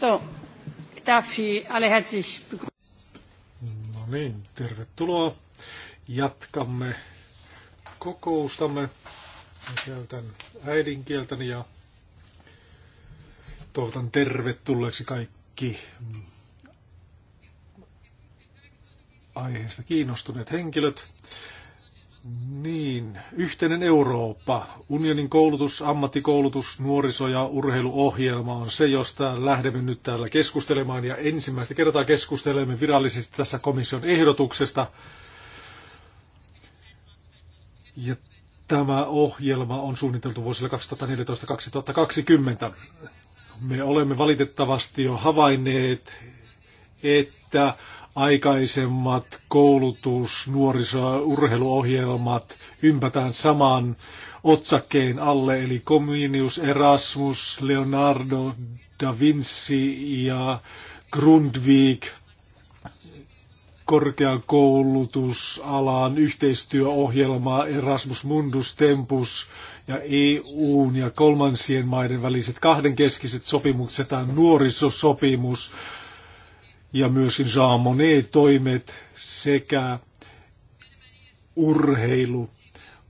So, darf alle herzlich No niin, tervetuloa. Jatkamme kokoustamme. Mä käytän äidinkieltäni ja toivotan tervetulleeksi kaikki aiheesta kiinnostuneet henkilöt. Niin, yhteinen Eurooppa, unionin koulutus, ammattikoulutus, nuoriso- ja urheiluohjelma on se, josta lähdemme nyt täällä keskustelemaan. Ja ensimmäistä kertaa keskustelemme virallisesti tässä komission ehdotuksesta. Ja tämä ohjelma on suunniteltu vuosille 2014-2020. Me olemme valitettavasti jo havainneet, että aikaisemmat koulutus, nuoriso- ja urheiluohjelmat ympätään saman otsakkeen alle, eli Comenius, Erasmus, Leonardo da Vinci ja Grundvik, korkeakoulutusalan yhteistyöohjelma Erasmus Mundus Tempus ja EUn ja kolmansien maiden väliset kahdenkeskiset sopimukset, ja nuorisosopimus, ja myöskin Jean Monnet-toimet sekä urheilu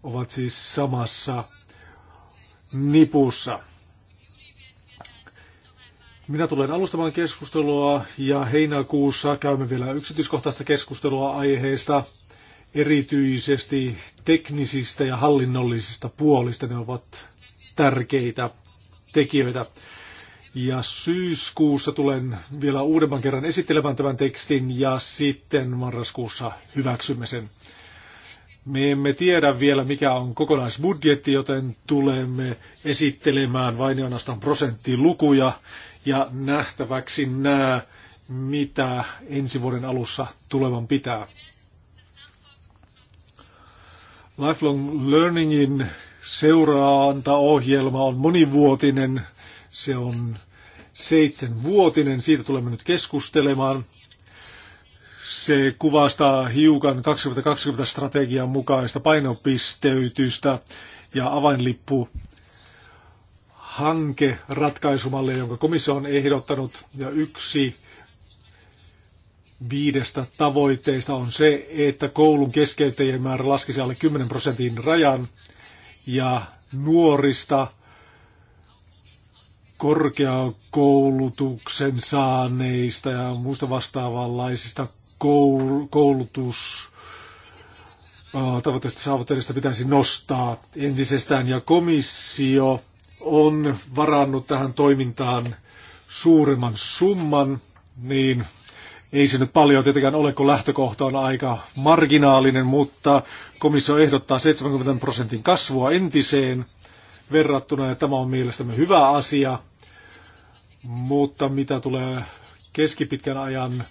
ovat siis samassa nipussa. Minä tulen alustamaan keskustelua ja heinäkuussa käymme vielä yksityiskohtaista keskustelua aiheesta, erityisesti teknisistä ja hallinnollisista puolista. Ne ovat tärkeitä tekijöitä. Ja syyskuussa tulen vielä uudemman kerran esittelemään tämän tekstin ja sitten marraskuussa hyväksymme sen. Me emme tiedä vielä, mikä on kokonaisbudjetti, joten tulemme esittelemään vain ja ainoastaan prosenttilukuja ja nähtäväksi nämä, mitä ensi vuoden alussa tulevan pitää. Lifelong Learningin seuraantaohjelma on monivuotinen se on seitsemänvuotinen, siitä tulemme nyt keskustelemaan. Se kuvastaa hiukan 2020-strategian mukaista painopisteytystä ja avainlippu hanke ratkaisumalle, jonka komissio on ehdottanut, ja yksi viidestä tavoitteista on se, että koulun keskeyttäjien määrä laskisi alle 10 prosentin rajan, ja nuorista korkeakoulutuksen saaneista ja muista vastaavanlaisista koulutus tavoitteista saavutteista pitäisi nostaa entisestään. Ja komissio on varannut tähän toimintaan suuremman summan, niin ei se nyt paljon tietenkään ole, kun lähtökohta on aika marginaalinen, mutta komissio ehdottaa 70 prosentin kasvua entiseen verrattuna, ja tämä on mielestämme hyvä asia. Mutta mitä tulee keskipitkän ajan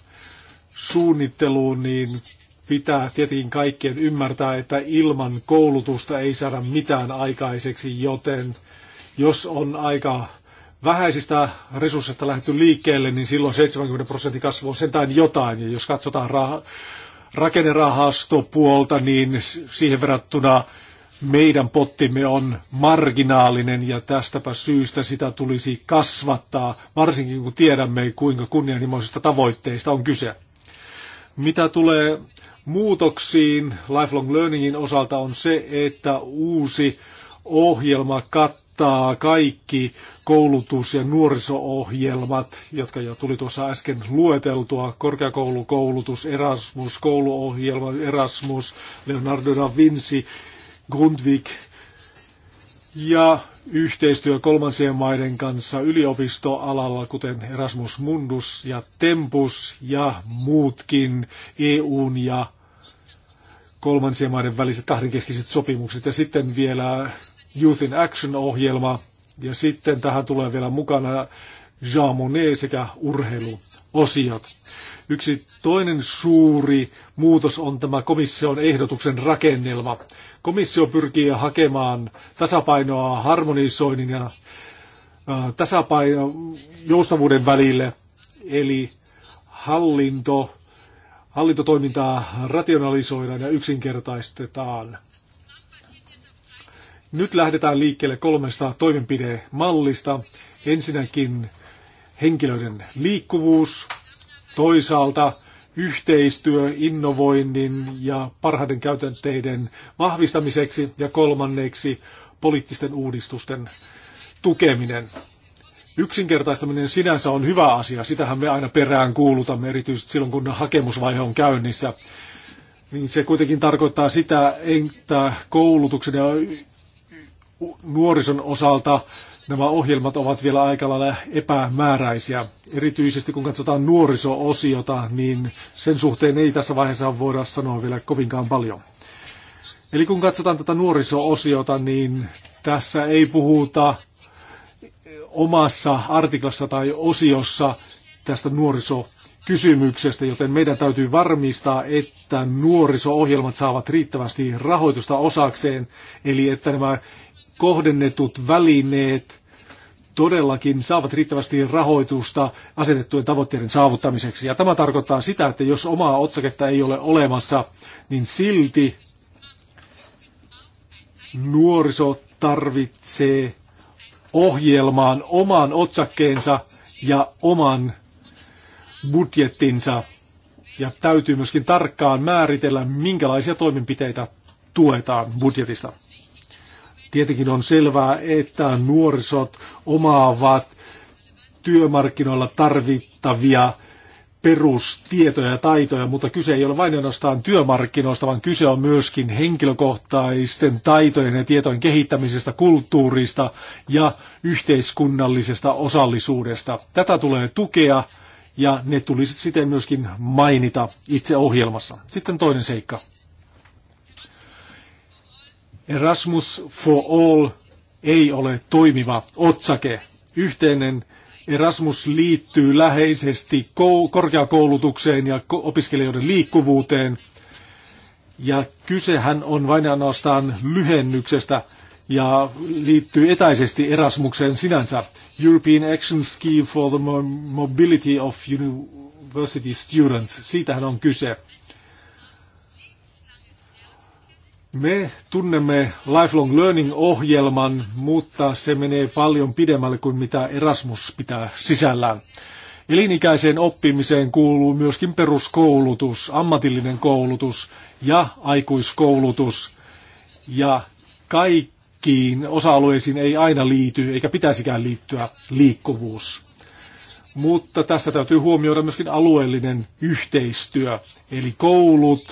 suunnitteluun, niin pitää tietenkin kaikkien ymmärtää, että ilman koulutusta ei saada mitään aikaiseksi, joten jos on aika vähäisistä resursseista lähdetty liikkeelle, niin silloin 70 prosentin kasvu on sentään jotain. Ja jos katsotaan ra- rakennerahastopuolta, niin siihen verrattuna meidän pottimme on marginaalinen ja tästäpä syystä sitä tulisi kasvattaa, varsinkin kun tiedämme, kuinka kunnianhimoisista tavoitteista on kyse. Mitä tulee muutoksiin lifelong learningin osalta on se, että uusi ohjelma kattaa kaikki koulutus- ja nuoriso-ohjelmat, jotka jo tuli tuossa äsken lueteltua, korkeakoulukoulutus, Erasmus, kouluohjelma, Erasmus, Leonardo da Vinci Grundvik ja yhteistyö kolmansien maiden kanssa yliopistoalalla, kuten Erasmus Mundus ja Tempus ja muutkin EUn ja kolmansien maiden väliset kahdenkeskiset sopimukset ja sitten vielä Youth in Action-ohjelma ja sitten tähän tulee vielä mukana Jean Monnet sekä urheiluosiot. Yksi toinen suuri muutos on tämä komission ehdotuksen rakennelma. Komissio pyrkii hakemaan tasapainoa harmonisoinnin ja tasapaino joustavuuden välille, eli hallinto, hallintotoimintaa rationalisoidaan ja yksinkertaistetaan. Nyt lähdetään liikkeelle kolmesta toimenpidemallista. Ensinnäkin henkilöiden liikkuvuus, toisaalta yhteistyö innovoinnin ja parhaiden käytänteiden vahvistamiseksi ja kolmanneksi poliittisten uudistusten tukeminen. Yksinkertaistaminen sinänsä on hyvä asia, sitähän me aina perään kuulutamme, erityisesti silloin kun hakemusvaihe on käynnissä. Niin se kuitenkin tarkoittaa sitä, että koulutuksen ja nuorison osalta nämä ohjelmat ovat vielä aika lailla epämääräisiä. Erityisesti kun katsotaan nuoriso-osiota, niin sen suhteen ei tässä vaiheessa voida sanoa vielä kovinkaan paljon. Eli kun katsotaan tätä nuoriso-osiota, niin tässä ei puhuta omassa artiklassa tai osiossa tästä nuorisokysymyksestä, joten meidän täytyy varmistaa, että nuoriso-ohjelmat saavat riittävästi rahoitusta osakseen, eli että nämä kohdennetut välineet todellakin saavat riittävästi rahoitusta asetettujen tavoitteiden saavuttamiseksi. Ja tämä tarkoittaa sitä, että jos omaa otsaketta ei ole olemassa, niin silti nuoriso tarvitsee ohjelmaan oman otsakkeensa ja oman budjettinsa. Ja täytyy myöskin tarkkaan määritellä, minkälaisia toimenpiteitä tuetaan budjetista. Tietenkin on selvää, että nuorisot omaavat työmarkkinoilla tarvittavia perustietoja ja taitoja, mutta kyse ei ole vain ainoastaan työmarkkinoista, vaan kyse on myöskin henkilökohtaisten taitojen ja tietojen kehittämisestä, kulttuurista ja yhteiskunnallisesta osallisuudesta. Tätä tulee tukea ja ne tulisi sitten myöskin mainita itse ohjelmassa. Sitten toinen seikka. Erasmus for All ei ole toimiva otsake. Yhteinen Erasmus liittyy läheisesti korkeakoulutukseen ja opiskelijoiden liikkuvuuteen. Ja kysehän on vain ainoastaan lyhennyksestä ja liittyy etäisesti Erasmukseen sinänsä. European Action Scheme for the Mobility of University Students. Siitähän on kyse. Me tunnemme Lifelong Learning-ohjelman, mutta se menee paljon pidemmälle kuin mitä Erasmus pitää sisällään. Elinikäiseen oppimiseen kuuluu myöskin peruskoulutus, ammatillinen koulutus ja aikuiskoulutus. Ja kaikkiin osa-alueisiin ei aina liity, eikä pitäisikään liittyä liikkuvuus. Mutta tässä täytyy huomioida myöskin alueellinen yhteistyö, eli koulut,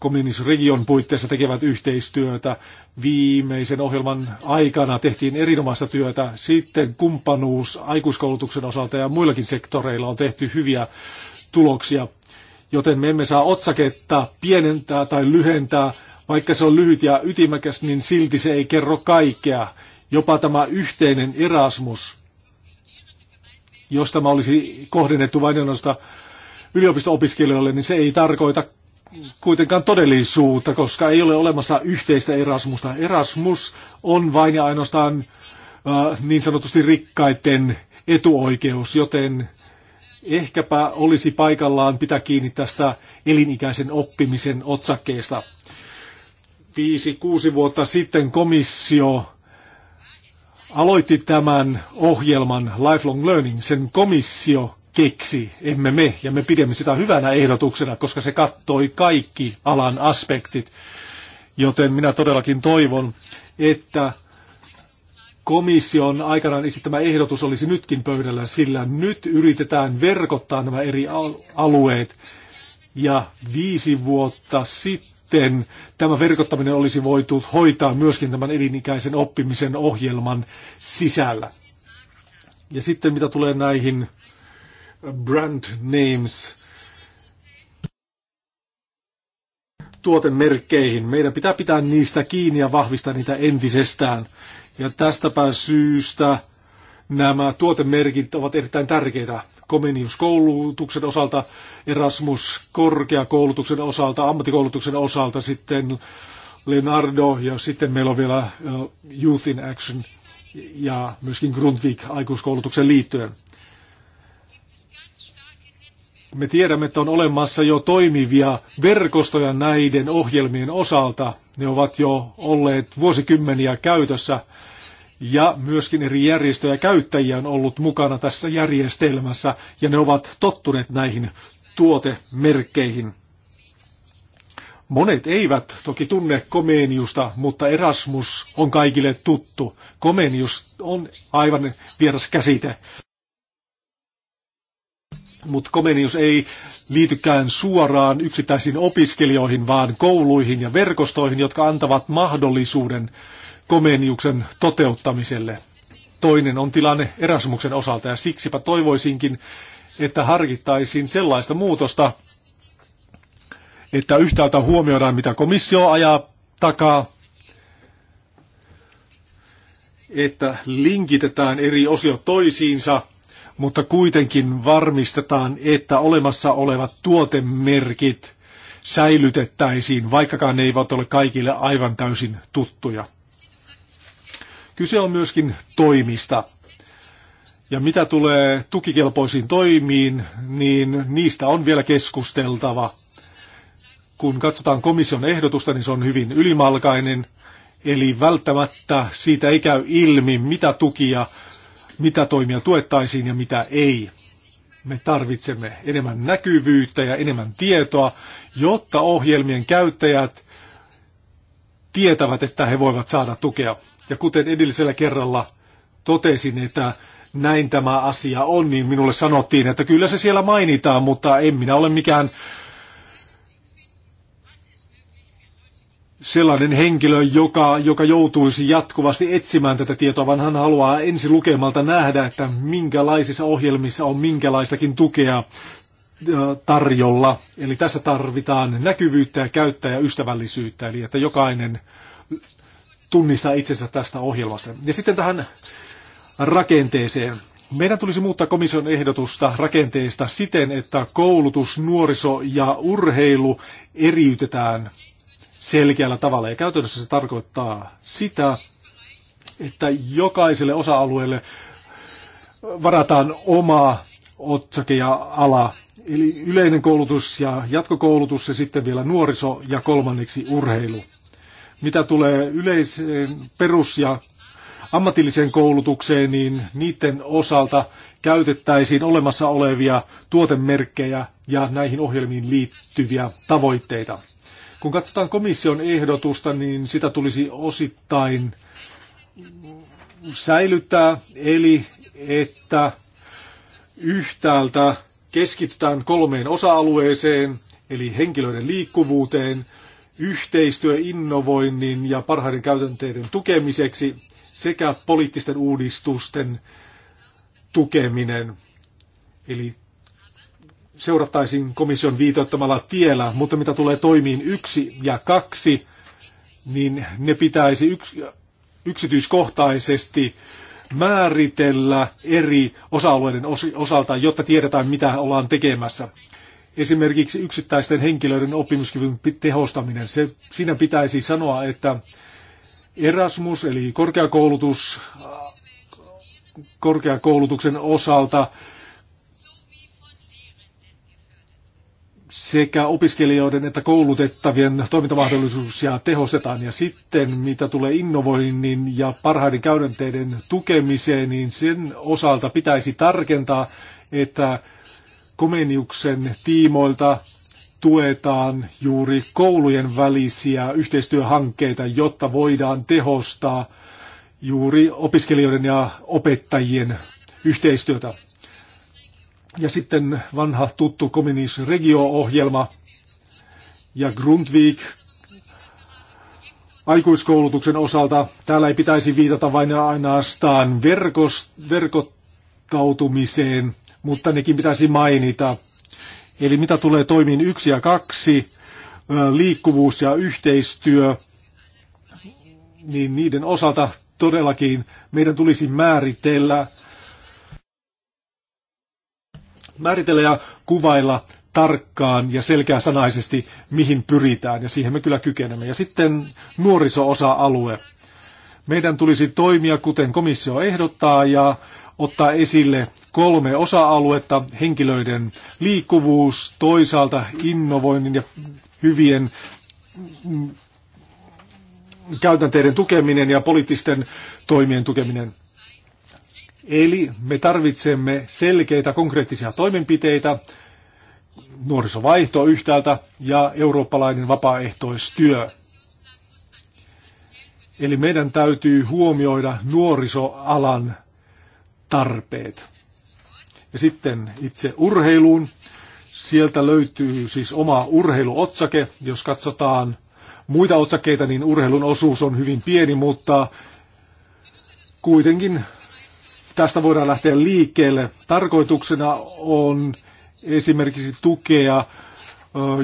kommunisregion puitteissa tekevät yhteistyötä. Viimeisen ohjelman aikana tehtiin erinomaista työtä. Sitten kumppanuus aikuiskoulutuksen osalta ja muillakin sektoreilla on tehty hyviä tuloksia. Joten me emme saa otsaketta pienentää tai lyhentää. Vaikka se on lyhyt ja ytimäkäs, niin silti se ei kerro kaikkea. Jopa tämä yhteinen Erasmus, jos tämä olisi kohdennettu vain yliopisto-opiskelijoille, niin se ei tarkoita kuitenkaan todellisuutta, koska ei ole olemassa yhteistä Erasmusta. Erasmus on vain ja ainoastaan äh, niin sanotusti rikkaiden etuoikeus, joten ehkäpä olisi paikallaan pitää kiinni tästä elinikäisen oppimisen otsakkeesta. Viisi, kuusi vuotta sitten komissio aloitti tämän ohjelman Lifelong Learning. Sen komissio keksi, emme me, ja me pidämme sitä hyvänä ehdotuksena, koska se kattoi kaikki alan aspektit. Joten minä todellakin toivon, että komission aikanaan esittämä ehdotus olisi nytkin pöydällä, sillä nyt yritetään verkottaa nämä eri alueet. Ja viisi vuotta sitten tämä verkottaminen olisi voitu hoitaa myöskin tämän elinikäisen oppimisen ohjelman sisällä. Ja sitten mitä tulee näihin brand names tuotemerkkeihin. Meidän pitää pitää niistä kiinni ja vahvistaa niitä entisestään. Ja tästäpä syystä nämä tuotemerkit ovat erittäin tärkeitä. Komenius-koulutuksen osalta, Erasmus korkeakoulutuksen osalta, ammattikoulutuksen osalta sitten Leonardo ja sitten meillä on vielä Youth in Action ja myöskin Grundvik aikuiskoulutuksen liittyen. Me tiedämme, että on olemassa jo toimivia verkostoja näiden ohjelmien osalta. Ne ovat jo olleet vuosikymmeniä käytössä ja myöskin eri järjestöjä käyttäjiä on ollut mukana tässä järjestelmässä ja ne ovat tottuneet näihin tuotemerkkeihin. Monet eivät toki tunne Komeniusta, mutta Erasmus on kaikille tuttu. Komenius on aivan vieras käsite. Mutta Comenius ei liitykään suoraan yksittäisiin opiskelijoihin, vaan kouluihin ja verkostoihin, jotka antavat mahdollisuuden Komeniuksen toteuttamiselle. Toinen on tilanne Erasmuksen osalta ja siksipä toivoisinkin, että harkittaisiin sellaista muutosta, että yhtäältä huomioidaan, mitä komissio ajaa takaa, että linkitetään eri osiot toisiinsa – mutta kuitenkin varmistetaan, että olemassa olevat tuotemerkit säilytettäisiin, vaikkakaan ne eivät ole kaikille aivan täysin tuttuja. Kyse on myöskin toimista. Ja mitä tulee tukikelpoisiin toimiin, niin niistä on vielä keskusteltava. Kun katsotaan komission ehdotusta, niin se on hyvin ylimalkainen, eli välttämättä siitä ei käy ilmi, mitä tukia mitä toimia tuettaisiin ja mitä ei. Me tarvitsemme enemmän näkyvyyttä ja enemmän tietoa, jotta ohjelmien käyttäjät tietävät, että he voivat saada tukea. Ja kuten edellisellä kerralla totesin, että näin tämä asia on, niin minulle sanottiin, että kyllä se siellä mainitaan, mutta en minä ole mikään sellainen henkilö, joka, joka joutuisi jatkuvasti etsimään tätä tietoa, vaan hän haluaa ensi lukemalta nähdä, että minkälaisissa ohjelmissa on minkälaistakin tukea äh, tarjolla. Eli tässä tarvitaan näkyvyyttä ja käyttäjäystävällisyyttä, eli että jokainen tunnistaa itsensä tästä ohjelmasta. Ja sitten tähän rakenteeseen. Meidän tulisi muuttaa komission ehdotusta rakenteesta siten, että koulutus, nuoriso ja urheilu eriytetään selkeällä tavalla. Ja käytännössä se tarkoittaa sitä, että jokaiselle osa-alueelle varataan oma otsake ja ala. Eli yleinen koulutus ja jatkokoulutus ja sitten vielä nuoriso ja kolmanneksi urheilu. Mitä tulee yleiseen perus- ja ammatilliseen koulutukseen, niin niiden osalta käytettäisiin olemassa olevia tuotemerkkejä ja näihin ohjelmiin liittyviä tavoitteita. Kun katsotaan komission ehdotusta, niin sitä tulisi osittain säilyttää, eli että yhtäältä keskitytään kolmeen osa-alueeseen, eli henkilöiden liikkuvuuteen, yhteistyö innovoinnin ja parhaiden käytänteiden tukemiseksi sekä poliittisten uudistusten tukeminen. Eli seurattaisiin komission viitoittamalla tiellä, mutta mitä tulee toimiin yksi ja kaksi, niin ne pitäisi yks, yksityiskohtaisesti määritellä eri osa-alueiden osalta, jotta tiedetään, mitä ollaan tekemässä. Esimerkiksi yksittäisten henkilöiden oppimiskyvyn tehostaminen. Se, siinä pitäisi sanoa, että Erasmus, eli korkeakoulutus, korkeakoulutuksen osalta sekä opiskelijoiden että koulutettavien toimintamahdollisuuksia tehostetaan. Ja sitten mitä tulee innovoinnin ja parhaiden käytänteiden tukemiseen, niin sen osalta pitäisi tarkentaa, että Komeniuksen tiimoilta tuetaan juuri koulujen välisiä yhteistyöhankkeita, jotta voidaan tehostaa juuri opiskelijoiden ja opettajien yhteistyötä. Ja sitten vanha tuttu Kominis Regio-ohjelma ja Grundvik aikuiskoulutuksen osalta. Täällä ei pitäisi viitata vain ainoastaan verkost, verkottautumiseen, mutta nekin pitäisi mainita. Eli mitä tulee toimiin yksi ja kaksi, liikkuvuus ja yhteistyö, niin niiden osalta todellakin meidän tulisi määritellä määritellä ja kuvailla tarkkaan ja selkeäsanaisesti, mihin pyritään, ja siihen me kyllä kykenemme. Ja sitten nuoriso-osa-alue. Meidän tulisi toimia, kuten komissio ehdottaa, ja ottaa esille kolme osa-aluetta, henkilöiden liikkuvuus, toisaalta innovoinnin ja hyvien mm, käytänteiden tukeminen ja poliittisten toimien tukeminen. Eli me tarvitsemme selkeitä konkreettisia toimenpiteitä, nuorisovaihto yhtäältä ja eurooppalainen vapaaehtoistyö. Eli meidän täytyy huomioida nuorisoalan tarpeet. Ja sitten itse urheiluun. Sieltä löytyy siis oma urheiluotsake. Jos katsotaan muita otsakeita niin urheilun osuus on hyvin pieni, mutta kuitenkin tästä voidaan lähteä liikkeelle. Tarkoituksena on esimerkiksi tukea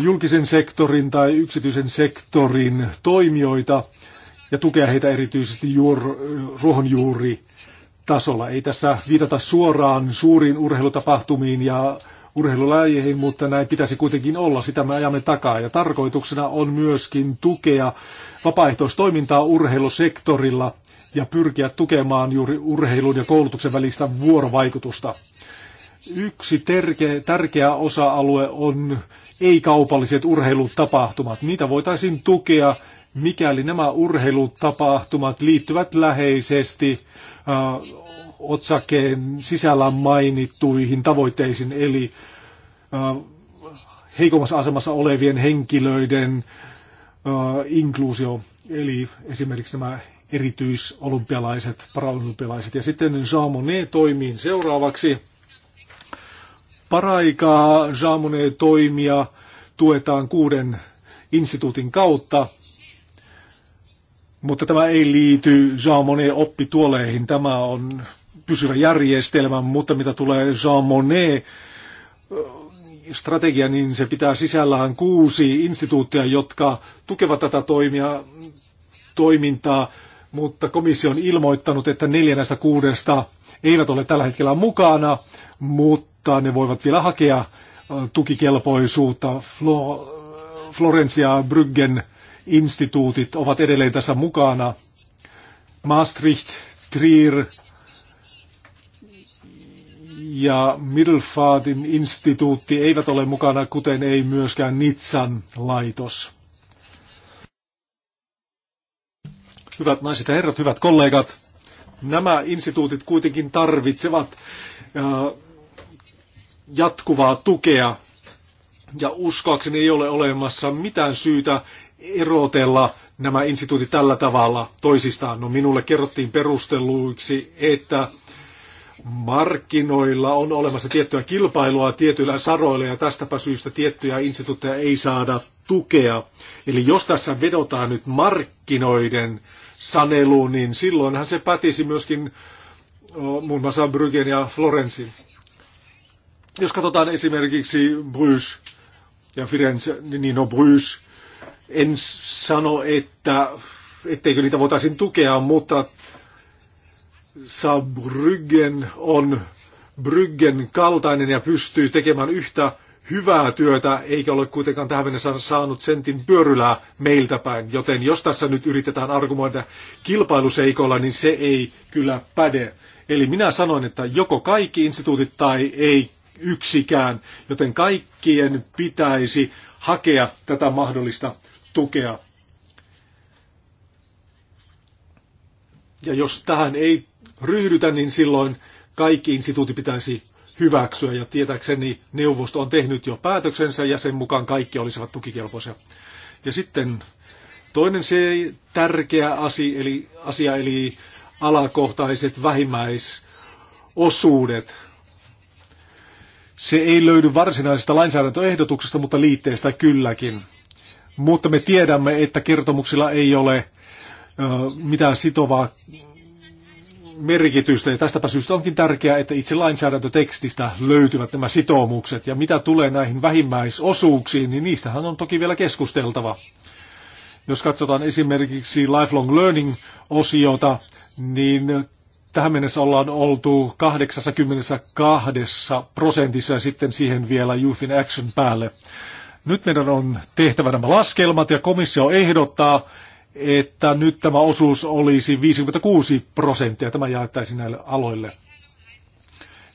julkisen sektorin tai yksityisen sektorin toimijoita ja tukea heitä erityisesti juor, ruohonjuuri tasolla. Ei tässä viitata suoraan suuriin urheilutapahtumiin ja urheilulajeihin, mutta näin pitäisi kuitenkin olla. Sitä me ajamme takaa. Ja tarkoituksena on myöskin tukea vapaaehtoistoimintaa urheilusektorilla ja pyrkiä tukemaan juuri urheilun ja koulutuksen välistä vuorovaikutusta. Yksi terke, tärkeä osa-alue on ei-kaupalliset urheilutapahtumat. Niitä voitaisiin tukea, mikäli nämä urheilutapahtumat liittyvät läheisesti äh, otsakeen sisällä mainittuihin tavoitteisiin, eli äh, heikommassa asemassa olevien henkilöiden äh, inkluusio, eli esimerkiksi nämä erityisolympialaiset, paraolympialaiset. Ja sitten Jean Monnet toimii seuraavaksi. Paraikaa Jean Monnet toimia tuetaan kuuden instituutin kautta, mutta tämä ei liity Jean Monnet oppituoleihin. Tämä on pysyvä järjestelmä, mutta mitä tulee Jean Monnet strategia, niin se pitää sisällään kuusi instituuttia, jotka tukevat tätä toimia, toimintaa mutta komissio on ilmoittanut, että neljä näistä kuudesta eivät ole tällä hetkellä mukana, mutta ne voivat vielä hakea tukikelpoisuutta. Flo, Florencia Bryggen instituutit ovat edelleen tässä mukana. Maastricht, Trier ja Middelfaatin instituutti eivät ole mukana, kuten ei myöskään Nitsan laitos. Hyvät naiset ja herrat, hyvät kollegat, nämä instituutit kuitenkin tarvitsevat äh, jatkuvaa tukea ja uskoakseni ei ole olemassa mitään syytä erotella nämä instituutit tällä tavalla toisistaan. No minulle kerrottiin perusteluiksi, että markkinoilla on olemassa tiettyä kilpailua tietyillä saroilla ja tästäpä syystä tiettyjä instituutteja ei saada tukea. Eli jos tässä vedotaan nyt markkinoiden äh, saneluun, niin silloinhan se pätisi myöskin muun muassa Bryggen ja Florensin. Jos katsotaan esimerkiksi Bruges ja Firenze, niin, niin no Bruges, en sano, että etteikö niitä voitaisiin tukea, mutta Saarbrücken on Bryggen kaltainen ja pystyy tekemään yhtä hyvää työtä, eikä ole kuitenkaan tähän mennessä saanut sentin pyörylää meiltä päin. Joten jos tässä nyt yritetään argumoida kilpailuseikolla, niin se ei kyllä päde. Eli minä sanoin, että joko kaikki instituutit tai ei yksikään, joten kaikkien pitäisi hakea tätä mahdollista tukea. Ja jos tähän ei ryhdytä, niin silloin kaikki instituutit pitäisi hyväksyä ja tietääkseni neuvosto on tehnyt jo päätöksensä ja sen mukaan kaikki olisivat tukikelpoisia. Ja sitten toinen se tärkeä asia eli, asia, eli alakohtaiset vähimmäisosuudet. Se ei löydy varsinaisesta lainsäädäntöehdotuksesta, mutta liitteestä kylläkin. Mutta me tiedämme, että kertomuksilla ei ole ö, mitään sitovaa merkitystä. Ja niin tästäpä syystä onkin tärkeää, että itse lainsäädäntötekstistä löytyvät nämä sitoumukset. Ja mitä tulee näihin vähimmäisosuuksiin, niin niistähän on toki vielä keskusteltava. Jos katsotaan esimerkiksi lifelong learning-osiota, niin tähän mennessä ollaan oltu 82 prosentissa ja sitten siihen vielä Youth in Action päälle. Nyt meidän on tehtävä nämä laskelmat ja komissio ehdottaa, että nyt tämä osuus olisi 56 prosenttia, tämä jaettaisiin näille aloille.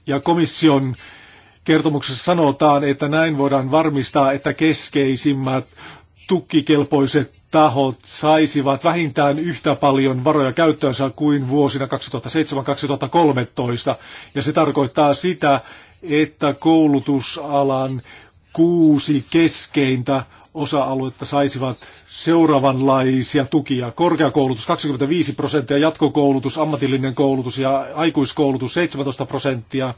Ja komission kertomuksessa sanotaan, että näin voidaan varmistaa, että keskeisimmät tukikelpoiset tahot saisivat vähintään yhtä paljon varoja käyttöönsä kuin vuosina 2007-2013. Ja se tarkoittaa sitä, että koulutusalan kuusi keskeintä osa-aluetta saisivat seuraavanlaisia tukia. Korkeakoulutus 25 prosenttia, jatkokoulutus, ammatillinen koulutus ja aikuiskoulutus 17 prosenttia.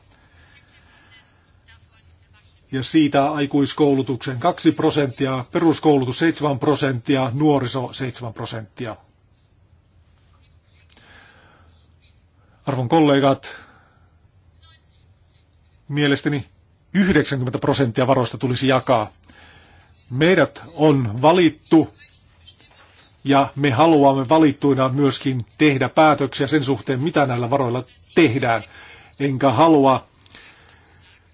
Ja siitä aikuiskoulutuksen 2 prosenttia, peruskoulutus 7 prosenttia, nuoriso 7 prosenttia. Arvon kollegat, mielestäni 90 prosenttia varoista tulisi jakaa Meidät on valittu ja me haluamme valittuina myöskin tehdä päätöksiä sen suhteen, mitä näillä varoilla tehdään. Enkä halua,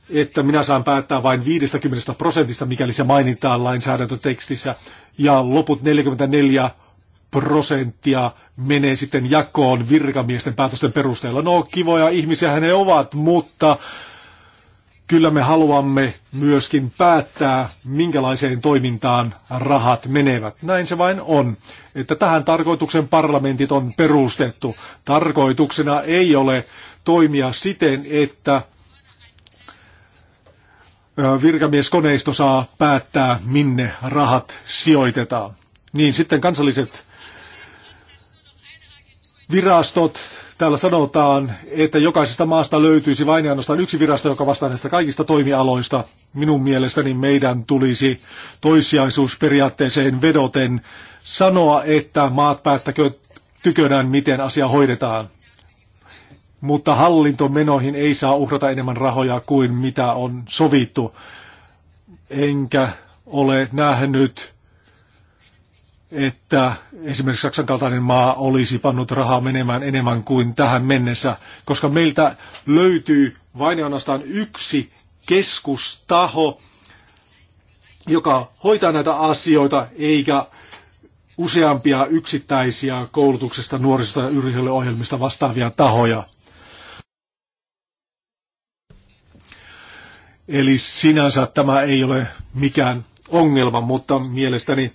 että minä saan päättää vain 50 prosentista, mikäli se mainitaan lainsäädäntötekstissä, ja loput 44 prosenttia menee sitten jakoon virkamiesten päätösten perusteella. No kivoja ihmisiä ne ovat, mutta kyllä me haluamme myöskin päättää, minkälaiseen toimintaan rahat menevät. Näin se vain on, että tähän tarkoituksen parlamentit on perustettu. Tarkoituksena ei ole toimia siten, että virkamieskoneisto saa päättää, minne rahat sijoitetaan. Niin sitten kansalliset virastot Täällä sanotaan, että jokaisesta maasta löytyisi vain ja ainoastaan yksi virasto, joka vastaa näistä kaikista toimialoista. Minun mielestäni meidän tulisi toissijaisuusperiaatteeseen vedoten sanoa, että maat päättäkö tykönään, miten asia hoidetaan. Mutta hallintomenoihin ei saa uhrata enemmän rahoja kuin mitä on sovittu. Enkä ole nähnyt että esimerkiksi Saksan kaltainen maa olisi pannut rahaa menemään enemmän kuin tähän mennessä, koska meiltä löytyy vain ainoastaan yksi keskustaho, joka hoitaa näitä asioita, eikä useampia yksittäisiä koulutuksesta, nuorisosta ja ohjelmista vastaavia tahoja. Eli sinänsä tämä ei ole mikään ongelma, mutta mielestäni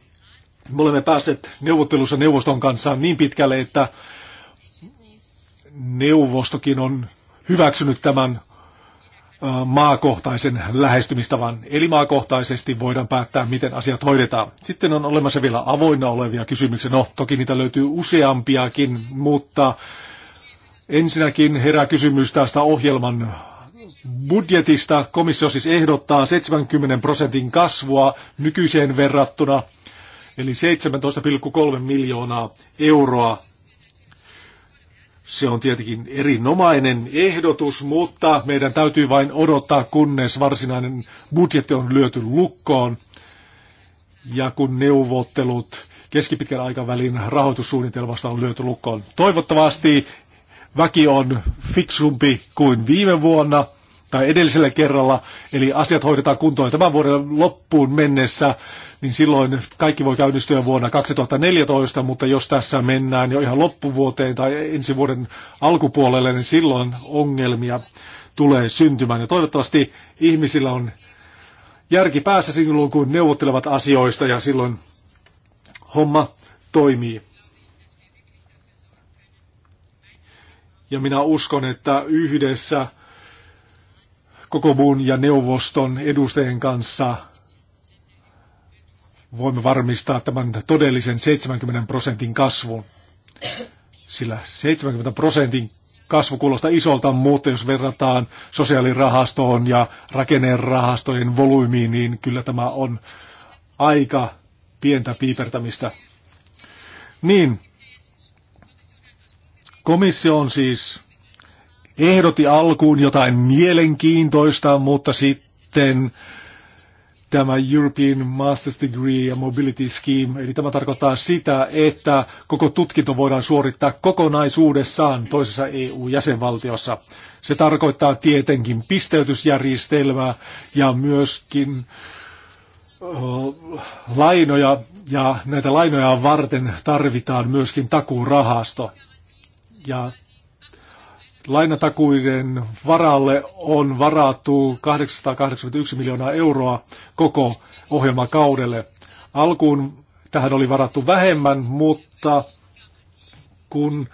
me olemme päässeet neuvottelussa neuvoston kanssa niin pitkälle, että neuvostokin on hyväksynyt tämän maakohtaisen lähestymistavan. Eli maakohtaisesti voidaan päättää, miten asiat hoidetaan. Sitten on olemassa vielä avoinna olevia kysymyksiä. No, toki niitä löytyy useampiakin, mutta ensinnäkin herää kysymys tästä ohjelman budjetista. Komissio siis ehdottaa 70 prosentin kasvua nykyiseen verrattuna – eli 17,3 miljoonaa euroa. Se on tietenkin erinomainen ehdotus, mutta meidän täytyy vain odottaa, kunnes varsinainen budjetti on lyöty lukkoon ja kun neuvottelut keskipitkän aikavälin rahoitussuunnitelmasta on lyöty lukkoon. Toivottavasti väki on fiksumpi kuin viime vuonna tai edellisellä kerralla, eli asiat hoidetaan kuntoon tämän vuoden loppuun mennessä niin silloin kaikki voi käynnistyä vuonna 2014, mutta jos tässä mennään jo ihan loppuvuoteen tai ensi vuoden alkupuolelle, niin silloin ongelmia tulee syntymään. Ja toivottavasti ihmisillä on järki päässä silloin, kun neuvottelevat asioista ja silloin homma toimii. Ja minä uskon, että yhdessä koko muun ja neuvoston edustajien kanssa – voimme varmistaa tämän todellisen 70 prosentin kasvun. Sillä 70 prosentin kasvu kuulostaa isolta, mutta jos verrataan sosiaalirahastoon ja rakennerahastojen volyymiin, niin kyllä tämä on aika pientä piipertämistä. Niin, komissio on siis ehdotti alkuun jotain mielenkiintoista, mutta sitten tämä European Master's Degree ja Mobility Scheme. Eli tämä tarkoittaa sitä, että koko tutkinto voidaan suorittaa kokonaisuudessaan toisessa EU-jäsenvaltiossa. Se tarkoittaa tietenkin pisteytysjärjestelmää ja myöskin lainoja ja näitä lainoja varten tarvitaan myöskin takuurahasto. Ja Lainatakuiden varalle on varattu 881 miljoonaa euroa koko ohjelmakaudelle. Alkuun tähän oli varattu vähemmän, mutta kun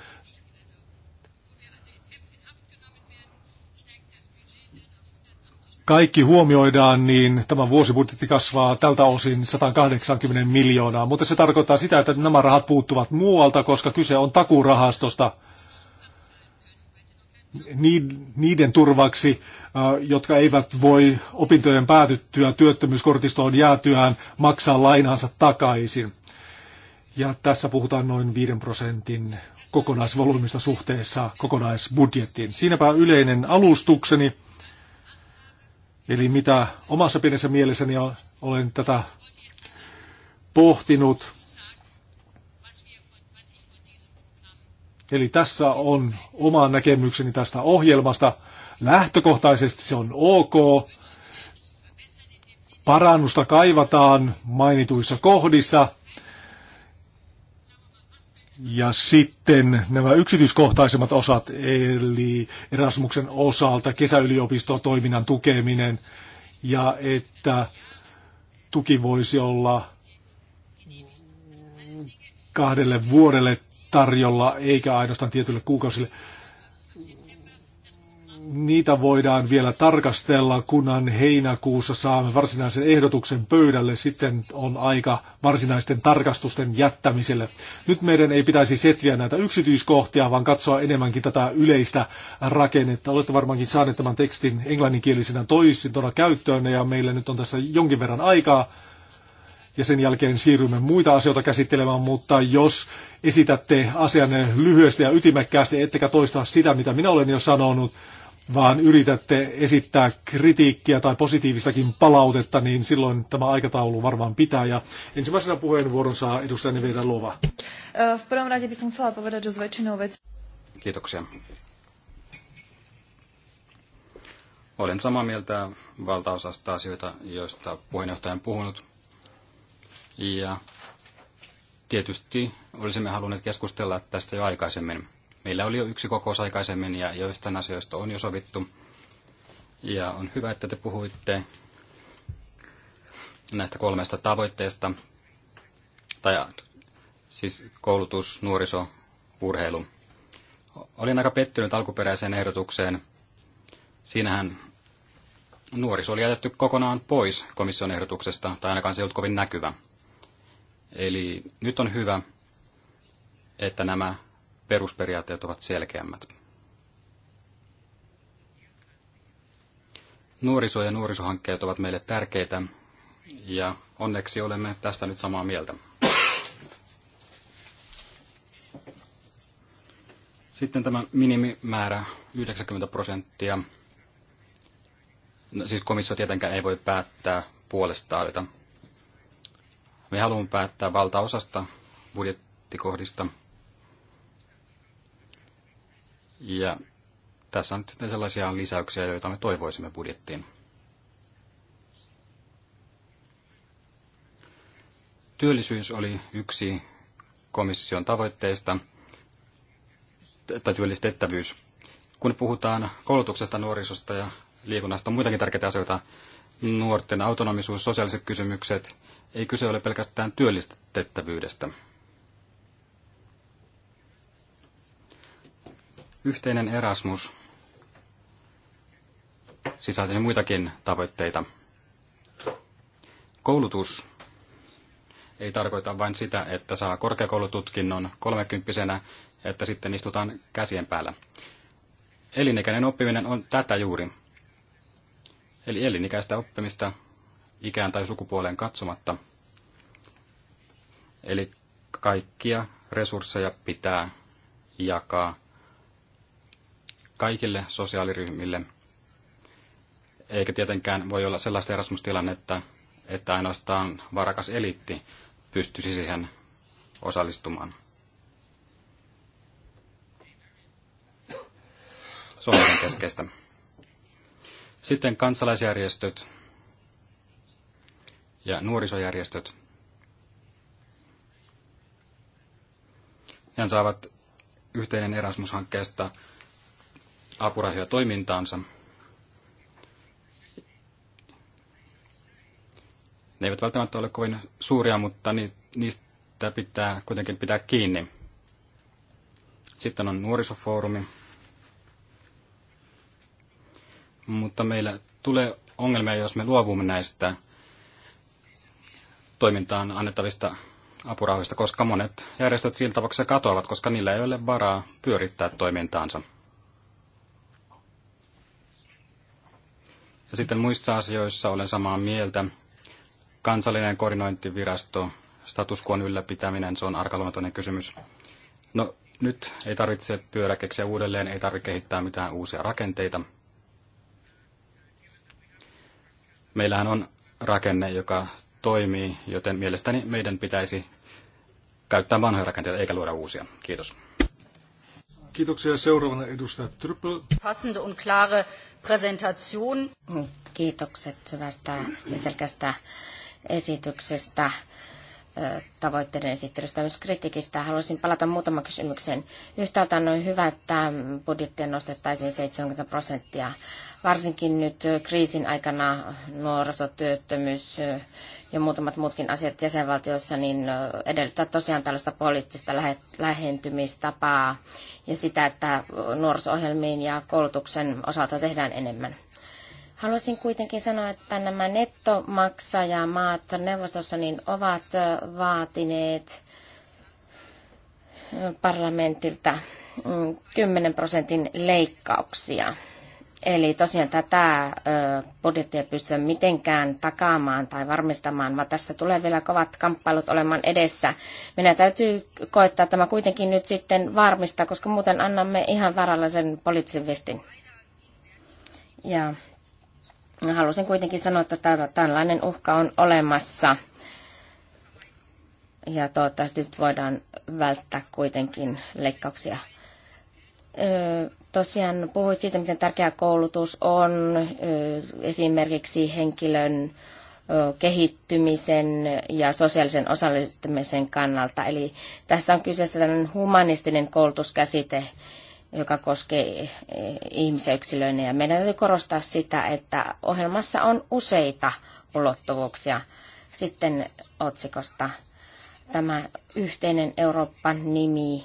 kaikki huomioidaan, niin tämä vuosibudjetti kasvaa tältä osin 180 miljoonaa, mutta se tarkoittaa sitä, että nämä rahat puuttuvat muualta, koska kyse on takurahastosta – niiden turvaksi, äh, jotka eivät voi opintojen päätyttyä työttömyyskortistoon jäätyään maksaa lainaansa takaisin. Ja tässä puhutaan noin 5 prosentin kokonaisvolyymista suhteessa kokonaisbudjettiin. Siinäpä yleinen alustukseni, eli mitä omassa pienessä mielessäni olen tätä pohtinut. Eli tässä on oma näkemykseni tästä ohjelmasta. Lähtökohtaisesti se on ok. Parannusta kaivataan mainituissa kohdissa. Ja sitten nämä yksityiskohtaisemmat osat, eli Erasmuksen osalta kesäyliopistotoiminnan tukeminen ja että tuki voisi olla kahdelle vuodelle tarjolla, eikä ainoastaan tietylle kuukausille. Niitä voidaan vielä tarkastella, kunhan heinäkuussa saamme varsinaisen ehdotuksen pöydälle. Sitten on aika varsinaisten tarkastusten jättämiselle. Nyt meidän ei pitäisi setviä näitä yksityiskohtia, vaan katsoa enemmänkin tätä yleistä rakennetta. Olette varmaankin saaneet tämän tekstin englanninkielisenä toisintona käyttöön, ja meillä nyt on tässä jonkin verran aikaa ja sen jälkeen siirrymme muita asioita käsittelemään, mutta jos esitätte asianne lyhyesti ja ytimekkäästi, ettekä toista sitä, mitä minä olen jo sanonut, vaan yritätte esittää kritiikkiä tai positiivistakin palautetta, niin silloin tämä aikataulu varmaan pitää. Ja ensimmäisenä puheenvuoron saa edustaja Neveda Lova. Kiitoksia. Olen samaa mieltä valtaosasta asioita, joista puheenjohtaja on puhunut. Ja tietysti olisimme halunneet keskustella tästä jo aikaisemmin. Meillä oli jo yksi kokous aikaisemmin ja joistain asioista on jo sovittu. Ja on hyvä, että te puhuitte näistä kolmesta tavoitteesta, tai siis koulutus, nuoriso, urheilu. Olin aika pettynyt alkuperäiseen ehdotukseen. Siinähän nuoriso oli jätetty kokonaan pois komission ehdotuksesta, tai ainakaan se ei ollut kovin näkyvä. Eli nyt on hyvä, että nämä perusperiaatteet ovat selkeämmät. Nuoriso- ja nuorisohankkeet ovat meille tärkeitä, ja onneksi olemme tästä nyt samaa mieltä. Sitten tämä minimimäärä 90 prosenttia. No, siis komissio tietenkään ei voi päättää puolesta me haluamme päättää valtaosasta budjettikohdista. Ja tässä on sitten sellaisia lisäyksiä, joita me toivoisimme budjettiin. Työllisyys oli yksi komission tavoitteista, tai työllistettävyys. Kun puhutaan koulutuksesta, nuorisosta ja liikunnasta, muitakin tärkeitä asioita, nuorten autonomisuus, sosiaaliset kysymykset, ei kyse ole pelkästään työllistettävyydestä. Yhteinen Erasmus sisältäisi muitakin tavoitteita. Koulutus ei tarkoita vain sitä, että saa korkeakoulututkinnon kolmekymppisenä, että sitten istutaan käsien päällä. Elinikäinen oppiminen on tätä juuri. Eli elinikäistä oppimista ikään tai sukupuoleen katsomatta. Eli kaikkia resursseja pitää jakaa kaikille sosiaaliryhmille. Eikä tietenkään voi olla sellaista erasmustilannetta, että ainoastaan varakas eliitti pystyisi siihen osallistumaan. Se on keskeistä. Sitten kansalaisjärjestöt ja nuorisojärjestöt. Ja saavat yhteinen Erasmus-hankkeesta apurahoja toimintaansa. Ne eivät välttämättä ole kovin suuria, mutta niistä pitää kuitenkin pitää kiinni. Sitten on nuorisofoorumi. Mutta meillä tulee ongelmia, jos me luovumme näistä toimintaan annettavista apurahoista, koska monet järjestöt siinä tapauksessa katoavat, koska niillä ei ole varaa pyörittää toimintaansa. Ja sitten muissa asioissa olen samaa mieltä. Kansallinen koordinointivirasto, statuskuon ylläpitäminen, se on arkaluontoinen kysymys. No nyt ei tarvitse pyöräkeksiä uudelleen, ei tarvitse kehittää mitään uusia rakenteita. Meillähän on rakenne, joka toimii, joten mielestäni meidän pitäisi käyttää vanhoja rakenteita eikä luoda uusia. Kiitos. Kiitoksia. Seuraavana edustaja Tryppel. Passende und klare Präsentation. Niin, kiitokset hyvästä ja selkeästä esityksestä tavoitteiden esittelystä myös kritiikistä. Haluaisin palata muutama kysymykseen. Yhtäältä on hyvä, että budjettia nostettaisiin 70 prosenttia. Varsinkin nyt kriisin aikana nuorisotyöttömyys ja muutamat muutkin asiat jäsenvaltioissa, niin edellyttää tosiaan tällaista poliittista lähentymistapaa ja sitä, että nuorisohjelmiin ja koulutuksen osalta tehdään enemmän. Haluaisin kuitenkin sanoa, että nämä nettomaksajamaat neuvostossa niin ovat vaatineet parlamentilta 10 mm, prosentin leikkauksia Eli tosiaan tätä budjettia pystyä mitenkään takaamaan tai varmistamaan, vaan tässä tulee vielä kovat kamppailut olemaan edessä. Minä täytyy koittaa tämä kuitenkin nyt sitten varmistaa, koska muuten annamme ihan varallisen poliittisen viestin. Ja halusin kuitenkin sanoa, että tällainen uhka on olemassa. Ja toivottavasti nyt voidaan välttää kuitenkin leikkauksia tosiaan puhuit siitä, miten tärkeä koulutus on esimerkiksi henkilön kehittymisen ja sosiaalisen osallistumisen kannalta. Eli tässä on kyseessä tällainen humanistinen koulutuskäsite, joka koskee e, ihmisen yksilöinä. Ja meidän täytyy korostaa sitä, että ohjelmassa on useita ulottuvuuksia. Sitten otsikosta tämä yhteinen Euroopan nimi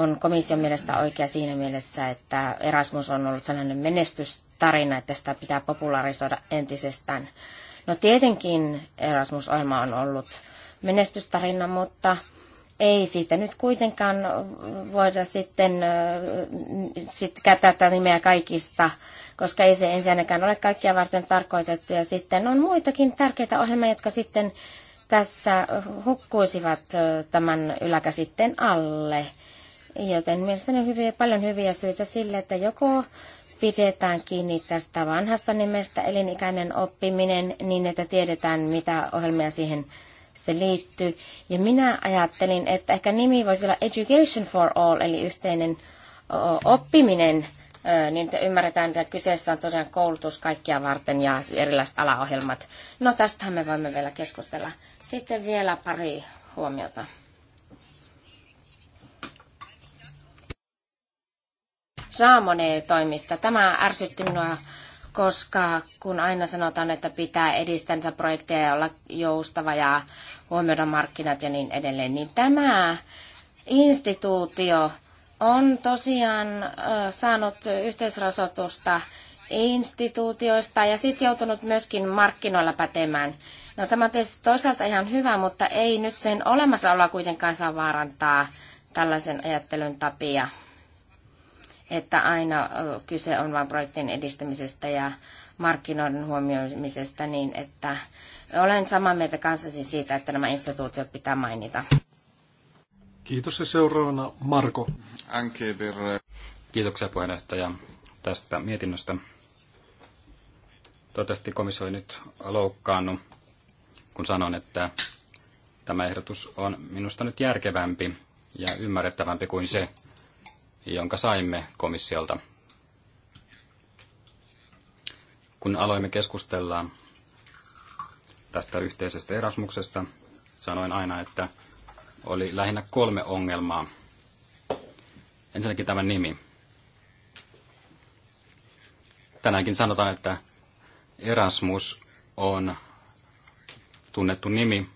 on komission mielestä oikea siinä mielessä, että Erasmus on ollut sellainen menestystarina, että sitä pitää popularisoida entisestään. No tietenkin Erasmus-ohjelma on ollut menestystarina, mutta ei siitä nyt kuitenkaan voida sitten äh, sit käyttää tätä nimeä kaikista, koska ei se ensinnäkään ole kaikkia varten tarkoitettu. Ja sitten on muitakin tärkeitä ohjelmia, jotka sitten tässä hukkuisivat äh, tämän yläkäsitteen alle. Joten mielestäni on hyviä, paljon hyviä syitä sille, että joko pidetään kiinni tästä vanhasta nimestä elinikäinen oppiminen niin, että tiedetään, mitä ohjelmia siihen se liittyy. Ja minä ajattelin, että ehkä nimi voisi olla Education for All, eli yhteinen oppiminen, niin että ymmärretään, että kyseessä on tosiaan koulutus kaikkia varten ja erilaiset alaohjelmat. No tästähän me voimme vielä keskustella. Sitten vielä pari huomiota. Saamoneen toimista. Tämä ärsytti minua, koska kun aina sanotaan, että pitää edistää niitä projekteja ja olla joustava ja huomioida markkinat ja niin edelleen, niin tämä instituutio on tosiaan saanut yhteisrasoitusta instituutioista ja sitten joutunut myöskin markkinoilla pätemään. No tämä on tietysti toisaalta ihan hyvä, mutta ei nyt sen olemassaoloa kuitenkaan saa vaarantaa tällaisen ajattelun tapia että aina kyse on vain projektin edistämisestä ja markkinoiden huomioimisesta, niin että olen samaa mieltä kanssasi siitä, että nämä instituutiot pitää mainita. Kiitos ja seuraavana Marko. Kiitoksia puheenjohtaja tästä mietinnöstä. Toivottavasti komissio ei nyt loukkaannut, kun sanon, että tämä ehdotus on minusta nyt järkevämpi ja ymmärrettävämpi kuin se, jonka saimme komissiolta. Kun aloimme keskustella tästä yhteisestä Erasmuksesta, sanoin aina, että oli lähinnä kolme ongelmaa. Ensinnäkin tämä nimi. Tänäänkin sanotaan, että Erasmus on tunnettu nimi,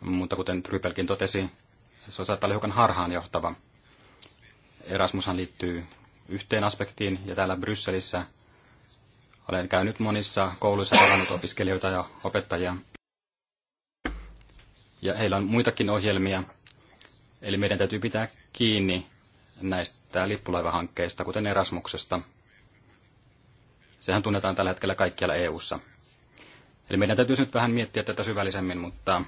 mutta kuten Trypelkin totesi, se saattaa olla hiukan harhaanjohtava. johtava Erasmushan liittyy yhteen aspektiin, ja täällä Brysselissä olen käynyt monissa kouluissa tavannut opiskelijoita ja opettajia. Ja heillä on muitakin ohjelmia, eli meidän täytyy pitää kiinni näistä lippulaivahankkeista, kuten Erasmuksesta. Sehän tunnetaan tällä hetkellä kaikkialla EU:ssa. Eli meidän täytyy nyt vähän miettiä tätä syvällisemmin, mutta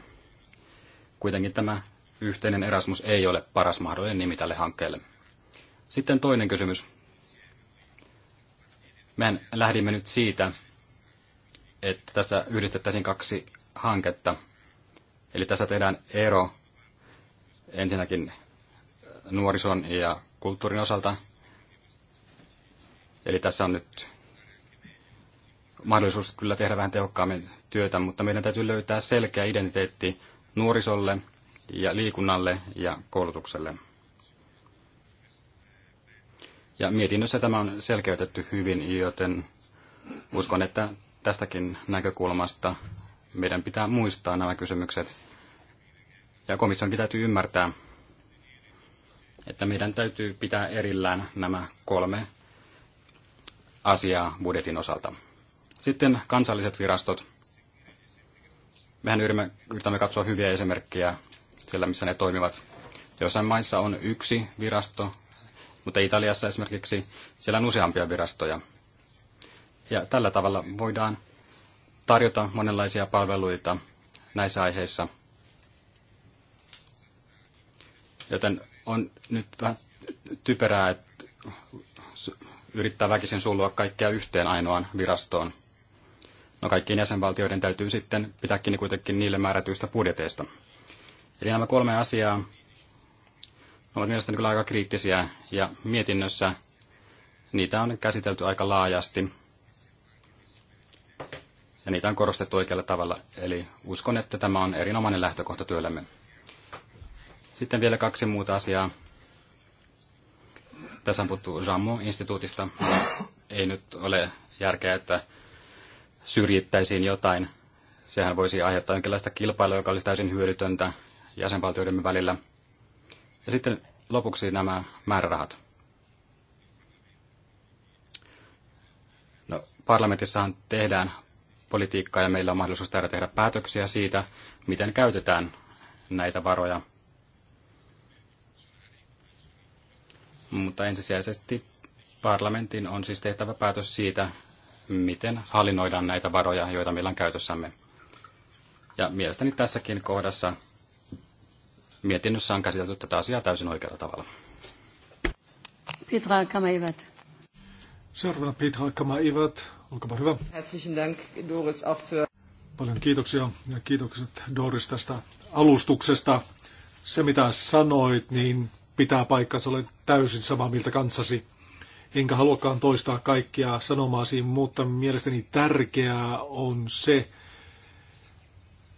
kuitenkin tämä yhteinen Erasmus ei ole paras mahdollinen nimi tälle hankkeelle. Sitten toinen kysymys. Me lähdimme nyt siitä, että tässä yhdistettäisiin kaksi hanketta. Eli tässä tehdään ero ensinnäkin nuorison ja kulttuurin osalta. Eli tässä on nyt mahdollisuus kyllä tehdä vähän tehokkaammin työtä, mutta meidän täytyy löytää selkeä identiteetti nuorisolle ja liikunnalle ja koulutukselle. Ja mietinnössä tämä on selkeytetty hyvin, joten uskon, että tästäkin näkökulmasta meidän pitää muistaa nämä kysymykset. Ja komissionkin täytyy ymmärtää, että meidän täytyy pitää erillään nämä kolme asiaa budjetin osalta. Sitten kansalliset virastot. Mehän yritämme katsoa hyviä esimerkkejä sillä, missä ne toimivat. Joissain maissa on yksi virasto, mutta Italiassa esimerkiksi siellä on useampia virastoja. Ja tällä tavalla voidaan tarjota monenlaisia palveluita näissä aiheissa. Joten on nyt vähän typerää, että yrittää väkisin sulua kaikkea yhteen ainoaan virastoon. No kaikkien jäsenvaltioiden täytyy sitten pitääkin kuitenkin niille määrätyistä budjeteista. Eli nämä kolme asiaa ovat mielestäni kyllä aika kriittisiä ja mietinnössä niitä on käsitelty aika laajasti ja niitä on korostettu oikealla tavalla. Eli uskon, että tämä on erinomainen lähtökohta työllemme. Sitten vielä kaksi muuta asiaa. Tässä on puhuttu Jammu-instituutista. Ei nyt ole järkeä, että syrjittäisiin jotain. Sehän voisi aiheuttaa jonkinlaista kilpailua, joka olisi täysin hyödytöntä jäsenvaltioidemme välillä – ja sitten lopuksi nämä määrärahat. No, parlamentissahan tehdään politiikkaa ja meillä on mahdollisuus täällä tehdä päätöksiä siitä, miten käytetään näitä varoja. Mutta ensisijaisesti parlamentin on siis tehtävä päätös siitä, miten hallinnoidaan näitä varoja, joita meillä on käytössämme. Ja mielestäni tässäkin kohdassa mietinnössä on käsitelty tätä asiaa täysin oikealla tavalla. Petra Kamaivat. Seuraavana Petra Kamaivat, olkaa hyvä. Herzlichen Dank, Doris, auch für... Paljon kiitoksia ja kiitokset Doris tästä alustuksesta. Se mitä sanoit, niin pitää paikkansa, olen täysin samaa mieltä kanssasi. Enkä haluakaan toistaa kaikkia sanomaasi, mutta mielestäni tärkeää on se,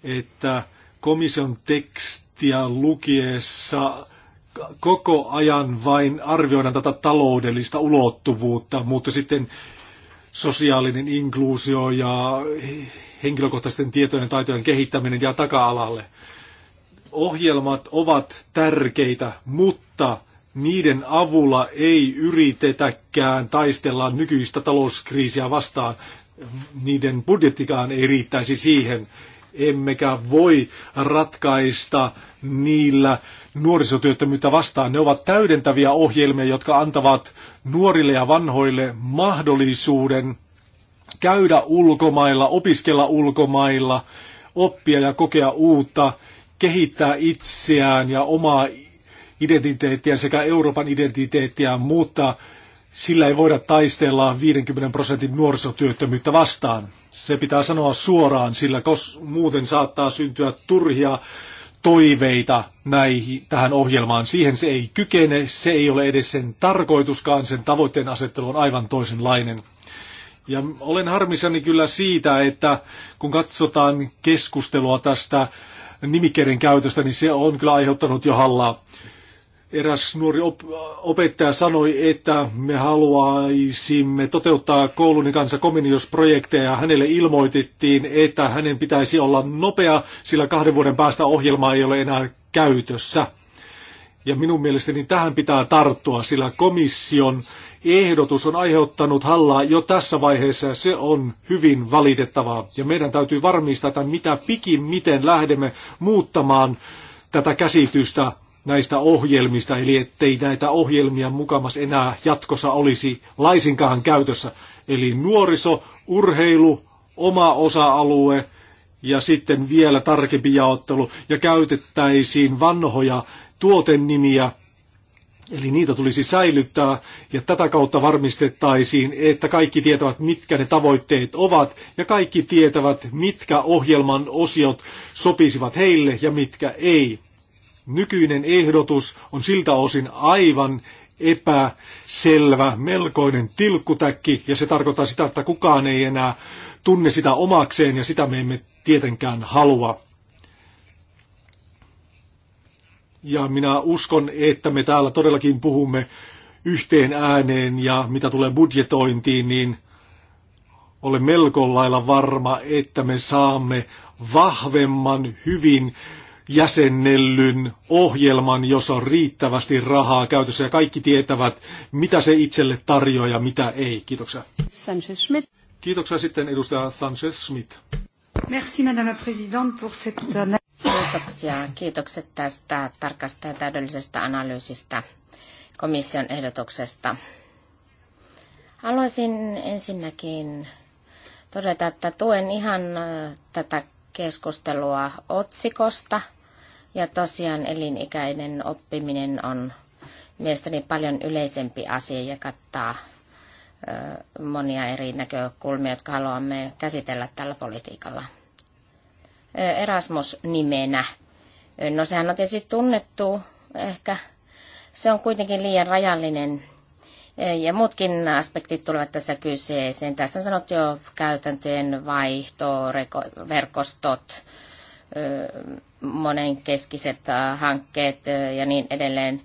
että komission tekstiä lukiessa koko ajan vain arvioidaan tätä taloudellista ulottuvuutta, mutta sitten sosiaalinen inkluusio ja henkilökohtaisten tietojen ja taitojen kehittäminen ja taka-alalle. Ohjelmat ovat tärkeitä, mutta niiden avulla ei yritetäkään taistella nykyistä talouskriisiä vastaan. Niiden budjettikaan ei riittäisi siihen emmekä voi ratkaista niillä nuorisotyöttömyyttä vastaan. Ne ovat täydentäviä ohjelmia, jotka antavat nuorille ja vanhoille mahdollisuuden käydä ulkomailla, opiskella ulkomailla, oppia ja kokea uutta, kehittää itseään ja omaa identiteettiä sekä Euroopan identiteettiä, mutta sillä ei voida taistella 50 prosentin nuorisotyöttömyyttä vastaan. Se pitää sanoa suoraan, sillä kos muuten saattaa syntyä turhia toiveita näihin, tähän ohjelmaan. Siihen se ei kykene, se ei ole edes sen tarkoituskaan, sen tavoitteen asettelu on aivan toisenlainen. Ja olen harmissani kyllä siitä, että kun katsotaan keskustelua tästä nimikkeiden käytöstä, niin se on kyllä aiheuttanut jo hallaa. Eräs nuori op- opettaja sanoi, että me haluaisimme toteuttaa koulun kanssa kominiusprojekteja. Hänelle ilmoitettiin, että hänen pitäisi olla nopea, sillä kahden vuoden päästä ohjelma ei ole enää käytössä. Ja minun mielestäni tähän pitää tarttua, sillä komission ehdotus on aiheuttanut hallaa jo tässä vaiheessa ja se on hyvin valitettavaa. Ja meidän täytyy varmistaa, että mitä pikin miten lähdemme muuttamaan tätä käsitystä näistä ohjelmista, eli ettei näitä ohjelmia mukamas enää jatkossa olisi laisinkaan käytössä. Eli nuoriso, urheilu, oma osa-alue ja sitten vielä tarkempi jaottelu ja käytettäisiin vanhoja tuotennimiä, eli niitä tulisi säilyttää ja tätä kautta varmistettaisiin, että kaikki tietävät, mitkä ne tavoitteet ovat ja kaikki tietävät, mitkä ohjelman osiot sopisivat heille ja mitkä ei nykyinen ehdotus on siltä osin aivan epäselvä, melkoinen tilkkutäkki, ja se tarkoittaa sitä, että kukaan ei enää tunne sitä omakseen, ja sitä me emme tietenkään halua. Ja minä uskon, että me täällä todellakin puhumme yhteen ääneen, ja mitä tulee budjetointiin, niin olen melko lailla varma, että me saamme vahvemman, hyvin jäsennellyn ohjelman, jossa on riittävästi rahaa käytössä ja kaikki tietävät, mitä se itselle tarjoaa ja mitä ei. Kiitoksia. Sanchez Schmidt. Kiitoksia sitten edustaja Sanchez Schmidt. Merci madame la présidente pour cette... Kiitoksia. Kiitokset tästä tarkasta ja täydellisestä analyysistä komission ehdotuksesta. Haluaisin ensinnäkin todeta, että tuen ihan äh, tätä keskustelua otsikosta, ja tosiaan elinikäinen oppiminen on mielestäni paljon yleisempi asia ja kattaa monia eri näkökulmia, jotka haluamme käsitellä tällä politiikalla. Erasmus-nimenä. No sehän on tietysti tunnettu ehkä. Se on kuitenkin liian rajallinen ja muutkin aspektit tulevat tässä kyseeseen. Tässä on sanottu jo käytäntöjen vaihto, verkostot, monenkeskiset äh, hankkeet äh, ja niin edelleen.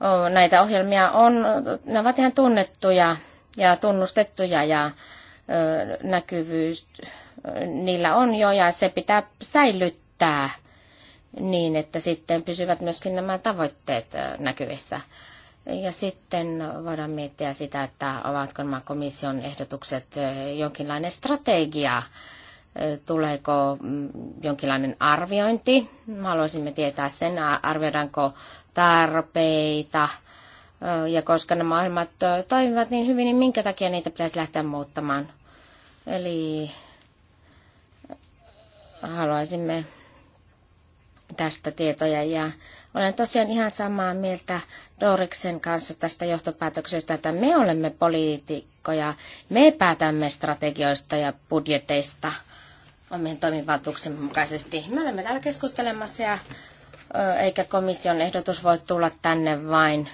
Oh, näitä ohjelmia on, ne ovat ihan tunnettuja ja tunnustettuja ja äh, näkyvyys niillä on jo ja se pitää säilyttää niin, että sitten pysyvät myöskin nämä tavoitteet näkyvissä. Ja sitten voidaan miettiä sitä, että ovatko nämä komission ehdotukset jonkinlainen strategia tuleeko mm, jonkinlainen arviointi. Haluaisimme tietää sen, arvioidaanko tarpeita ja koska nämä ohjelmat toimivat niin hyvin, niin minkä takia niitä pitäisi lähteä muuttamaan. Eli haluaisimme tästä tietoja ja olen tosiaan ihan samaa mieltä Doriksen kanssa tästä johtopäätöksestä, että me olemme poliitikkoja, me päätämme strategioista ja budjeteista – omien toimivaltuuksemme mukaisesti. Me olemme täällä keskustelemassa ja eikä komission ehdotus voi tulla tänne vain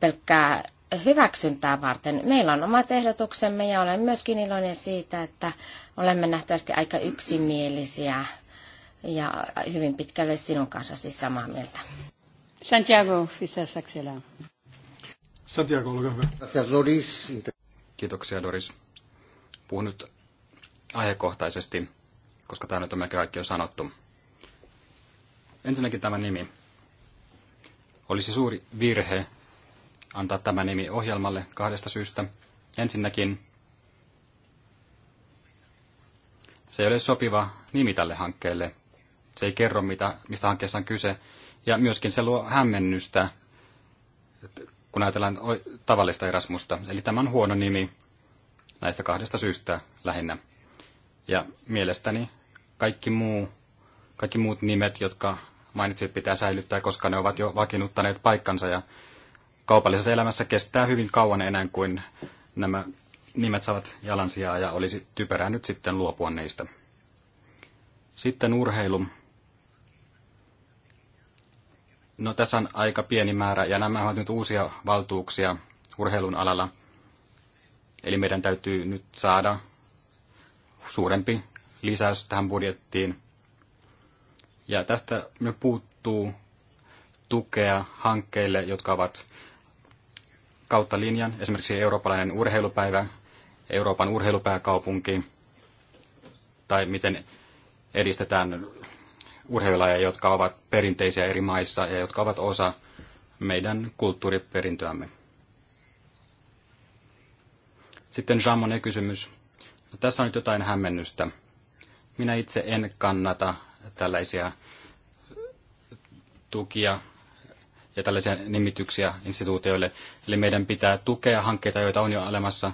pelkkää hyväksyntää varten. Meillä on omat ehdotuksemme ja olen myöskin iloinen siitä, että olemme nähtävästi aika yksimielisiä ja hyvin pitkälle sinun kanssasi samaa mieltä. Santiago fisas Santiago, olkaa hyvä. Kiitoksia Doris. Puhun nyt aihekohtaisesti, koska tämä nyt on melkein kaikki jo sanottu. Ensinnäkin tämä nimi. Olisi suuri virhe antaa tämä nimi ohjelmalle kahdesta syystä. Ensinnäkin se ei ole sopiva nimi tälle hankkeelle. Se ei kerro, mitä, mistä hankkeessa on kyse. Ja myöskin se luo hämmennystä, kun ajatellaan tavallista Erasmusta. Eli tämä on huono nimi näistä kahdesta syystä lähinnä. Ja mielestäni kaikki, muu, kaikki muut nimet, jotka mainitsit, pitää säilyttää, koska ne ovat jo vakiinnuttaneet paikkansa ja kaupallisessa elämässä kestää hyvin kauan enää kuin nämä nimet saavat jalansijaa ja olisi typerää nyt sitten luopua niistä. Sitten urheilu. No tässä on aika pieni määrä ja nämä ovat nyt uusia valtuuksia urheilun alalla. Eli meidän täytyy nyt saada suurempi lisäys tähän budjettiin. Ja tästä me puuttuu tukea hankkeille, jotka ovat kautta linjan, esimerkiksi eurooppalainen urheilupäivä, Euroopan urheilupääkaupunki, tai miten edistetään urheilulajeja, jotka ovat perinteisiä eri maissa ja jotka ovat osa meidän kulttuuriperintöämme. Sitten Jean Monnet kysymys. No, tässä on nyt jotain hämmennystä. Minä itse en kannata tällaisia tukia ja tällaisia nimityksiä instituutioille. Eli meidän pitää tukea hankkeita, joita on jo olemassa.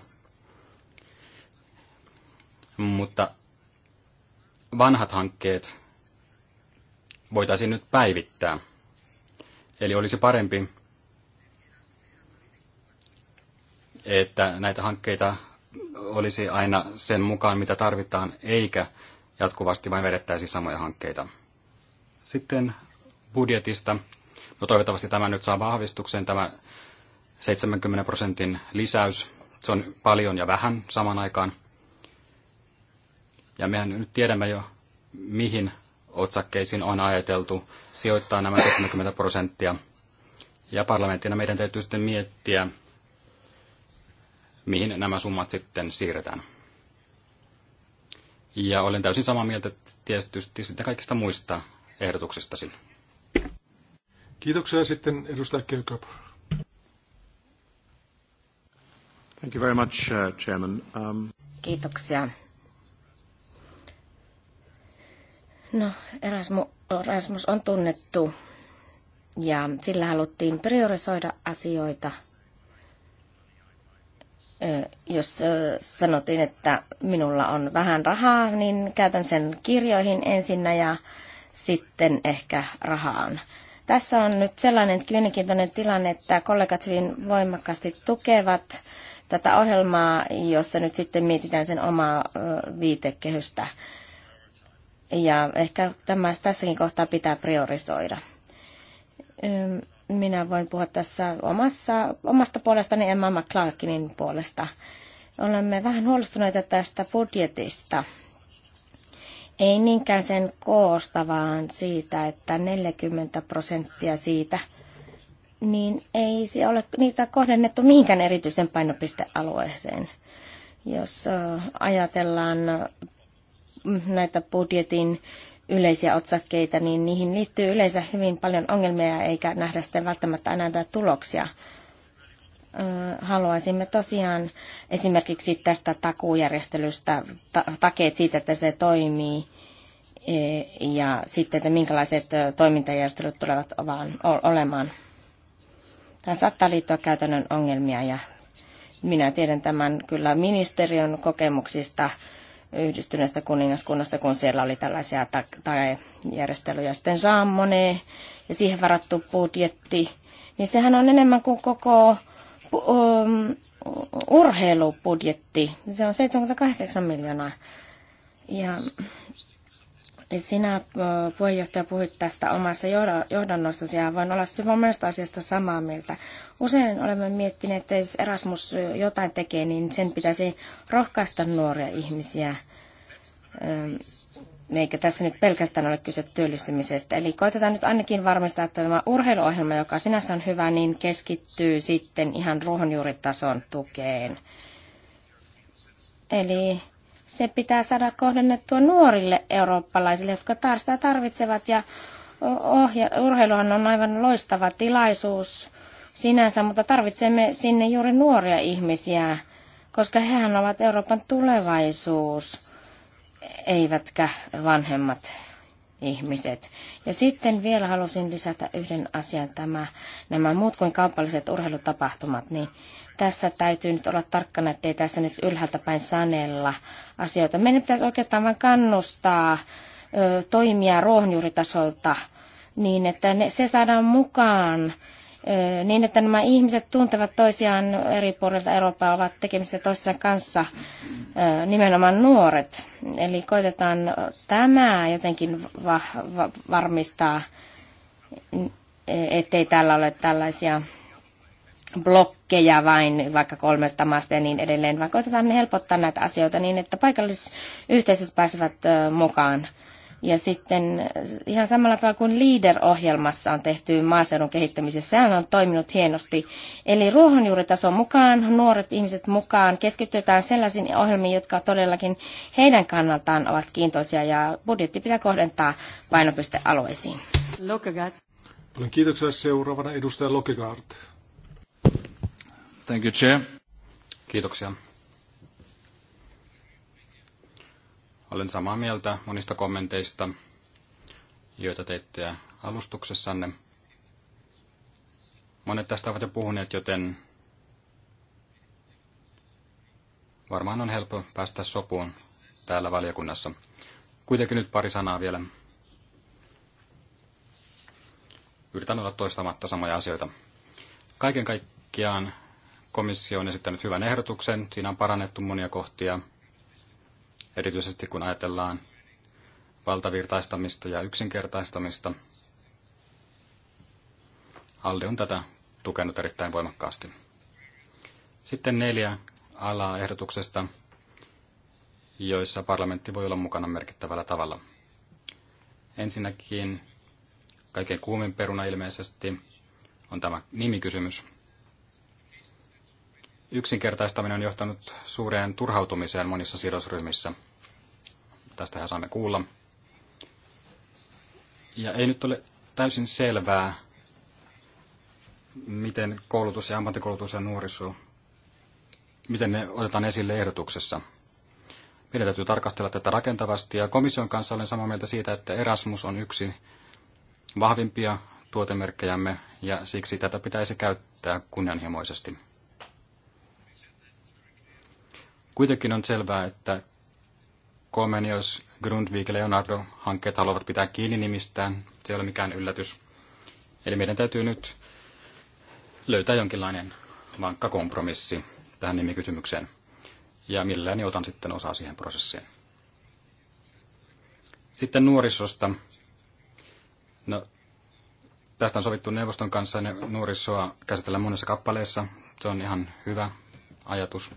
Mutta vanhat hankkeet voitaisiin nyt päivittää. Eli olisi parempi, että näitä hankkeita olisi aina sen mukaan, mitä tarvitaan, eikä jatkuvasti vain vedettäisi samoja hankkeita. Sitten budjetista. No toivottavasti tämä nyt saa vahvistuksen, tämä 70 prosentin lisäys. Se on paljon ja vähän saman aikaan. Ja mehän nyt tiedämme jo, mihin otsakkeisiin on ajateltu sijoittaa nämä 70 prosenttia. Ja parlamenttina meidän täytyy sitten miettiä, mihin nämä summat sitten siirretään. Ja olen täysin samaa mieltä tietysti sitä kaikista muista ehdotuksistasi. Kiitoksia sitten edustaja Kirkup. Thank you very much, uh, Chairman. Um... Kiitoksia. No, Erasmus on tunnettu ja sillä haluttiin priorisoida asioita – jos sanotin, että minulla on vähän rahaa, niin käytän sen kirjoihin ensinnä ja sitten ehkä rahaan. Tässä on nyt sellainen mielenkiintoinen tilanne, että kollegat hyvin voimakkaasti tukevat tätä ohjelmaa, jossa nyt sitten mietitään sen omaa viitekehystä. Ja ehkä tämä, tässäkin kohtaa pitää priorisoida minä voin puhua tässä omassa, omasta puolestani Emma McClarkinin puolesta. Olemme vähän huolestuneita tästä budjetista. Ei niinkään sen koosta, vaan siitä, että 40 prosenttia siitä, niin ei se ole niitä kohdennettu mihinkään erityisen painopistealueeseen. Jos ajatellaan näitä budjetin yleisiä otsakkeita, niin niihin liittyy yleensä hyvin paljon ongelmia eikä nähdä sitten välttämättä aina näitä tuloksia. Haluaisimme tosiaan esimerkiksi tästä takuujärjestelystä takeet siitä, että se toimii e, ja sitten, että minkälaiset toimintajärjestelyt tulevat vaan olemaan. Tämä saattaa liittyä käytännön ongelmia ja minä tiedän tämän kyllä ministeriön kokemuksista yhdistyneestä kuningaskunnasta, kun siellä oli tällaisia tai järjestelyjä. Sitten Jean Monnet ja siihen varattu budjetti, niin sehän on enemmän kuin koko um, urheilubudjetti. Se on 78 miljoonaa. Ja sinä puheenjohtaja puhuit tästä omassa johdannossasi ja voin olla syvä myös asiasta samaa mieltä. Usein olemme miettineet, että jos Erasmus jotain tekee, niin sen pitäisi rohkaista nuoria ihmisiä. Eikä tässä nyt pelkästään ole kyse työllistymisestä. Eli koitetaan nyt ainakin varmistaa, että tämä urheiluohjelma, joka sinänsä on hyvä, niin keskittyy sitten ihan ruohonjuuritason tukeen. Eli se pitää saada kohdennettua nuorille eurooppalaisille, jotka taas sitä tarvitsevat. Ja ohja- urheiluhan on aivan loistava tilaisuus sinänsä, mutta tarvitsemme sinne juuri nuoria ihmisiä, koska hehän ovat Euroopan tulevaisuus, eivätkä vanhemmat ihmiset. Ja sitten vielä halusin lisätä yhden asian, tämä, nämä muut kuin kaupalliset urheilutapahtumat, niin tässä täytyy nyt olla tarkkana, ettei tässä nyt ylhäältä päin sanella asioita. Meidän pitäisi oikeastaan vain kannustaa ö, toimia ruohonjuuritasolta niin, että ne, se saadaan mukaan Eh, niin, että nämä ihmiset tuntevat toisiaan eri puolilta Eurooppaa, ovat tekemisissä toisiaan kanssa eh, nimenomaan nuoret. Eli koitetaan tämä jotenkin va- va- varmistaa, ettei tällä ole tällaisia blokkeja vain vaikka kolmesta maasta ja niin edelleen, vaan koitetaan helpottaa näitä asioita niin, että paikalliset yhteisöt pääsevät eh, mukaan ja sitten eh, ihan samalla tavalla kuin LEADER-ohjelmassa on tehty maaseudun kehittämisessä, sehän on toiminut hienosti. Eli ruohonjuuritason mukaan, nuoret ihmiset mukaan, keskitytään sellaisiin ohjelmiin, jotka todellakin heidän kannaltaan ovat kiintoisia ja budjetti pitää kohdentaa painopistealueisiin. Lokegaard. Paljon kiitoksia seuraavana edustaja Lokegaard. Thank you, Chair. Kiitoksia. Olen samaa mieltä monista kommenteista, joita teitte alustuksessanne. Monet tästä ovat jo puhuneet, joten varmaan on helppo päästä sopuun täällä valiokunnassa. Kuitenkin nyt pari sanaa vielä. Yritän olla toistamatta samoja asioita. Kaiken kaikkiaan komissio on esittänyt hyvän ehdotuksen. Siinä on parannettu monia kohtia erityisesti kun ajatellaan valtavirtaistamista ja yksinkertaistamista. Alde on tätä tukenut erittäin voimakkaasti. Sitten neljä alaa ehdotuksesta, joissa parlamentti voi olla mukana merkittävällä tavalla. Ensinnäkin kaiken kuumin peruna ilmeisesti on tämä nimikysymys. Yksinkertaistaminen on johtanut suureen turhautumiseen monissa sidosryhmissä – Tästähän saamme kuulla. Ja ei nyt ole täysin selvää, miten koulutus ja ammattikoulutus ja nuoriso, miten ne otetaan esille ehdotuksessa. Meidän täytyy tarkastella tätä rakentavasti ja komission kanssa olen samaa mieltä siitä, että Erasmus on yksi vahvimpia tuotemerkkejämme ja siksi tätä pitäisi käyttää kunnianhimoisesti. Kuitenkin on selvää, että Komenius, Grundvik ja Leonardo-hankkeet haluavat pitää kiinni nimistään. Se ei ole mikään yllätys. Eli meidän täytyy nyt löytää jonkinlainen vankka kompromissi tähän nimikysymykseen. Ja mielelläni otan sitten osaa siihen prosessiin. Sitten nuorisosta. No, tästä on sovittu neuvoston kanssa ja nuorisoa käsitellään monessa kappaleessa. Se on ihan hyvä ajatus.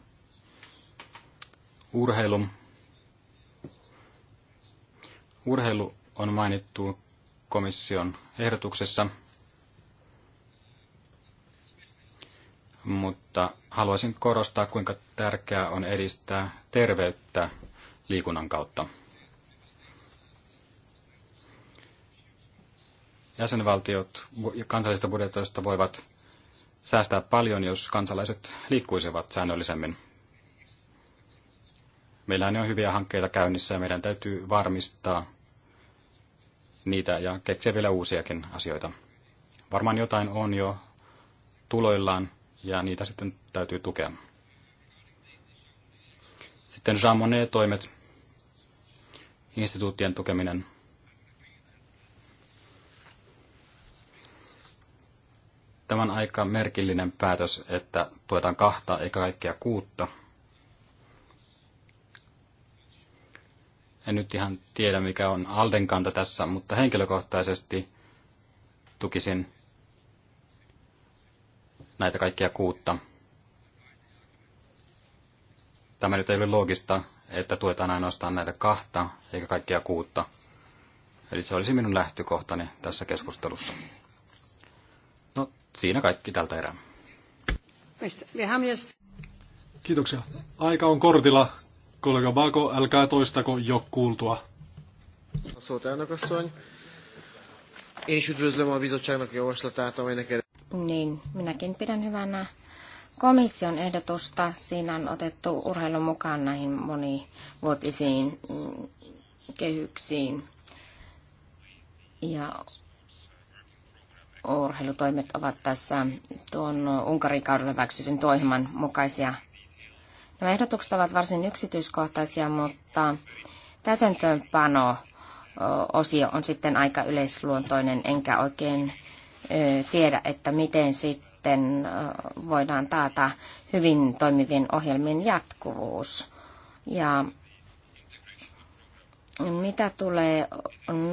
Urheilu. Urheilu on mainittu komission ehdotuksessa, mutta haluaisin korostaa, kuinka tärkeää on edistää terveyttä liikunnan kautta. Jäsenvaltiot kansallisista budjetoista voivat säästää paljon, jos kansalaiset liikkuisivat säännöllisemmin. Meillä on hyviä hankkeita käynnissä ja meidän täytyy varmistaa, niitä ja keksiä vielä uusiakin asioita. Varmaan jotain on jo tuloillaan ja niitä sitten täytyy tukea. Sitten Jean Monnet-toimet, instituuttien tukeminen. Tämän aika merkillinen päätös, että tuetaan kahta eikä kaikkia kuutta – En nyt ihan tiedä, mikä on Alden kanta tässä, mutta henkilökohtaisesti tukisin näitä kaikkia kuutta. Tämä nyt ei ole loogista, että tuetaan ainoastaan näitä kahta eikä kaikkia kuutta. Eli se olisi minun lähtökohtani tässä keskustelussa. No, siinä kaikki tältä erää. Kiitoksia. Aika on kortilla. Kollega Bako, älkää toistako jo kuultua. Szót elnökasszony. Én is üdvözlöm a bizottságnak javaslatát, amelynek... Niin, minäkin pidän hyvänä komission ehdotusta. Siinä on otettu urheilun mukaan näihin monivuotisiin mm, kehyksiin. Ja urheilutoimet ovat tässä tuon Unkarin kaudella väksytyn toiman mukaisia Nämä ehdotukset ovat varsin yksityiskohtaisia, mutta täytäntöönpano osio on sitten aika yleisluontoinen, enkä oikein tiedä, että miten sitten voidaan taata hyvin toimivien ohjelmien jatkuvuus. Ja mitä tulee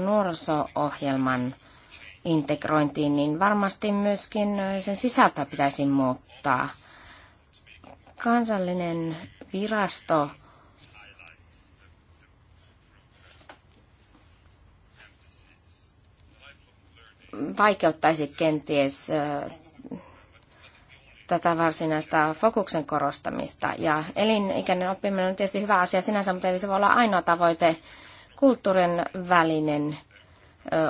nuoriso-ohjelman integrointiin, niin varmasti myöskin sen sisältöä pitäisi muuttaa – kansallinen virasto vaikeuttaisi kenties tätä varsinaista fokuksen korostamista. Ja elinikäinen oppiminen on tietysti hyvä asia sinänsä, mutta ei se voi olla ainoa tavoite. Kulttuurin välinen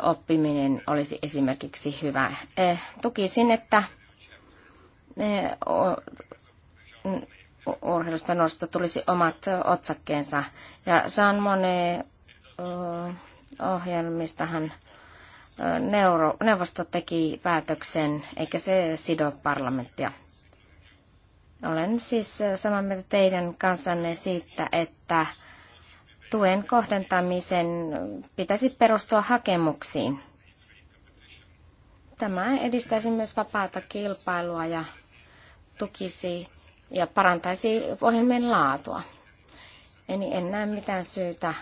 oppiminen olisi esimerkiksi hyvä. Eh, tukisin, että eh, urheilusta nosto tulisi omat otsakkeensa. Ja San Monet ohjelmistahan neuro, neuvosto teki päätöksen, eikä se sido parlamenttia. Olen siis samaa mieltä teidän kanssanne siitä, että tuen kohdentamisen pitäisi perustua hakemuksiin. Tämä edistäisi myös vapaata kilpailua ja tukisi ja parantaisi ohjelmien laatua. En, en näe mitään syytä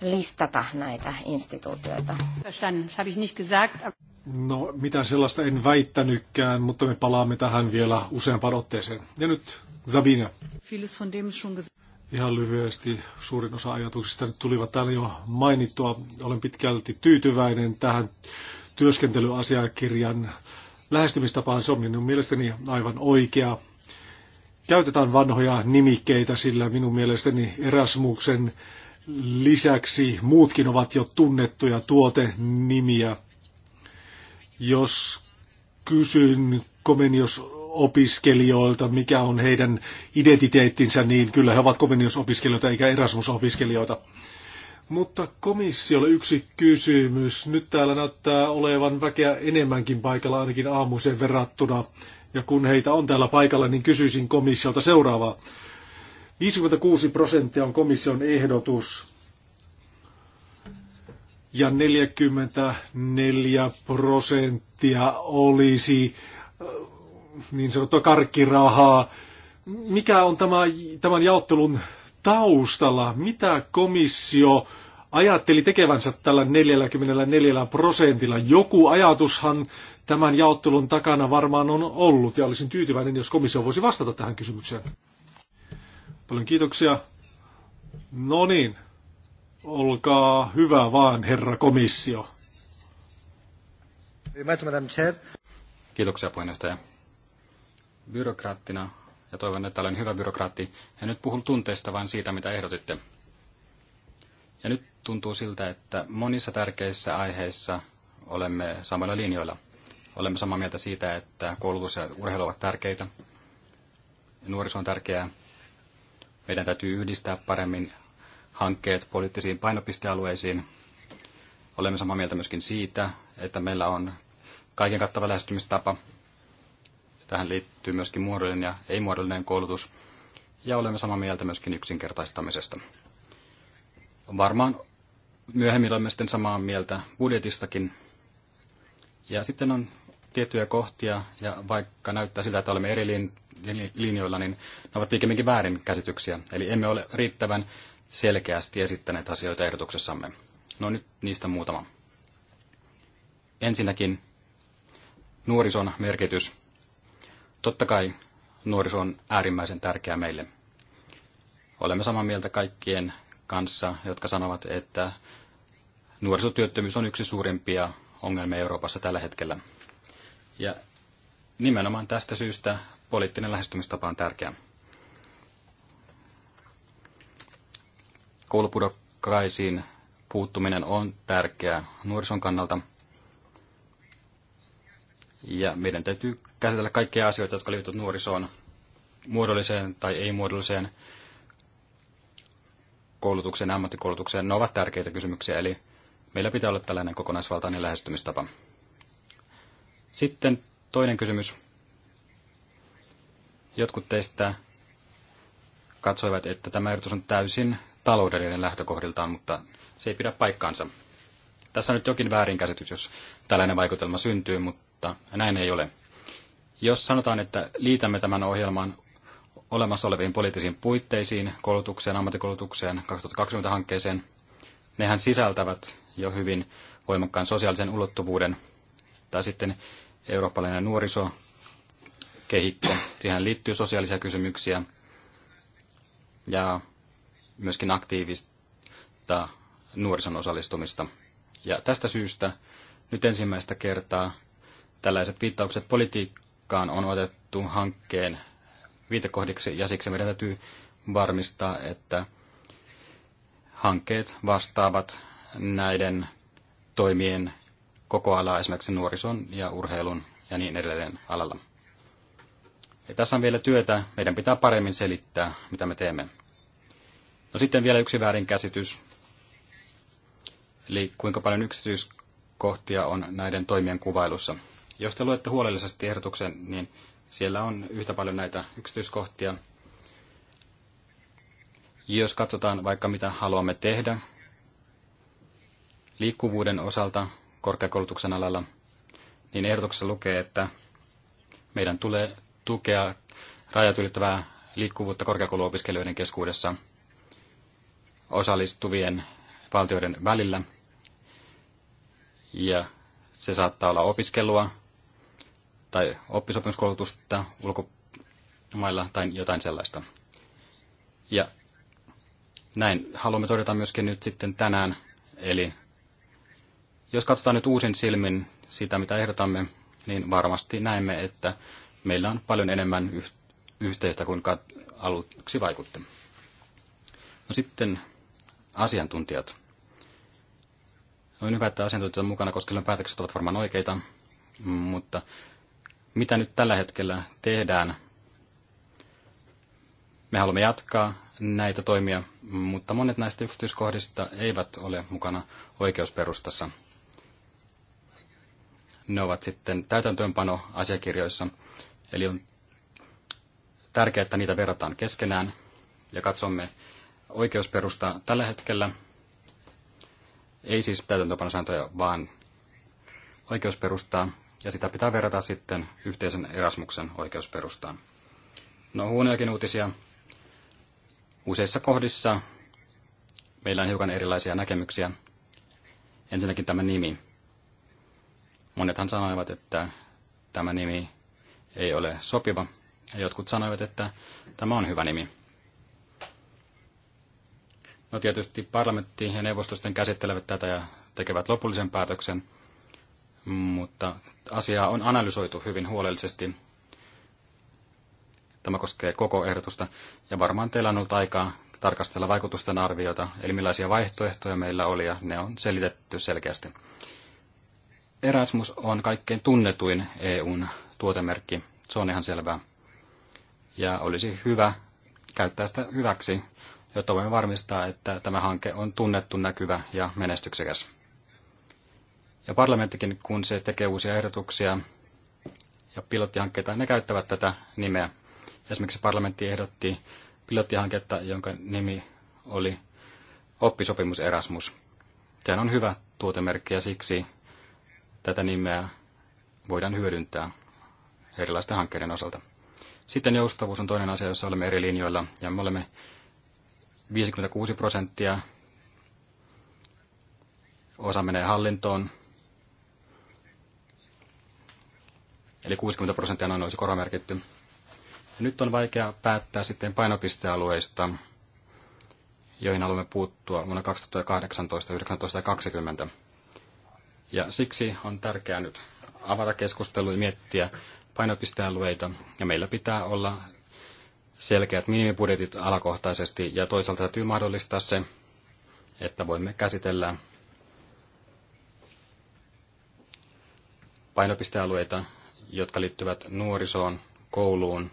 listata näitä instituutioita. No, mitään sellaista en väittänytkään, mutta me palaamme tähän vielä useampaan otteeseen. Ja nyt Zabina. Ihan lyhyesti suurin osa ajatuksista nyt tulivat täällä jo mainittua. Olen pitkälti tyytyväinen tähän työskentelyasiakirjan lähestymistapaan. Se on minun mielestäni aivan oikea käytetään vanhoja nimikkeitä, sillä minun mielestäni Erasmuksen lisäksi muutkin ovat jo tunnettuja tuotenimiä. Jos kysyn komenjos-opiskelijoilta mikä on heidän identiteettinsä, niin kyllä he ovat komeniusopiskelijoita eikä Erasmus-opiskelijoita. Mutta komissiolle yksi kysymys. Nyt täällä näyttää olevan väkeä enemmänkin paikalla ainakin aamuiseen verrattuna. Ja kun heitä on täällä paikalla, niin kysyisin komissiolta seuraavaa. 56 prosenttia on komission ehdotus ja 44 prosenttia olisi äh, niin sanottua karkkirahaa. Mikä on tämä, tämän jaottelun taustalla? Mitä komissio ajatteli tekevänsä tällä 44 prosentilla. Joku ajatushan tämän jaottelun takana varmaan on ollut, ja olisin tyytyväinen, jos komissio voisi vastata tähän kysymykseen. Paljon kiitoksia. No niin, olkaa hyvä vaan, herra komissio. Kiitoksia puheenjohtaja. Byrokraattina, ja toivon, että olen hyvä byrokraatti, en nyt puhu tunteista, vaan siitä, mitä ehdotitte. Ja nyt tuntuu siltä, että monissa tärkeissä aiheissa olemme samoilla linjoilla. Olemme samaa mieltä siitä, että koulutus ja urheilu ovat tärkeitä. Nuoriso on tärkeää. Meidän täytyy yhdistää paremmin hankkeet poliittisiin painopistealueisiin. Olemme samaa mieltä myöskin siitä, että meillä on kaiken kattava lähestymistapa. Tähän liittyy myöskin muodollinen ja ei-muodollinen koulutus. Ja olemme samaa mieltä myöskin yksinkertaistamisesta. Varmaan Myöhemmin olemme sitten samaa mieltä budjetistakin. Ja sitten on tiettyjä kohtia, ja vaikka näyttää siltä, että olemme eri linjoilla, niin ne ovat pikemminkin käsityksiä. Eli emme ole riittävän selkeästi esittäneet asioita ehdotuksessamme. No nyt niistä muutama. Ensinnäkin nuorison merkitys. Totta kai nuoriso on äärimmäisen tärkeä meille. Olemme samaa mieltä kaikkien kanssa, jotka sanovat, että nuorisotyöttömyys on yksi suurimpia ongelmia Euroopassa tällä hetkellä. Ja nimenomaan tästä syystä poliittinen lähestymistapa on tärkeä. Koulupudokkaisiin puuttuminen on tärkeää nuorison kannalta. Ja meidän täytyy käsitellä kaikkia asioita, jotka liittyvät nuorisoon, muodolliseen tai ei-muodolliseen koulutukseen ja ammattikoulutukseen, ne ovat tärkeitä kysymyksiä, eli meillä pitää olla tällainen kokonaisvaltainen lähestymistapa. Sitten toinen kysymys. Jotkut teistä katsoivat, että tämä ehdotus on täysin taloudellinen lähtökohdiltaan, mutta se ei pidä paikkaansa. Tässä on nyt jokin väärinkäsitys, jos tällainen vaikutelma syntyy, mutta näin ei ole. Jos sanotaan, että liitämme tämän ohjelman olemassa oleviin poliittisiin puitteisiin, koulutukseen, ammattikoulutukseen, 2020-hankkeeseen. Nehän sisältävät jo hyvin voimakkaan sosiaalisen ulottuvuuden tai sitten eurooppalainen kehikko. Siihen liittyy sosiaalisia kysymyksiä ja myöskin aktiivista nuorison osallistumista. Ja tästä syystä nyt ensimmäistä kertaa tällaiset viittaukset politiikkaan on otettu hankkeen viitekohdiksi, ja siksi meidän täytyy varmistaa, että hankkeet vastaavat näiden toimien koko alaa, esimerkiksi nuorison ja urheilun ja niin edelleen alalla. Ja tässä on vielä työtä. Meidän pitää paremmin selittää, mitä me teemme. No sitten vielä yksi väärinkäsitys. Eli kuinka paljon yksityiskohtia on näiden toimien kuvailussa. Jos te luette huolellisesti ehdotuksen, niin siellä on yhtä paljon näitä yksityiskohtia. Jos katsotaan vaikka mitä haluamme tehdä liikkuvuuden osalta korkeakoulutuksen alalla, niin ehdotuksessa lukee, että meidän tulee tukea rajat ylittävää liikkuvuutta korkeakouluopiskelijoiden keskuudessa osallistuvien valtioiden välillä. Ja se saattaa olla opiskelua, tai oppisopimuskoulutusta ulkomailla tai jotain sellaista. Ja näin haluamme todeta myöskin nyt sitten tänään. Eli jos katsotaan nyt uusin silmin sitä, mitä ehdotamme, niin varmasti näemme, että meillä on paljon enemmän yhteistä kuin aluksi vaikutti. No sitten asiantuntijat. On hyvä, että asiantuntijat on mukana, koska päätökset ovat varmaan oikeita, mutta mitä nyt tällä hetkellä tehdään. Me haluamme jatkaa näitä toimia, mutta monet näistä yksityiskohdista eivät ole mukana oikeusperustassa. Ne ovat sitten täytäntöönpano-asiakirjoissa, eli on tärkeää, että niitä verrataan keskenään ja katsomme oikeusperusta tällä hetkellä. Ei siis täytäntöönpanosääntöjä, vaan oikeusperustaa ja sitä pitää verrata sitten yhteisen Erasmuksen oikeusperustaan. No huonojakin uutisia. Useissa kohdissa meillä on hiukan erilaisia näkemyksiä. Ensinnäkin tämä nimi. Monethan sanoivat, että tämä nimi ei ole sopiva, ja jotkut sanoivat, että tämä on hyvä nimi. No tietysti parlamentti ja neuvostosten käsittelevät tätä ja tekevät lopullisen päätöksen – mutta asiaa on analysoitu hyvin huolellisesti. Tämä koskee koko ehdotusta, ja varmaan teillä on ollut aikaa tarkastella vaikutusten arviota, eli millaisia vaihtoehtoja meillä oli, ja ne on selitetty selkeästi. Erasmus on kaikkein tunnetuin EUn tuotemerkki, se on ihan selvää. Ja olisi hyvä käyttää sitä hyväksi, jotta voimme varmistaa, että tämä hanke on tunnettu, näkyvä ja menestyksekäs. Ja parlamenttikin, kun se tekee uusia ehdotuksia ja pilottihankkeita, ne käyttävät tätä nimeä. Esimerkiksi parlamentti ehdotti pilottihanketta, jonka nimi oli oppisopimus Erasmus. Tämä on hyvä tuotemerkki ja siksi tätä nimeä voidaan hyödyntää erilaisten hankkeiden osalta. Sitten joustavuus on toinen asia, jossa olemme eri linjoilla ja me olemme 56 prosenttia. Osa menee hallintoon, eli 60 prosenttia noin olisi korvamerkitty. Nyt on vaikea päättää sitten painopistealueista, joihin haluamme puuttua vuonna 2018, 19 ja 20. Ja siksi on tärkeää nyt avata keskustelu ja miettiä painopistealueita, ja meillä pitää olla selkeät minimibudjetit alakohtaisesti, ja toisaalta täytyy mahdollistaa se, että voimme käsitellä painopistealueita jotka liittyvät nuorisoon, kouluun.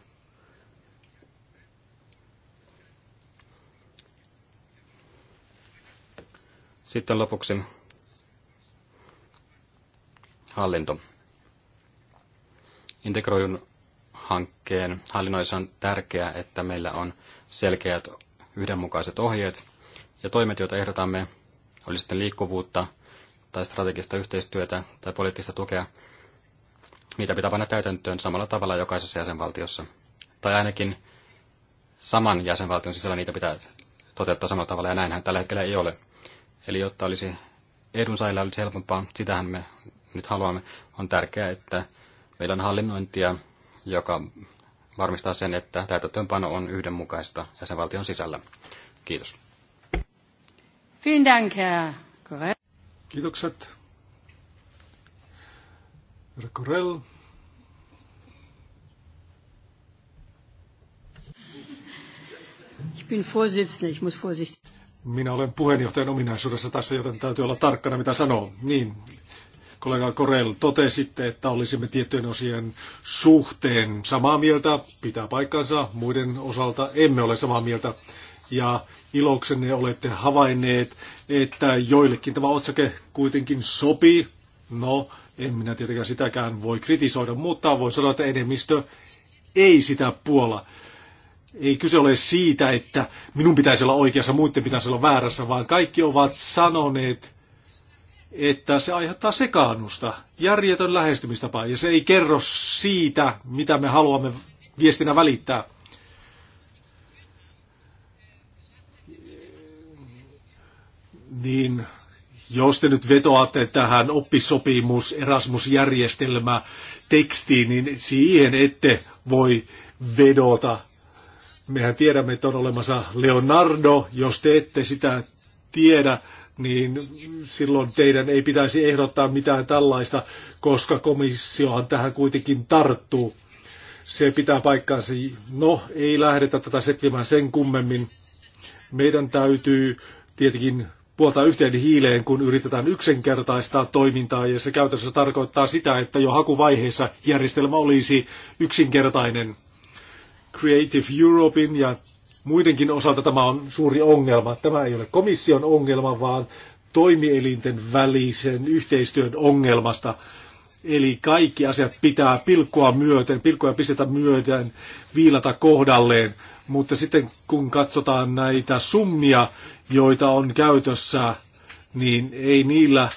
Sitten lopuksi hallinto. Integroidun hankkeen hallinnoissa on tärkeää, että meillä on selkeät yhdenmukaiset ohjeet ja toimet, joita ehdotamme, oli sitten liikkuvuutta tai strategista yhteistyötä tai poliittista tukea, Niitä pitää panna täytäntöön samalla tavalla jokaisessa jäsenvaltiossa. Tai ainakin saman jäsenvaltion sisällä niitä pitää toteuttaa samalla tavalla, ja näinhän tällä hetkellä ei ole. Eli jotta olisi edunsaajilla olisi helpompaa, sitähän me nyt haluamme. On tärkeää, että meillä on hallinnointia, joka varmistaa sen, että täytäntöönpano on yhdenmukaista jäsenvaltion sisällä. Kiitos. Kiitokset. Recorrel. Minä olen puheenjohtajan ominaisuudessa tässä, joten täytyy olla tarkkana, mitä sanoo. Niin, kollega Korel, totesitte, että olisimme tiettyjen osien suhteen samaa mieltä, pitää paikkansa, muiden osalta emme ole samaa mieltä. Ja iloksenne olette havainneet, että joillekin tämä otsake kuitenkin sopii. No, en minä tietenkään sitäkään voi kritisoida, mutta voi sanoa, että enemmistö ei sitä puola. Ei kyse ole siitä, että minun pitäisi olla oikeassa, muiden pitäisi olla väärässä, vaan kaikki ovat sanoneet, että se aiheuttaa sekaannusta, järjetön lähestymistapa, ja se ei kerro siitä, mitä me haluamme viestinä välittää. Niin jos te nyt vetoatte tähän oppisopimus Erasmus-järjestelmä tekstiin, niin siihen ette voi vedota. Mehän tiedämme, että on olemassa Leonardo. Jos te ette sitä tiedä, niin silloin teidän ei pitäisi ehdottaa mitään tällaista, koska komissiohan tähän kuitenkin tarttuu. Se pitää paikkaansa. No, ei lähdetä tätä setvimään sen kummemmin. Meidän täytyy tietenkin puolta yhteen hiileen, kun yritetään yksinkertaistaa toimintaa, ja se käytännössä tarkoittaa sitä, että jo hakuvaiheessa järjestelmä olisi yksinkertainen. Creative Europein ja muidenkin osalta tämä on suuri ongelma. Tämä ei ole komission ongelma, vaan toimielinten välisen yhteistyön ongelmasta. Eli kaikki asiat pitää pilkkoa myöten, pilkkoja pistetä myöten, viilata kohdalleen. Mutta sitten kun katsotaan näitä summia, joita on käytössä, niin ei niillä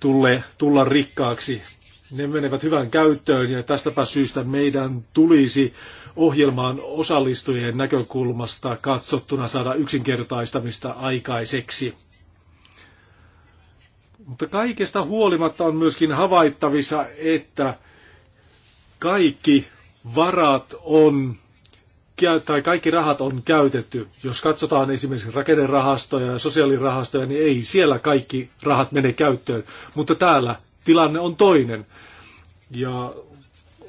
tule, tulla rikkaaksi. Ne menevät hyvän käyttöön ja tästäpä syystä meidän tulisi ohjelmaan osallistujien näkökulmasta katsottuna saada yksinkertaistamista aikaiseksi. Mutta kaikesta huolimatta on myöskin havaittavissa, että kaikki varat on tai kaikki rahat on käytetty. Jos katsotaan esimerkiksi rakennerahastoja ja sosiaalirahastoja, niin ei siellä kaikki rahat mene käyttöön. Mutta täällä tilanne on toinen. Ja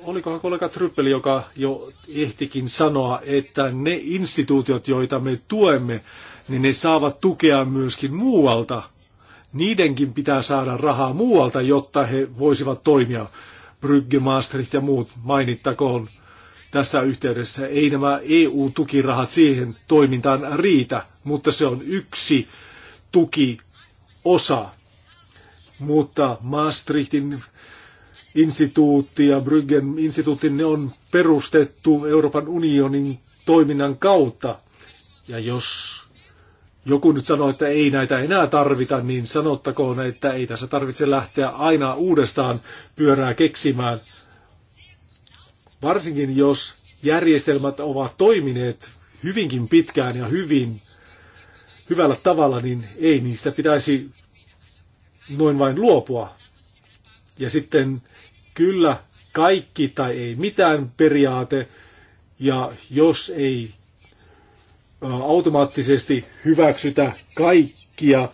olikohan kollega Tryppeli, joka jo ehtikin sanoa, että ne instituutiot, joita me tuemme, niin ne saavat tukea myöskin muualta. Niidenkin pitää saada rahaa muualta, jotta he voisivat toimia. Brygge, Maastricht ja muut mainittakoon tässä yhteydessä. Ei nämä EU-tukirahat siihen toimintaan riitä, mutta se on yksi tukiosa. Mutta Maastrichtin instituutti ja Bryggen instituutti, ne on perustettu Euroopan unionin toiminnan kautta. Ja jos joku nyt sanoo, että ei näitä enää tarvita, niin sanottakoon, että ei tässä tarvitse lähteä aina uudestaan pyörää keksimään – Varsinkin jos järjestelmät ovat toimineet hyvinkin pitkään ja hyvin, hyvällä tavalla, niin ei niistä pitäisi noin vain luopua. Ja sitten kyllä kaikki tai ei mitään periaate, ja jos ei automaattisesti hyväksytä kaikkia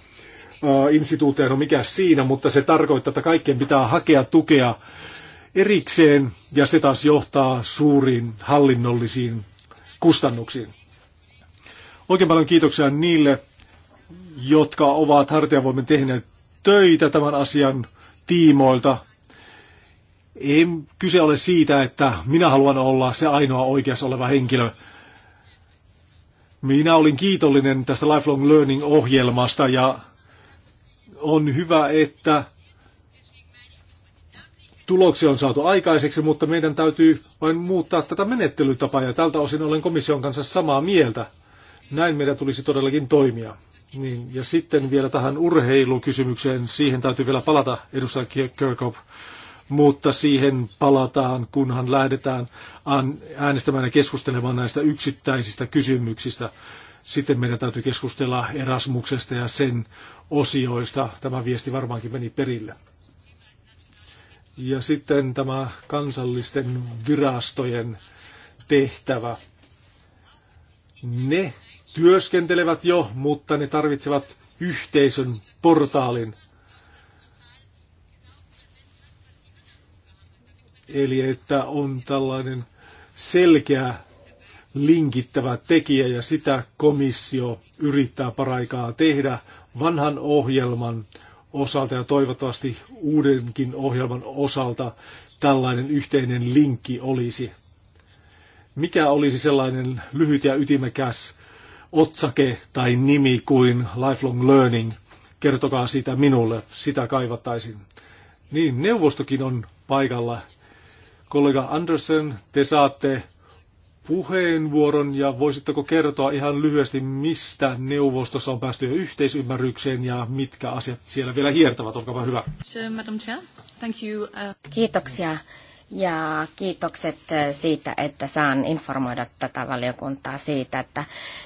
instituuteja, no mikä siinä, mutta se tarkoittaa, että kaikkien pitää hakea tukea erikseen ja se taas johtaa suuriin hallinnollisiin kustannuksiin. Oikein paljon kiitoksia niille, jotka ovat hartiavoimin tehneet töitä tämän asian tiimoilta. Ei kyse ole siitä, että minä haluan olla se ainoa oikeassa oleva henkilö. Minä olin kiitollinen tästä Lifelong Learning-ohjelmasta ja on hyvä, että tuloksia on saatu aikaiseksi, mutta meidän täytyy vain muuttaa tätä menettelytapaa ja tältä osin olen komission kanssa samaa mieltä. Näin meidän tulisi todellakin toimia. Niin, ja sitten vielä tähän urheilukysymykseen, siihen täytyy vielä palata, edustaja Kirkhoff, mutta siihen palataan, kunhan lähdetään äänestämään ja keskustelemaan näistä yksittäisistä kysymyksistä. Sitten meidän täytyy keskustella Erasmuksesta ja sen osioista. Tämä viesti varmaankin meni perille. Ja sitten tämä kansallisten virastojen tehtävä. Ne työskentelevät jo, mutta ne tarvitsevat yhteisön portaalin. Eli että on tällainen selkeä linkittävä tekijä ja sitä komissio yrittää paraikaa tehdä vanhan ohjelman osalta ja toivottavasti uudenkin ohjelman osalta tällainen yhteinen linkki olisi. Mikä olisi sellainen lyhyt ja ytimekäs otsake tai nimi kuin lifelong learning? Kertokaa sitä minulle, sitä kaivattaisin. Niin, neuvostokin on paikalla. Kollega Andersen, te saatte puheenvuoron ja voisitteko kertoa ihan lyhyesti, mistä neuvostossa on päästy jo yhteisymmärrykseen ja mitkä asiat siellä vielä hiertävät. Olkaa hyvä. Uh, Kiitoksia ja kiitokset uh, siitä, että saan informoida tätä valiokuntaa siitä, että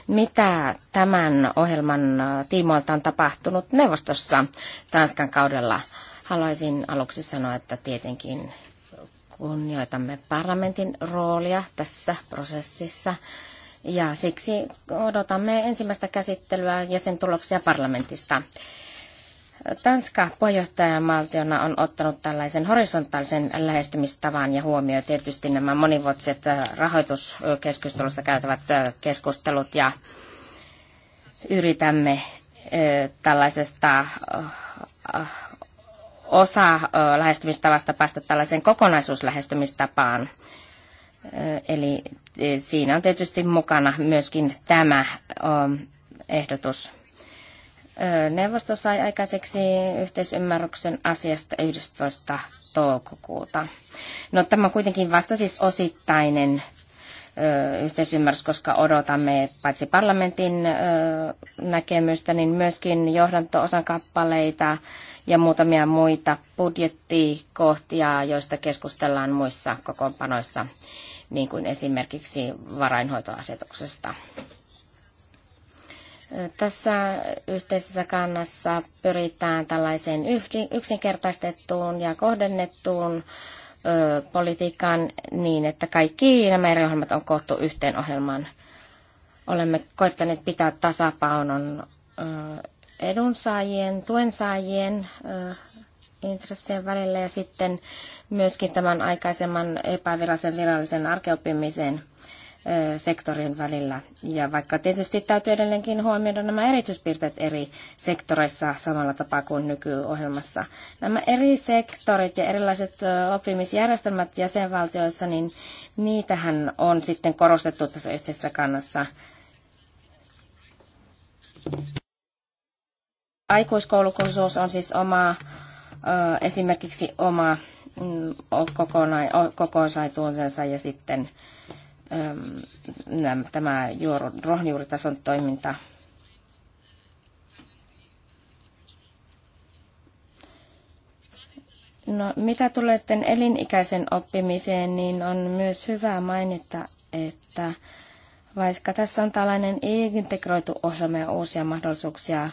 mitä tämän ohjelman uh, tiimoilta on tapahtunut neuvostossa Tanskan kaudella. Haluaisin aluksi sanoa, että tietenkin kunnioitamme parlamentin roolia tässä prosessissa ja siksi odotamme ensimmäistä käsittelyä ja sen tuloksia parlamentista. Tanska puheenjohtajamaltiona on ottanut tällaisen horisontaalisen lähestymistavan ja huomioi tietysti nämä monivuotiset äh, rahoituskeskustelusta käytävät äh, keskustelut ja yritämme äh, tällaisesta osa lähestymistavasta päästä tällaiseen kokonaisuuslähestymistapaan. Eli e, siinä on tietysti mukana myöskin tämä ehdotus. Neuvosto sai aikaiseksi yhteisymmärryksen asiasta 11. toukokuuta. No tämä on kuitenkin vasta siis osittainen yhteisymmärrys, koska odotamme paitsi parlamentin näkemystä, niin myöskin johdanto-osan kappaleita ja muutamia muita budjettikohtia, joista keskustellaan muissa kokoonpanoissa, niin kuin esimerkiksi varainhoitoasetuksesta. Tässä yhteisessä kannassa pyritään tällaiseen yksinkertaistettuun ja kohdennettuun politiikkaan niin, että kaikki nämä eri ohjelmat on koottu yhteen ohjelmaan. Olemme koittaneet pitää tasapainon edunsaajien, tuensaajien intressien välillä ja sitten myöskin tämän aikaisemman epävirallisen virallisen arkeoppimisen sektorin välillä. Ja vaikka tietysti täytyy edelleenkin huomioida nämä erityispiirteet eri sektoreissa samalla tapaa kuin nykyohjelmassa. Nämä eri sektorit ja erilaiset oppimisjärjestelmät jäsenvaltioissa, niin niitähän on sitten korostettu tässä yhteisessä kannassa. Aikuiskoulukursuus on siis oma, esimerkiksi oma mm, kokonaisuutensa ja sitten tämä ruohonjuuritason toiminta. No, mitä tulee sitten elinikäisen oppimiseen, niin on myös hyvä mainita, että vaikka tässä on tällainen integroitu ohjelma ja uusia mahdollisuuksia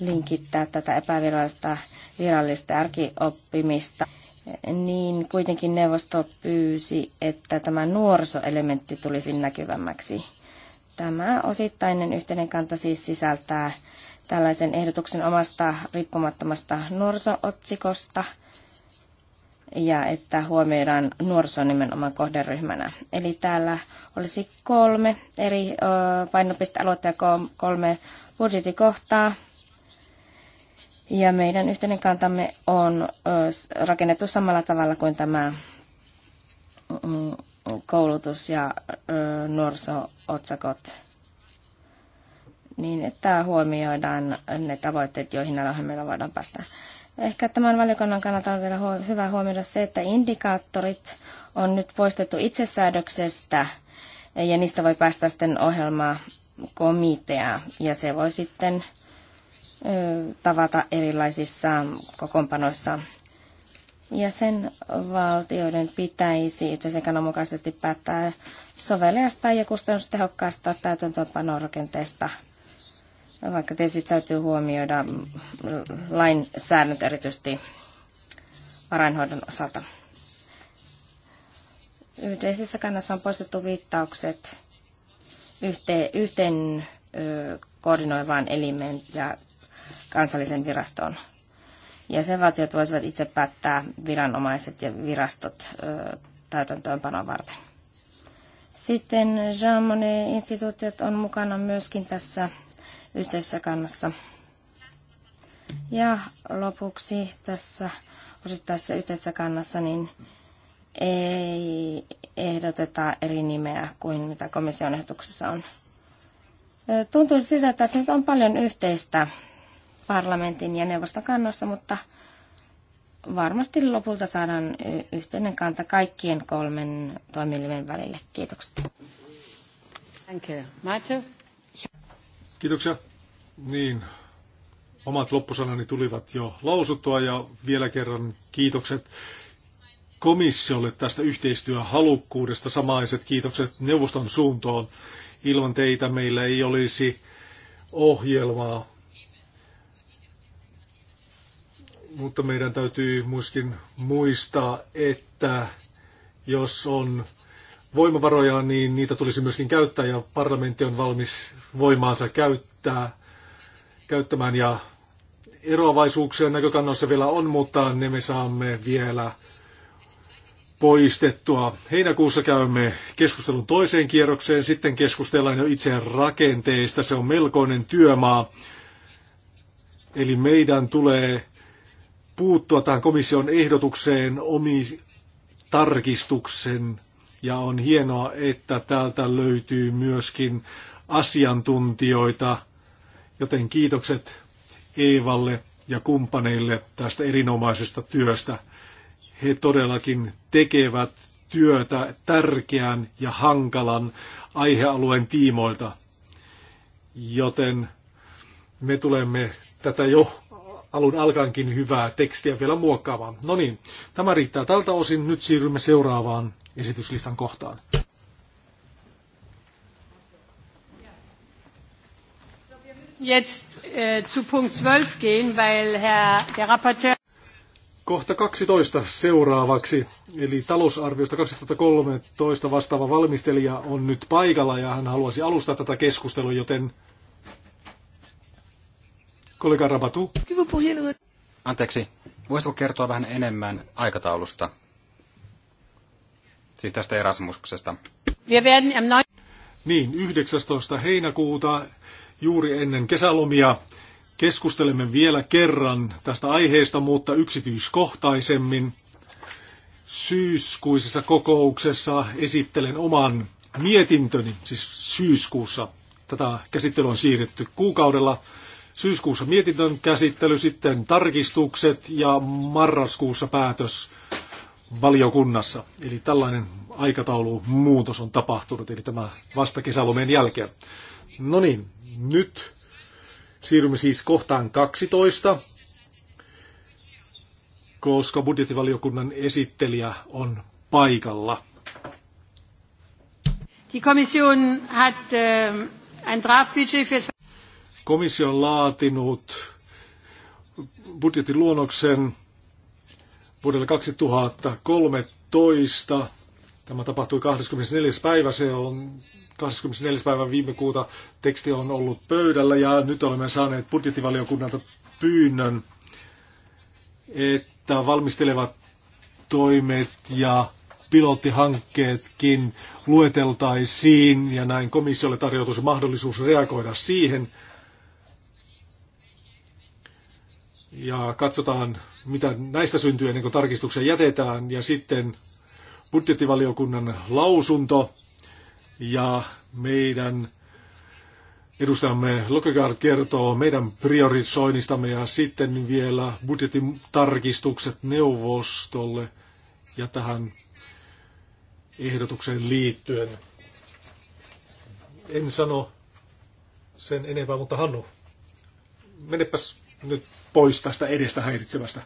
linkittää tätä epävirallista virallista arkioppimista, niin kuitenkin neuvosto pyysi, että tämä nuorisoelementti tulisi näkyvämmäksi. Tämä osittainen yhteinen kanta siis sisältää tällaisen ehdotuksen omasta riippumattomasta nuorisootsikosta ja että huomioidaan nuoriso nimenomaan kohderyhmänä. Eli täällä olisi kolme eri painopistealuetta ja kolme budjetikohtaa. Ja meidän yhteinen kantamme on rakennettu samalla tavalla kuin tämä mm, koulutus- ja nuoriso-otsakot, niin että huomioidaan ne tavoitteet, joihin näillä ohjelmilla voidaan päästä. Ehkä tämän valiokunnan kannalta on vielä hyvä huomioida se, että indikaattorit on nyt poistettu itsesäädöksestä ja niistä voi päästä sitten ohjelmaa komitea ja se voi sitten tavata erilaisissa kokoonpanoissa. Jäsenvaltioiden pitäisi yhteisen mukaisesti päättää soveliasta ja kustannustehokkaasta täytäntöönpanorakenteesta, vaikka tietysti täytyy huomioida lainsäädäntö erityisesti varainhoidon osalta. Yhteisessä kannassa on poistettu viittaukset yhteen, yhteen koordinoivaan elimeen ja kansallisen viraston. Jäsenvaltiot voisivat itse päättää viranomaiset ja virastot täytäntöönpanon varten. Sitten Jean Monnet-instituutiot on mukana myöskin tässä yhteisessä kannassa. Ja lopuksi tässä osittaisessa yhteisessä kannassa niin ei ehdoteta eri nimeä kuin mitä komission ehdotuksessa on. Tuntuu siltä, että tässä nyt on paljon yhteistä parlamentin ja neuvoston kannassa, mutta varmasti lopulta saadaan yhteinen kanta kaikkien kolmen toimielimen välille. Kiitokset. Kiitoksia. Niin, omat loppusanani tulivat jo lausuttua ja vielä kerran kiitokset komissiolle tästä yhteistyöhalukkuudesta. Samaiset kiitokset neuvoston suuntaan. Ilman teitä meillä ei olisi ohjelmaa Mutta meidän täytyy myöskin muistaa, että jos on voimavaroja, niin niitä tulisi myöskin käyttää ja parlamentti on valmis voimaansa käyttää, käyttämään. Ja eroavaisuuksia näkökannassa vielä on, mutta ne me saamme vielä poistettua. Heinäkuussa käymme keskustelun toiseen kierrokseen, sitten keskustellaan jo itse rakenteista. Se on melkoinen työmaa. Eli meidän tulee puuttua tähän komission ehdotukseen omi tarkistuksen ja on hienoa, että täältä löytyy myöskin asiantuntijoita, joten kiitokset Eevalle ja kumppaneille tästä erinomaisesta työstä. He todellakin tekevät työtä tärkeän ja hankalan aihealueen tiimoilta, joten me tulemme tätä jo alun alkaankin hyvää tekstiä vielä muokkaamaan. No niin, tämä riittää tältä osin. Nyt siirrymme seuraavaan esityslistan kohtaan. Äh, Kohta 12 seuraavaksi, eli talousarviosta 2013 vastaava valmistelija on nyt paikalla ja hän haluaisi alustaa tätä keskustelua, joten Kollega Rabatu. Anteeksi, voisitko kertoa vähän enemmän aikataulusta? Siis tästä Erasmuksesta. Niin, 19. heinäkuuta juuri ennen kesälomia keskustelemme vielä kerran tästä aiheesta, mutta yksityiskohtaisemmin. Syyskuisessa kokouksessa esittelen oman mietintöni, siis syyskuussa. Tätä käsittelyä on siirretty kuukaudella. Syyskuussa mietintön käsittely, sitten tarkistukset ja marraskuussa päätös valiokunnassa. Eli tällainen aikataulu muutos on tapahtunut, eli tämä vasta kesälomien jälkeen. No niin, nyt siirrymme siis kohtaan 12, koska budjettivaliokunnan esittelijä on paikalla. Die Kommission hat äh, ein Draftbudget für Komissio on laatinut budjettiluonnoksen vuodelle 2013. Tämä tapahtui 24. päivä, se on 24. päivä viime kuuta teksti on ollut pöydällä ja nyt olemme saaneet budjettivaliokunnalta pyynnön, että valmistelevat toimet ja pilottihankkeetkin lueteltaisiin ja näin komissiolle tarjoutuisi mahdollisuus reagoida siihen – ja katsotaan, mitä näistä syntyy ennen kuin tarkistuksen jätetään. Ja sitten budjettivaliokunnan lausunto ja meidän edustamme Lokegaard kertoo meidän priorisoinnistamme ja sitten vielä budjetin tarkistukset neuvostolle ja tähän ehdotukseen liittyen. En sano sen enempää, mutta Hannu, menepäs nyt pois tästä edestä häiritsevästä.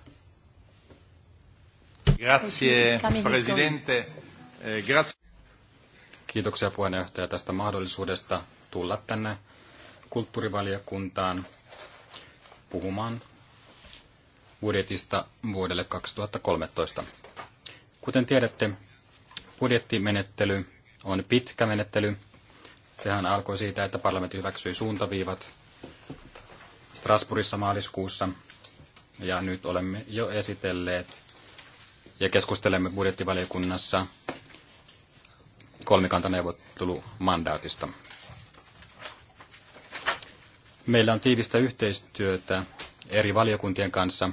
Grazie, presidente. Eh, grazie. Kiitoksia puheenjohtaja tästä mahdollisuudesta tulla tänne kulttuurivaliokuntaan puhumaan budjetista vuodelle 2013. Kuten tiedätte, budjettimenettely on pitkä menettely. Sehän alkoi siitä, että parlamentti hyväksyi suuntaviivat Strasbourgissa maaliskuussa. Ja nyt olemme jo esitelleet ja keskustelemme budjettivaliokunnassa kolmikantaneuvottelumandaatista. Meillä on tiivistä yhteistyötä eri valiokuntien kanssa,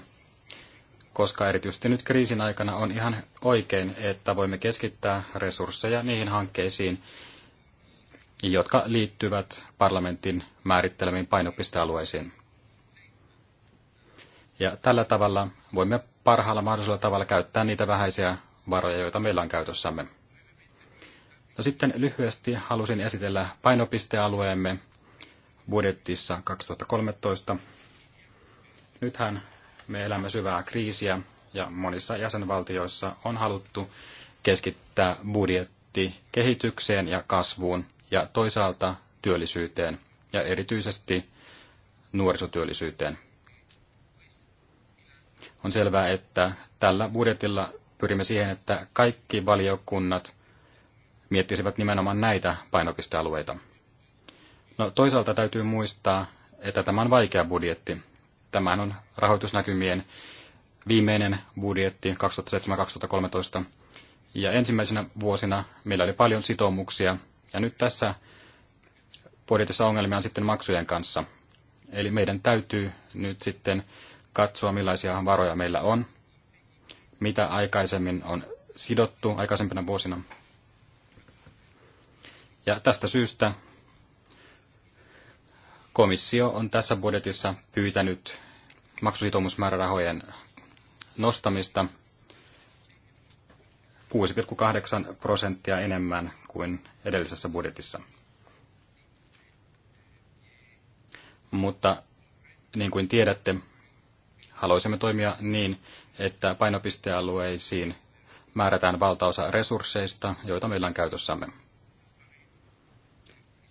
koska erityisesti nyt kriisin aikana on ihan oikein, että voimme keskittää resursseja niihin hankkeisiin, jotka liittyvät parlamentin määrittelemiin painopistealueisiin. Ja tällä tavalla voimme parhaalla mahdollisella tavalla käyttää niitä vähäisiä varoja, joita meillä on käytössämme. No sitten lyhyesti halusin esitellä painopistealueemme budjettissa 2013. Nythän me elämme syvää kriisiä ja monissa jäsenvaltioissa on haluttu keskittää budjetti kehitykseen ja kasvuun ja toisaalta työllisyyteen ja erityisesti nuorisotyöllisyyteen. On selvää, että tällä budjetilla pyrimme siihen, että kaikki valiokunnat miettisivät nimenomaan näitä painopistealueita. No, toisaalta täytyy muistaa, että tämä on vaikea budjetti. tämä on rahoitusnäkymien viimeinen budjetti 2007-2013. Ja ensimmäisenä vuosina meillä oli paljon sitoumuksia. Ja nyt tässä budjetissa ongelmia on sitten maksujen kanssa. Eli meidän täytyy nyt sitten katsoa, millaisia varoja meillä on, mitä aikaisemmin on sidottu aikaisempina vuosina. Ja tästä syystä komissio on tässä budjetissa pyytänyt maksusitoumusmäärärahojen nostamista 6,8 prosenttia enemmän kuin edellisessä budjetissa. Mutta niin kuin tiedätte, haluaisimme toimia niin, että painopistealueisiin määrätään valtaosa resursseista, joita meillä on käytössämme.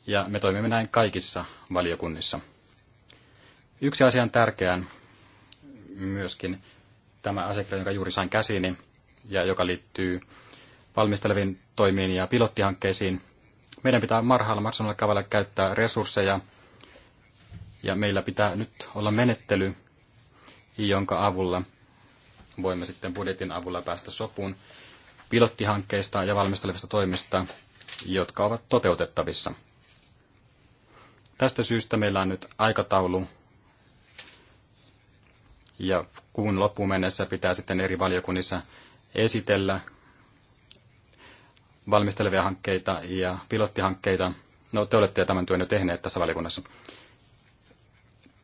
Ja me toimimme näin kaikissa valiokunnissa. Yksi asia on tärkeän myöskin tämä asiakirja, jonka juuri sain käsiini ja joka liittyy valmisteleviin toimiin ja pilottihankkeisiin. Meidän pitää marhaalla maksamalla kavalla käyttää resursseja ja meillä pitää nyt olla menettely, jonka avulla voimme sitten budjetin avulla päästä sopuun pilottihankkeista ja valmistelevista toimista, jotka ovat toteutettavissa. Tästä syystä meillä on nyt aikataulu, ja kuun loppuun mennessä pitää sitten eri valiokunnissa esitellä valmistelevia hankkeita ja pilottihankkeita. No, te olette tämän työn jo tehneet tässä valiokunnassa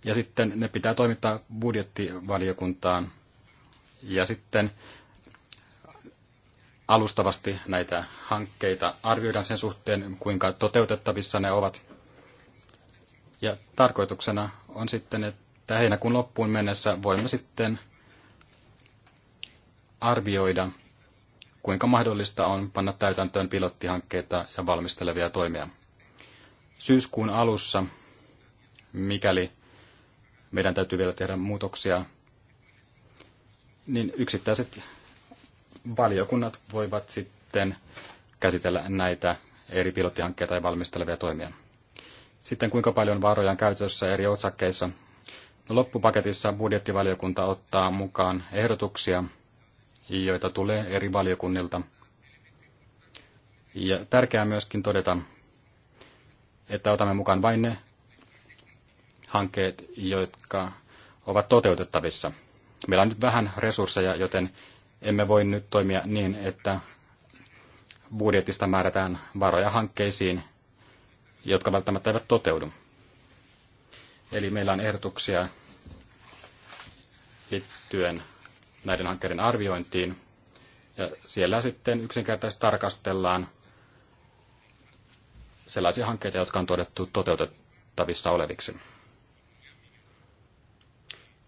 ja sitten ne pitää toimittaa budjettivaliokuntaan. Ja sitten alustavasti näitä hankkeita arvioidaan sen suhteen, kuinka toteutettavissa ne ovat. Ja tarkoituksena on sitten, että heinäkuun loppuun mennessä voimme sitten arvioida, kuinka mahdollista on panna täytäntöön pilottihankkeita ja valmistelevia toimia. Syyskuun alussa, mikäli meidän täytyy vielä tehdä muutoksia, niin yksittäiset valiokunnat voivat sitten käsitellä näitä eri pilottihankkeita ja valmistelevia toimia. Sitten kuinka paljon varoja on käytössä eri otsakkeissa. No, loppupaketissa budjettivaliokunta ottaa mukaan ehdotuksia, joita tulee eri valiokunnilta. Ja tärkeää myöskin todeta, että otamme mukaan vain ne hankkeet, jotka ovat toteutettavissa. Meillä on nyt vähän resursseja, joten emme voi nyt toimia niin, että budjetista määrätään varoja hankkeisiin, jotka välttämättä eivät toteudu. Eli meillä on ehdotuksia liittyen näiden hankkeiden arviointiin. Ja siellä sitten yksinkertaisesti tarkastellaan sellaisia hankkeita, jotka on todettu toteutettavissa oleviksi.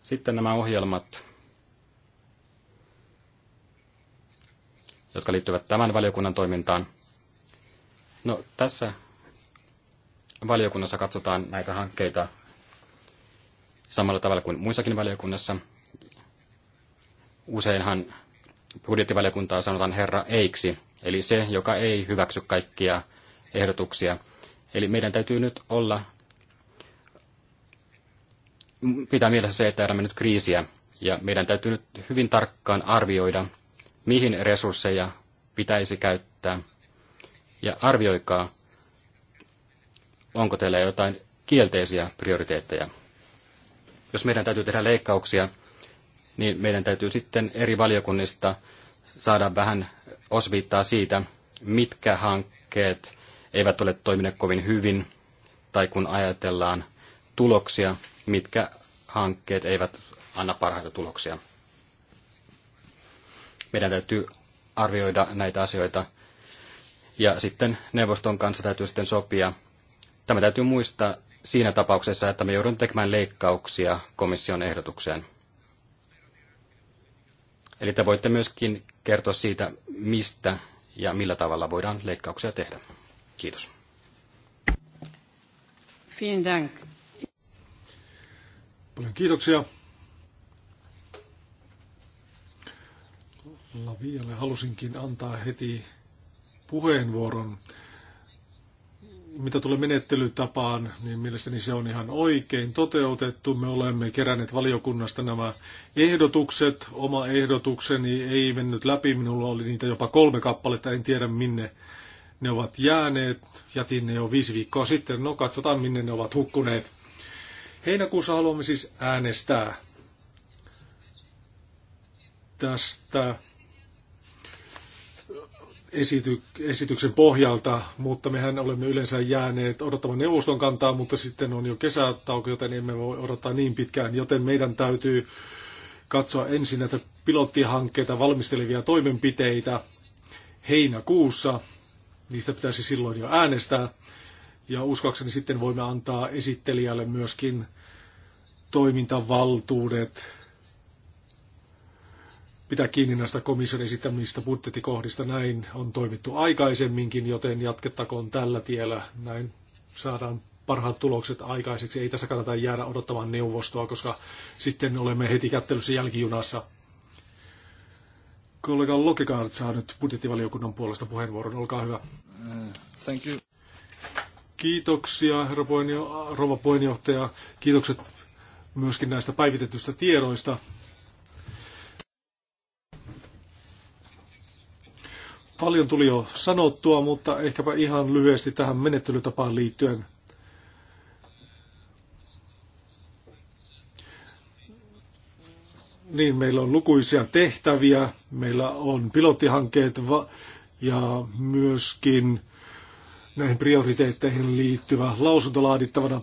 Sitten nämä ohjelmat, jotka liittyvät tämän valiokunnan toimintaan. No, tässä valiokunnassa katsotaan näitä hankkeita samalla tavalla kuin muissakin valiokunnassa. Useinhan budjettivaliokuntaa sanotaan herra eiksi, eli se, joka ei hyväksy kaikkia ehdotuksia. Eli meidän täytyy nyt olla pitää mielessä se, että elämme nyt kriisiä, ja meidän täytyy nyt hyvin tarkkaan arvioida, mihin resursseja pitäisi käyttää, ja arvioikaa, onko teillä jotain kielteisiä prioriteetteja. Jos meidän täytyy tehdä leikkauksia, niin meidän täytyy sitten eri valiokunnista saada vähän osviittaa siitä, mitkä hankkeet eivät ole toimineet kovin hyvin, tai kun ajatellaan tuloksia, mitkä hankkeet eivät anna parhaita tuloksia. Meidän täytyy arvioida näitä asioita ja sitten neuvoston kanssa täytyy sitten sopia. Tämä täytyy muistaa siinä tapauksessa, että me joudumme tekemään leikkauksia komission ehdotukseen. Eli te voitte myöskin kertoa siitä, mistä ja millä tavalla voidaan leikkauksia tehdä. Kiitos. Vielen Dank. Paljon kiitoksia. Lavialle halusinkin antaa heti puheenvuoron. Mitä tulee menettelytapaan, niin mielestäni se on ihan oikein toteutettu. Me olemme keränneet valiokunnasta nämä ehdotukset. Oma ehdotukseni ei mennyt läpi. Minulla oli niitä jopa kolme kappaletta. En tiedä minne ne ovat jääneet. Jätin ne jo viisi viikkoa sitten. No katsotaan minne ne ovat hukkuneet. Heinäkuussa haluamme siis äänestää tästä esity, esityksen pohjalta, mutta mehän olemme yleensä jääneet odottamaan neuvoston kantaa, mutta sitten on jo kesätauko, joten emme voi odottaa niin pitkään, joten meidän täytyy katsoa ensin näitä pilottihankkeita, valmistelevia toimenpiteitä heinäkuussa. Niistä pitäisi silloin jo äänestää. Ja uskoakseni sitten voimme antaa esittelijälle myöskin toimintavaltuudet pitää kiinni näistä komission esittämistä budjettikohdista. Näin on toimittu aikaisemminkin, joten jatkettakoon tällä tiellä. Näin saadaan parhaat tulokset aikaiseksi. Ei tässä kannata jäädä odottamaan neuvostoa, koska sitten olemme heti kättelyssä jälkijunassa. Kollega Lokikaart saa nyt budjettivaliokunnan puolesta puheenvuoron. Olkaa hyvä. Thank you. Kiitoksia, herra puheenjo- rouva puheenjohtaja. Kiitokset myöskin näistä päivitetyistä tiedoista. Paljon tuli jo sanottua, mutta ehkäpä ihan lyhyesti tähän menettelytapaan liittyen. Niin, meillä on lukuisia tehtäviä, meillä on pilottihankkeet ja myöskin näihin prioriteetteihin liittyvä lausunto laadittavana.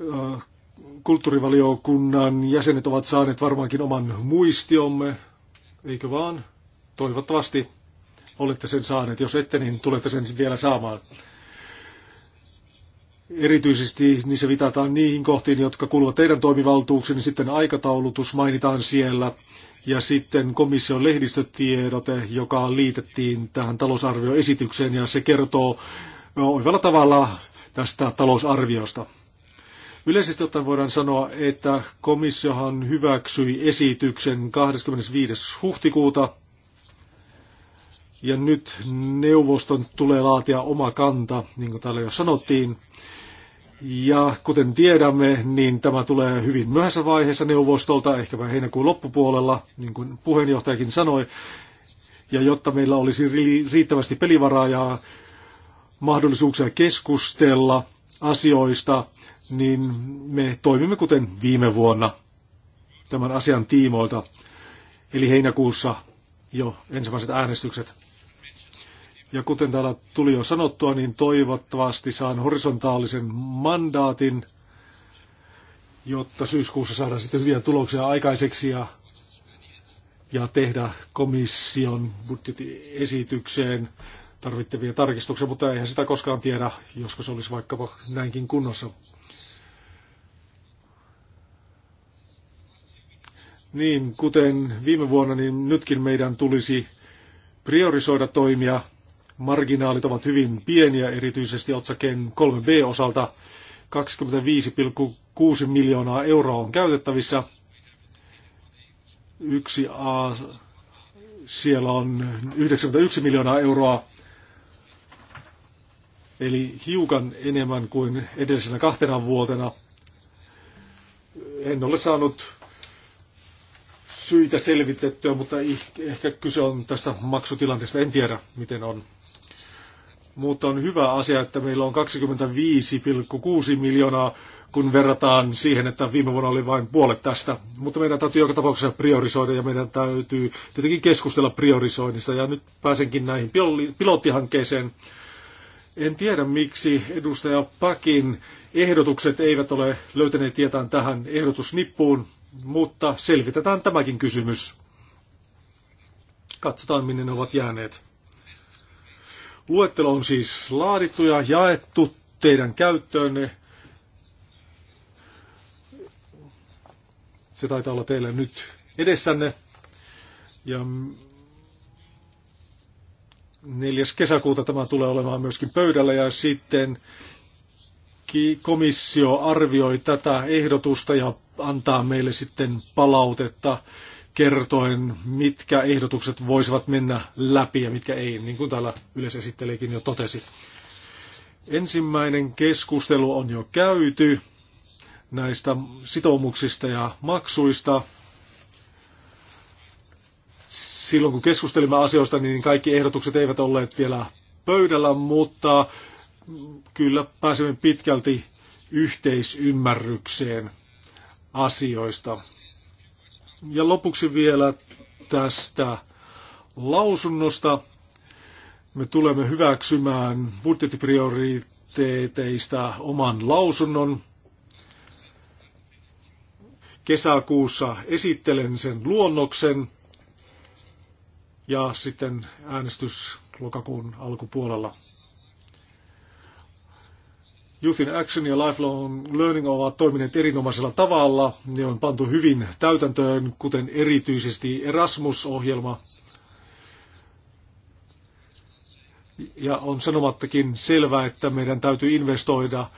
Äh, kulttuurivaliokunnan jäsenet ovat saaneet varmaankin oman muistiomme, eikö vaan? Toivottavasti olette sen saaneet. Jos ette, niin tulette sen vielä saamaan. Erityisesti niissä vitataan niihin kohtiin, jotka kuuluvat teidän toimivaltuuksiin, niin sitten aikataulutus mainitaan siellä ja sitten komission lehdistötiedote, joka liitettiin tähän talousarvioesitykseen ja se kertoo oivalla tavalla tästä talousarviosta. Yleisesti ottaen voidaan sanoa, että komissiohan hyväksyi esityksen 25. huhtikuuta ja nyt neuvoston tulee laatia oma kanta, niin kuin täällä jo sanottiin. Ja kuten tiedämme, niin tämä tulee hyvin myöhässä vaiheessa neuvostolta, ehkäpä heinäkuun loppupuolella, niin kuin puheenjohtajakin sanoi. Ja jotta meillä olisi riittävästi pelivaraa ja mahdollisuuksia keskustella asioista, niin me toimimme kuten viime vuonna tämän asian tiimoilta, eli heinäkuussa jo ensimmäiset äänestykset. Ja kuten täällä tuli jo sanottua, niin toivottavasti saan horisontaalisen mandaatin, jotta syyskuussa saadaan sitten hyviä tuloksia aikaiseksi ja, ja tehdä komission budjettiesitykseen tarvittavia tarkistuksia, mutta eihän sitä koskaan tiedä, joskus se olisi vaikkapa näinkin kunnossa. Niin, kuten viime vuonna, niin nytkin meidän tulisi priorisoida toimia – Marginaalit ovat hyvin pieniä, erityisesti otsakeen 3b osalta 25,6 miljoonaa euroa on käytettävissä. Yksi a siellä on 91 miljoonaa euroa, eli hiukan enemmän kuin edellisenä kahtena vuotena. En ole saanut syitä selvitettyä, mutta ehkä kyse on tästä maksutilanteesta. En tiedä, miten on mutta on hyvä asia, että meillä on 25,6 miljoonaa, kun verrataan siihen, että viime vuonna oli vain puolet tästä. Mutta meidän täytyy joka tapauksessa priorisoida ja meidän täytyy tietenkin keskustella priorisoinnista. Ja nyt pääsenkin näihin pilottihankkeeseen. En tiedä, miksi edustaja Pakin ehdotukset eivät ole löytäneet tietään tähän ehdotusnippuun, mutta selvitetään tämäkin kysymys. Katsotaan, minne ne ovat jääneet. Luettelo on siis laadittu ja jaettu teidän käyttöönne. Se taitaa olla teillä nyt edessänne. Ja 4. kesäkuuta tämä tulee olemaan myöskin pöydällä ja sitten komissio arvioi tätä ehdotusta ja antaa meille sitten palautetta kertoen, mitkä ehdotukset voisivat mennä läpi ja mitkä ei, niin kuin täällä yleisesittelijäkin jo totesi. Ensimmäinen keskustelu on jo käyty näistä sitoumuksista ja maksuista. Silloin kun keskustelimme asioista, niin kaikki ehdotukset eivät olleet vielä pöydällä, mutta kyllä pääsemme pitkälti yhteisymmärrykseen asioista. Ja lopuksi vielä tästä lausunnosta. Me tulemme hyväksymään budjettiprioriteeteista oman lausunnon. Kesäkuussa esittelen sen luonnoksen ja sitten äänestys lokakuun alkupuolella. Youth in Action ja Lifelong Learning ovat toimineet erinomaisella tavalla. Ne on pantu hyvin täytäntöön, kuten erityisesti Erasmus-ohjelma. Ja on sanomattakin selvää, että meidän täytyy investoida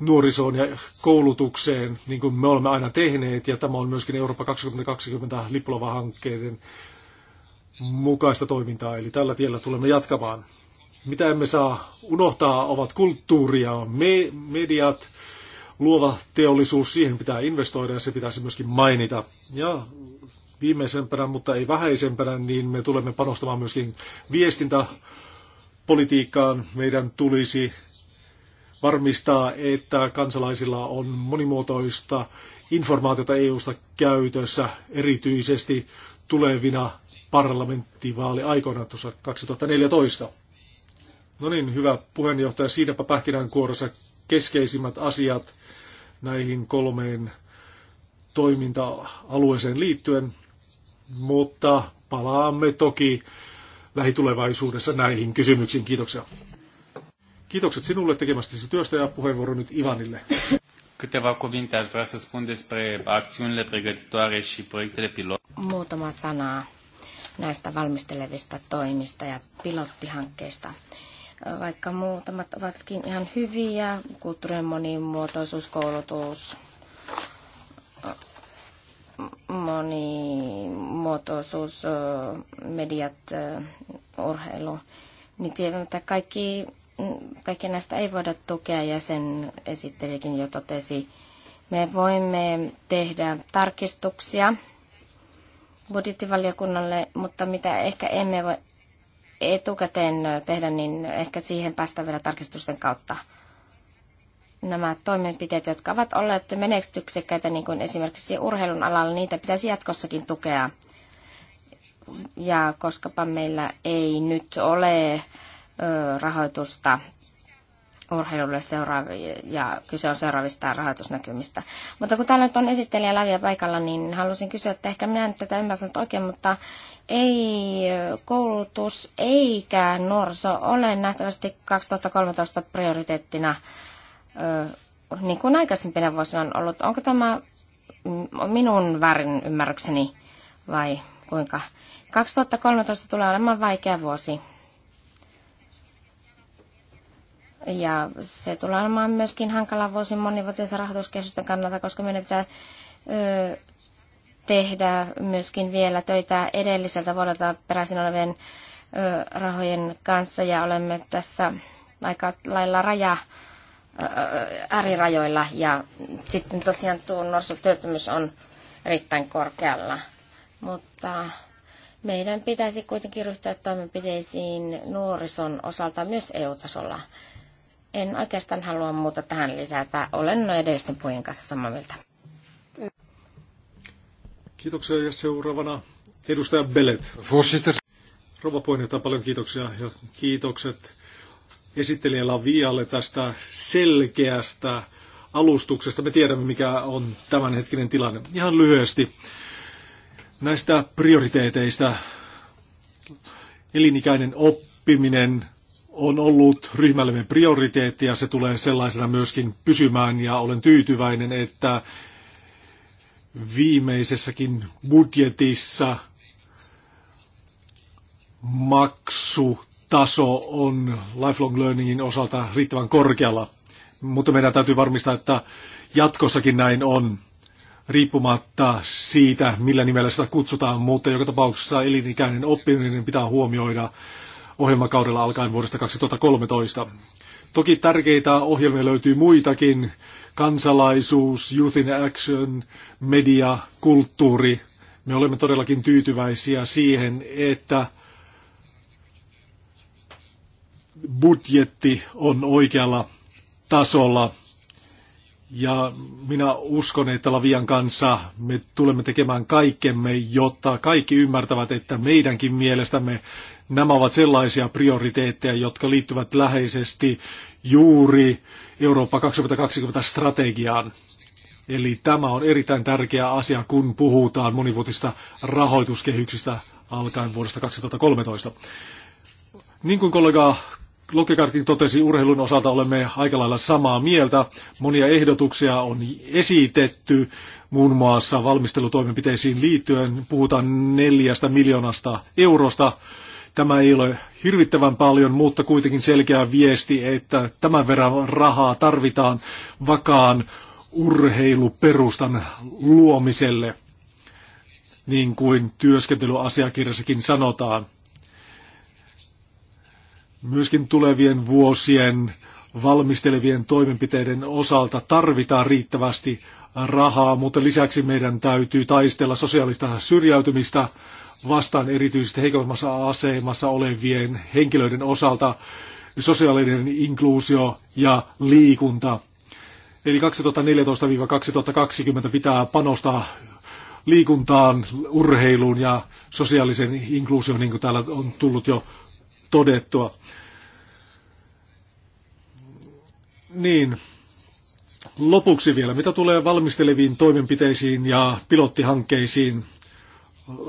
nuorisoon ja koulutukseen, niin kuin me olemme aina tehneet, ja tämä on myöskin Eurooppa 2020 hankkeiden mukaista toimintaa, eli tällä tiellä tulemme jatkamaan mitä emme saa unohtaa, ovat kulttuuria, me, mediat, luova teollisuus, siihen pitää investoida ja se pitäisi myöskin mainita. Ja viimeisempänä, mutta ei vähäisempänä, niin me tulemme panostamaan myöskin viestintäpolitiikkaan. Meidän tulisi varmistaa, että kansalaisilla on monimuotoista informaatiota EUsta käytössä, erityisesti tulevina parlamenttivaaliaikoina tuossa 2014. No niin, hyvä puheenjohtaja. Siinäpä pähkinänkuorossa keskeisimmät asiat näihin kolmeen toiminta-alueeseen liittyen, mutta palaamme toki lähitulevaisuudessa näihin kysymyksiin. Kiitoksia. Kiitokset sinulle tekemästäsi työstä ja puheenvuoro nyt Ivanille. Câteva cuvinte aș vrea să spun despre acțiunile pregătitoare și proiectele pilot. Muutama sana näistä valmistelevista toimista ja pilottihankkeista vaikka muutamat ovatkin ihan hyviä, kulttuurien monimuotoisuus, koulutus, monimuotoisuus, mediat, urheilu, niin tiedämme, että kaikki, kaikki näistä ei voida tukea ja sen esittelikin jo totesi. Me voimme tehdä tarkistuksia budjettivaliokunnalle, mutta mitä ehkä emme voi etukäteen tehdä, niin ehkä siihen päästään vielä tarkistusten kautta. Nämä toimenpiteet, jotka ovat olleet menestyksekkäitä, niin kuin esimerkiksi urheilun alalla, niitä pitäisi jatkossakin tukea. Ja koskapa meillä ei nyt ole rahoitusta urheilulle seuraavia, ja kyse on seuraavista rahoitusnäkymistä. Mutta kun täällä nyt on esittelijä läviä paikalla, niin halusin kysyä, että ehkä minä en tätä ymmärtänyt oikein, mutta ei koulutus eikä nuoriso ole nähtävästi 2013 prioriteettina, niin kuin aikaisempina vuosina on ollut. Onko tämä minun väärin ymmärrykseni vai kuinka? 2013 tulee olemaan vaikea vuosi Ja se tulee olemaan myöskin hankala vuosi monivuotisen rahoituskehysten kannalta, koska meidän pitää ö, tehdä myöskin vielä töitä edelliseltä vuodelta peräisin olevien ö, rahojen kanssa ja olemme tässä aika lailla raja äärirajoilla ja sitten tosiaan tuo nuorisotyöttömyys on erittäin korkealla. Mutta meidän pitäisi kuitenkin ryhtyä toimenpiteisiin nuorison osalta myös EU-tasolla. En oikeastaan halua muuta tähän lisätä. Olen noin edellisten puhujien kanssa samaa mieltä. Kiitoksia ja seuraavana edustaja Belet. Voorzitter. Rouva puheenjohtaja, paljon kiitoksia ja kiitokset esittelijällä Lavialle tästä selkeästä alustuksesta. Me tiedämme, mikä on tämänhetkinen tilanne. Ihan lyhyesti näistä prioriteeteista. Elinikäinen oppiminen, on ollut ryhmällemme prioriteetti ja se tulee sellaisena myöskin pysymään ja olen tyytyväinen, että viimeisessäkin budjetissa maksutaso on lifelong learningin osalta riittävän korkealla. Mutta meidän täytyy varmistaa, että jatkossakin näin on, riippumatta siitä, millä nimellä sitä kutsutaan. Mutta joka tapauksessa elinikäinen oppiminen pitää huomioida ohjelmakaudella alkaen vuodesta 2013. Toki tärkeitä ohjelmia löytyy muitakin, kansalaisuus, Youth in Action, media, kulttuuri. Me olemme todellakin tyytyväisiä siihen, että budjetti on oikealla tasolla. Ja minä uskon, että Lavian kanssa me tulemme tekemään kaikkemme, jotta kaikki ymmärtävät, että meidänkin mielestämme Nämä ovat sellaisia prioriteetteja, jotka liittyvät läheisesti juuri Eurooppa 2020 strategiaan. Eli tämä on erittäin tärkeä asia, kun puhutaan monivuotisista rahoituskehyksistä alkaen vuodesta 2013. Niin kuin kollega Lokikarkin totesi, urheilun osalta olemme aika lailla samaa mieltä. Monia ehdotuksia on esitetty, muun muassa valmistelutoimenpiteisiin liittyen. Puhutaan neljästä miljoonasta eurosta Tämä ei ole hirvittävän paljon, mutta kuitenkin selkeä viesti, että tämän verran rahaa tarvitaan vakaan urheiluperustan luomiselle, niin kuin työskentelyasiakirjassakin sanotaan. Myöskin tulevien vuosien valmistelevien toimenpiteiden osalta tarvitaan riittävästi rahaa, mutta lisäksi meidän täytyy taistella sosiaalista syrjäytymistä vastaan erityisesti heikommassa asemassa olevien henkilöiden osalta sosiaalinen inkluusio ja liikunta. Eli 2014-2020 pitää panostaa liikuntaan, urheiluun ja sosiaalisen inkluusioon, niin kuin täällä on tullut jo todettua. Niin, lopuksi vielä, mitä tulee valmisteleviin toimenpiteisiin ja pilottihankkeisiin,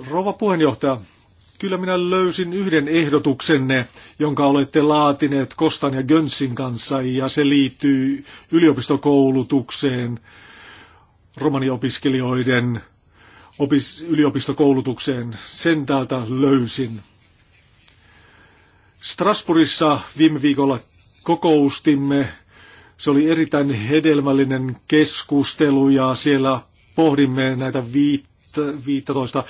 Rova puheenjohtaja, kyllä minä löysin yhden ehdotuksenne, jonka olette laatineet Kostan ja Gönsin kanssa, ja se liittyy yliopistokoulutukseen, romaniopiskelijoiden opis- yliopistokoulutukseen. Sen täältä löysin. Strasbourgissa viime viikolla kokoustimme. Se oli erittäin hedelmällinen keskustelu ja siellä pohdimme näitä viit 15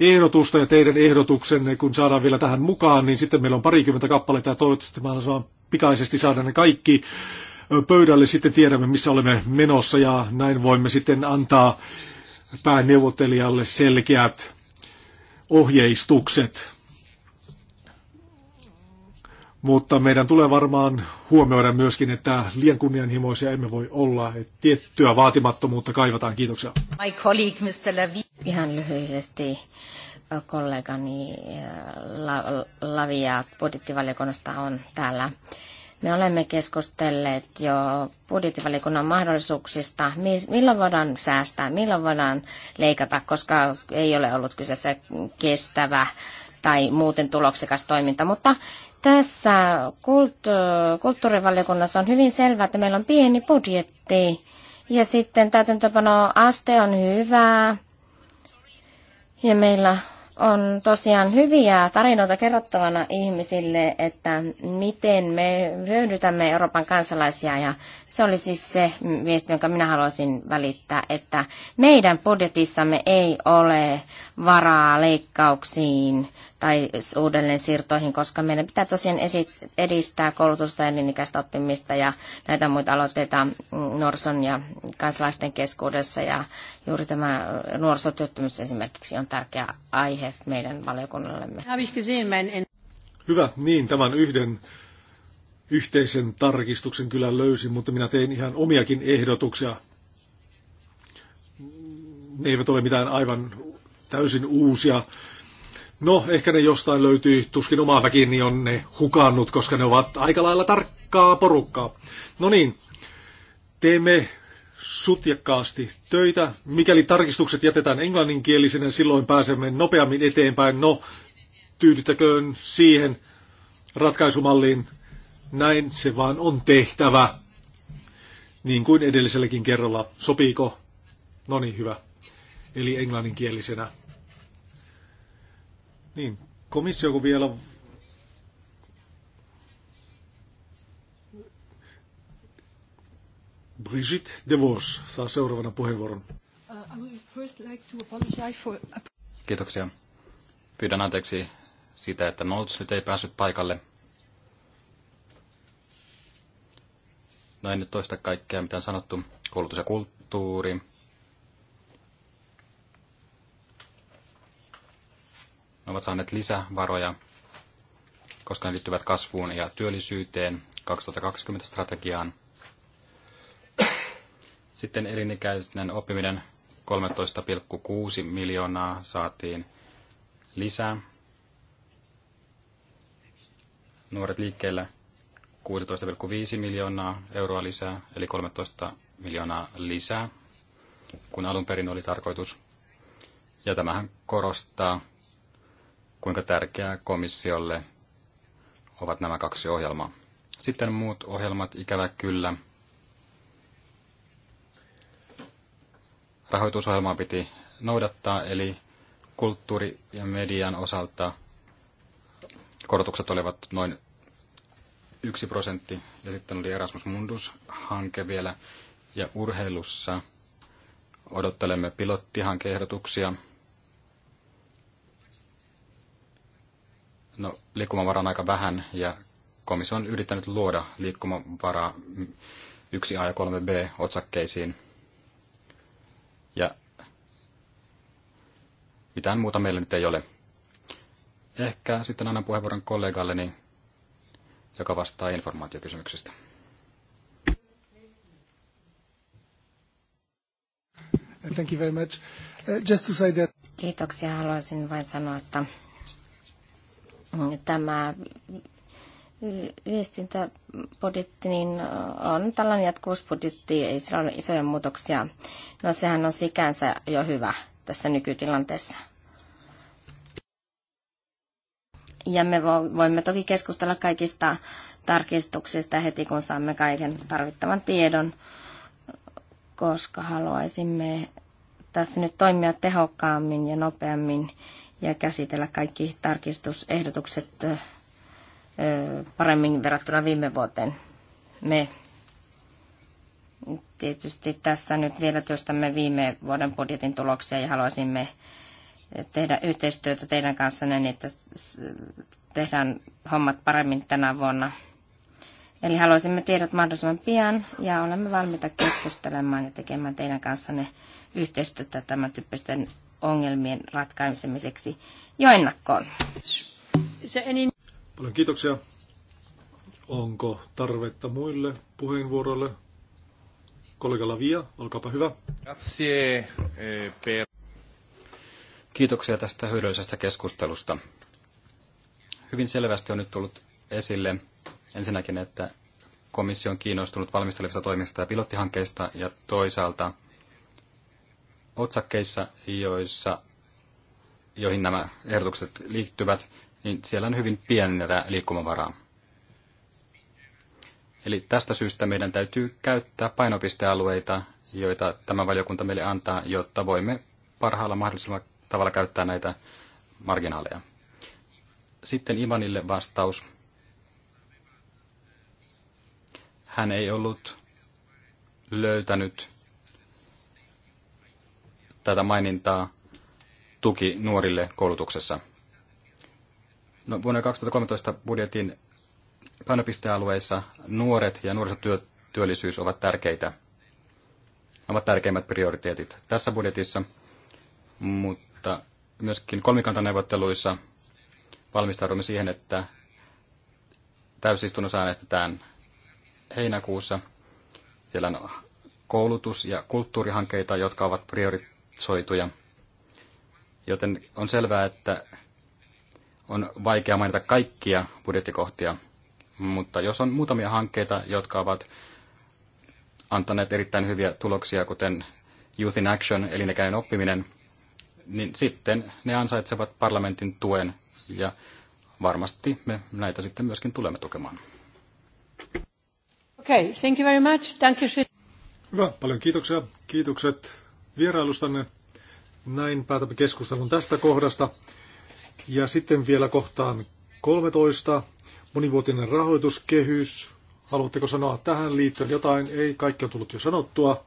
ehdotusta ja teidän ehdotuksenne, kun saadaan vielä tähän mukaan, niin sitten meillä on parikymmentä kappaletta ja toivottavasti mä osaan pikaisesti saada ne kaikki pöydälle. Sitten tiedämme, missä olemme menossa ja näin voimme sitten antaa pääneuvottelijalle selkeät ohjeistukset. Mutta meidän tulee varmaan huomioida myöskin, että liian kunnianhimoisia emme voi olla. Että tiettyä vaatimattomuutta kaivataan. Kiitoksia. My colleague, Mr. Lavi. Ihan lyhyesti äh, kollegani äh, Lavia budjettivaliokunnasta on täällä. Me olemme keskustelleet jo budjettivaliokunnan mahdollisuuksista, milloin voidaan säästää, milloin voidaan leikata, koska ei ole ollut kyseessä kestävä tai muuten tuloksekas toiminta, mutta tässä kulttu- kulttuurivaliokunnassa on hyvin selvää, että meillä on pieni budjetti ja sitten täytäntöpano aste on hyvää ja meillä on tosiaan hyviä tarinoita kerrottavana ihmisille, että miten me hyödytämme Euroopan kansalaisia. Ja se oli siis se viesti, jonka minä haluaisin välittää, että meidän budjetissamme ei ole varaa leikkauksiin tai uudelleen siirtoihin, koska meidän pitää tosiaan edistää koulutusta, elinikäistä oppimista ja näitä muita aloitteita mm, Norson ja kansalaisten keskuudessa. Ja Juuri tämä nuorisotyöttömyys esimerkiksi on tärkeä aihe meidän valiokunnallemme. Hyvä, niin tämän yhden yhteisen tarkistuksen kyllä löysin, mutta minä tein ihan omiakin ehdotuksia. Ne eivät ole mitään aivan täysin uusia. No, ehkä ne jostain löytyy, tuskin omaa väkiin niin on ne hukannut, koska ne ovat aika lailla tarkkaa porukkaa. No niin, teemme sutjakkaasti töitä. Mikäli tarkistukset jätetään englanninkielisenä, silloin pääsemme nopeammin eteenpäin. No, tyydyttäköön siihen ratkaisumalliin. Näin se vaan on tehtävä. Niin kuin edelliselläkin kerralla. Sopiiko? No niin, hyvä. Eli englanninkielisenä. Niin, komissio vielä Brigitte DeVos saa seuraavana puheenvuoron. Kiitoksia. Pyydän anteeksi sitä, että Nolts nyt ei päässyt paikalle. No en nyt toista kaikkea, mitä on sanottu. Koulutus ja kulttuuri. Ne ovat saaneet lisävaroja, koska ne liittyvät kasvuun ja työllisyyteen 2020 strategiaan – sitten elinikäinen oppiminen 13,6 miljoonaa saatiin lisää. Nuoret liikkeellä 16,5 miljoonaa euroa lisää, eli 13 miljoonaa lisää, kun alun perin oli tarkoitus. Ja tämähän korostaa, kuinka tärkeää komissiolle ovat nämä kaksi ohjelmaa. Sitten muut ohjelmat, ikävä kyllä, rahoitusohjelmaa piti noudattaa, eli kulttuuri- ja median osalta korotukset olivat noin 1 prosentti, ja sitten oli Erasmus Mundus-hanke vielä, ja urheilussa odottelemme pilottihankeehdotuksia. No, liikkumavara on aika vähän, ja komissio on yrittänyt luoda liikkumavaraa 1A ja 3B otsakkeisiin – Mitään muuta meillä nyt ei ole. Ehkä sitten annan puheenvuoron kollegalleni, niin, joka vastaa informaatiokysymyksistä. Thank you very much. Uh, just to say that... Kiitoksia. Haluaisin vain sanoa, että mm, tämä mm, viestintäbudjetti niin uh, on tällainen jatkuvuusbudjetti, ei sillä ole isoja muutoksia. No sehän on sikänsä jo hyvä tässä nykytilanteessa. Ja me voimme toki keskustella kaikista tarkistuksista heti, kun saamme kaiken tarvittavan tiedon, koska haluaisimme tässä nyt toimia tehokkaammin ja nopeammin ja käsitellä kaikki tarkistusehdotukset paremmin verrattuna viime vuoteen. Me Tietysti tässä nyt vielä työstämme viime vuoden budjetin tuloksia ja haluaisimme tehdä yhteistyötä teidän kanssanne, niin että tehdään hommat paremmin tänä vuonna. Eli haluaisimme tiedot mahdollisimman pian ja olemme valmiita keskustelemaan ja tekemään teidän kanssanne yhteistyötä tämän tyyppisten ongelmien ratkaisemiseksi jo ennakkoon. Paljon kiitoksia. Onko tarvetta muille puheenvuoroille? Kollega Lavia, olkaapa hyvä. Eh, Kiitoksia tästä hyödyllisestä keskustelusta. Hyvin selvästi on nyt tullut esille ensinnäkin, että komissio on kiinnostunut valmistelevista toimista ja pilottihankkeista ja toisaalta otsakkeissa, joissa, joihin nämä ehdotukset liittyvät, niin siellä on hyvin pienetä liikkumavaraa. Eli tästä syystä meidän täytyy käyttää painopistealueita, joita tämä valiokunta meille antaa, jotta voimme parhaalla mahdollisella tavalla käyttää näitä marginaaleja. Sitten Ivanille vastaus. Hän ei ollut löytänyt tätä mainintaa tuki nuorille koulutuksessa. No, vuonna 2013 budjetin painopistealueissa nuoret ja nuorisotyöllisyys ovat tärkeitä, ovat tärkeimmät prioriteetit tässä budjetissa, mutta myöskin kolmikantaneuvotteluissa valmistaudumme siihen, että täysistunnossa äänestetään heinäkuussa. Siellä on koulutus- ja kulttuurihankkeita, jotka ovat priorisoituja. Joten on selvää, että on vaikea mainita kaikkia budjettikohtia, mutta jos on muutamia hankkeita, jotka ovat antaneet erittäin hyviä tuloksia, kuten Youth in Action, käyn oppiminen, niin sitten ne ansaitsevat parlamentin tuen ja varmasti me näitä sitten myöskin tulemme tukemaan. Okay, thank you very much. Thank you. Hyvä, paljon kiitoksia. Kiitokset vierailustanne. Näin päätämme keskustelun tästä kohdasta. Ja sitten vielä kohtaan 13 monivuotinen rahoituskehys. Haluatteko sanoa tähän liittyen jotain? Ei, kaikki on tullut jo sanottua.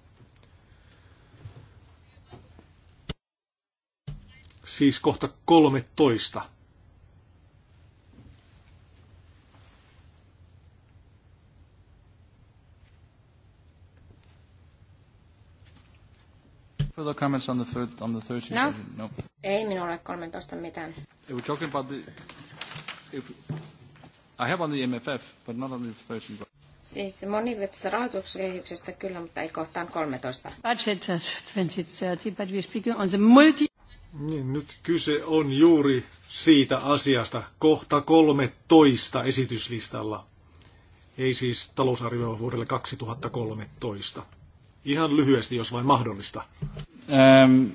Siis kohta 13. Further comments on the third, on the third no. no. Ei minulle 13 mitään. If we're talking about the, if, I have on the MFF, but not on the 13. Siis monivuotisesta rahoituskehyksestä kyllä, mutta ei kohtaan 13. Budget 2030, but we speak on the multi... Niin, nyt kyse on juuri siitä asiasta kohta 13 esityslistalla. Ei siis talousarvio vuodelle 2013. Ihan lyhyesti, jos vain mahdollista. Ähm.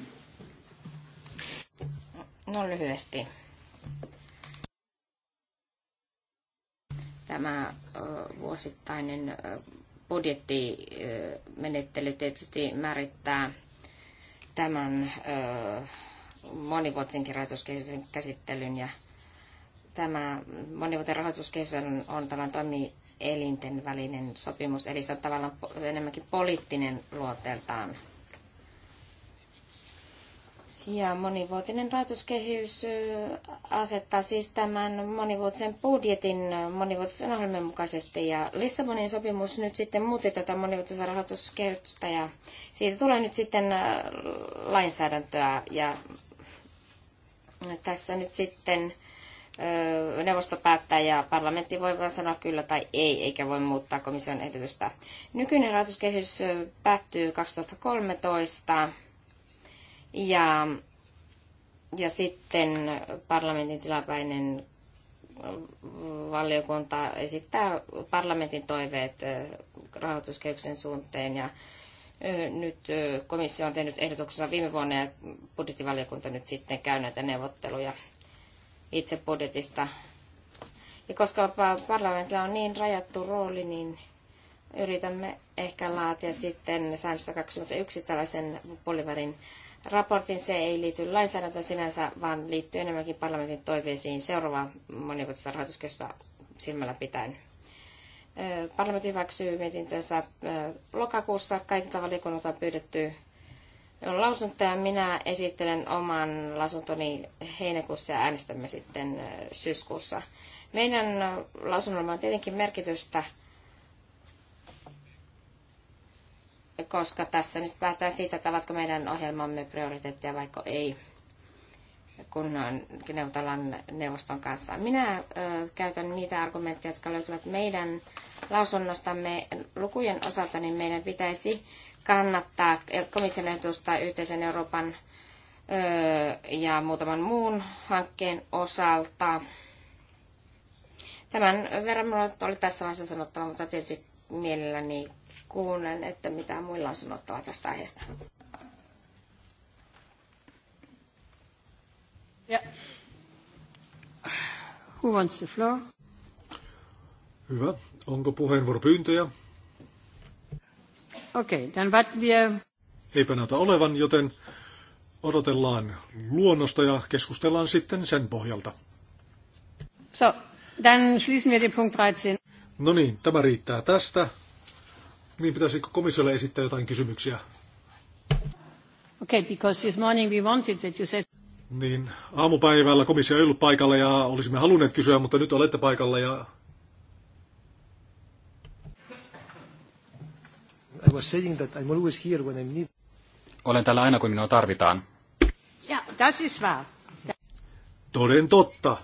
No lyhyesti. tämä vuosittainen budjettimenettely tietysti määrittää tämän monivuotisen rahoituskehyksen käsittelyn ja tämä monivuotinen rahoituskehys on, on tämän toimielinten välinen sopimus, eli se on tavallaan enemmänkin poliittinen luonteeltaan ja monivuotinen rahoituskehys asettaa siis tämän monivuotisen budjetin monivuotisen ohjelman mukaisesti. Ja Lissabonin sopimus nyt sitten muutti tätä monivuotisen rahoituskehystä ja siitä tulee nyt sitten lainsäädäntöä. Ja tässä nyt sitten neuvosto päättää ja parlamentti voi vain sanoa kyllä tai ei, eikä voi muuttaa komission ehdotusta. Nykyinen rahoituskehys päättyy 2013 ja, ja sitten parlamentin tilapäinen valiokunta esittää parlamentin toiveet rahoituskehyksen suunteen ja nyt komissio on tehnyt ehdotuksensa viime vuonna ja budjettivaliokunta nyt sitten käy näitä neuvotteluja itse budjetista. Ja koska parlamentilla on niin rajattu rooli, niin yritämme ehkä laatia sitten säännöstä 21 tällaisen puolivälin raportin. Se ei liity lainsäädäntöön sinänsä, vaan liittyy enemmänkin parlamentin toiveisiin seuraavaa monivuotista rahoituskestoa silmällä pitäen. Parlamentti hyväksyy mietintönsä lokakuussa. Kaikilta valiokunnilta on pyydetty lausuntoja. Minä esittelen oman lausuntoni heinäkuussa ja äänestämme sitten syyskuussa. Meidän lausunnolla on tietenkin merkitystä koska tässä nyt päätään siitä, että ovatko meidän ohjelmamme prioriteetteja vaikka ei, kun neuvotellaan neuvoston kanssa. Minä ö, käytän niitä argumentteja, jotka löytyvät meidän lausunnostamme lukujen osalta, niin meidän pitäisi kannattaa komission ehdotusta yhteisen Euroopan ö, ja muutaman muun hankkeen osalta. Tämän verran minulla oli tässä vaiheessa sanottava, mutta tietysti mielelläni kuunnen, että mitä muilla on sanottava tästä aiheesta. Ja. Who wants the floor? Hyvä. Onko puheenvuoropyyntöjä? Okei, okay, then what we... Eipä näytä olevan, joten odotellaan luonnosta ja keskustellaan sitten sen pohjalta. So, then schließen wir den Punkt 13. No niin, tämä riittää tästä niin pitäisi komissiolle esittää jotain kysymyksiä? Okay, because this morning we wanted that you said... Niin, aamupäivällä komissio ei ollut paikalla ja olisimme halunneet kysyä, mutta nyt olette paikalla ja... I was saying that I'm always here when I'm need... Olen täällä aina, kun minua tarvitaan. Ja, das ist wahr. Toden totta.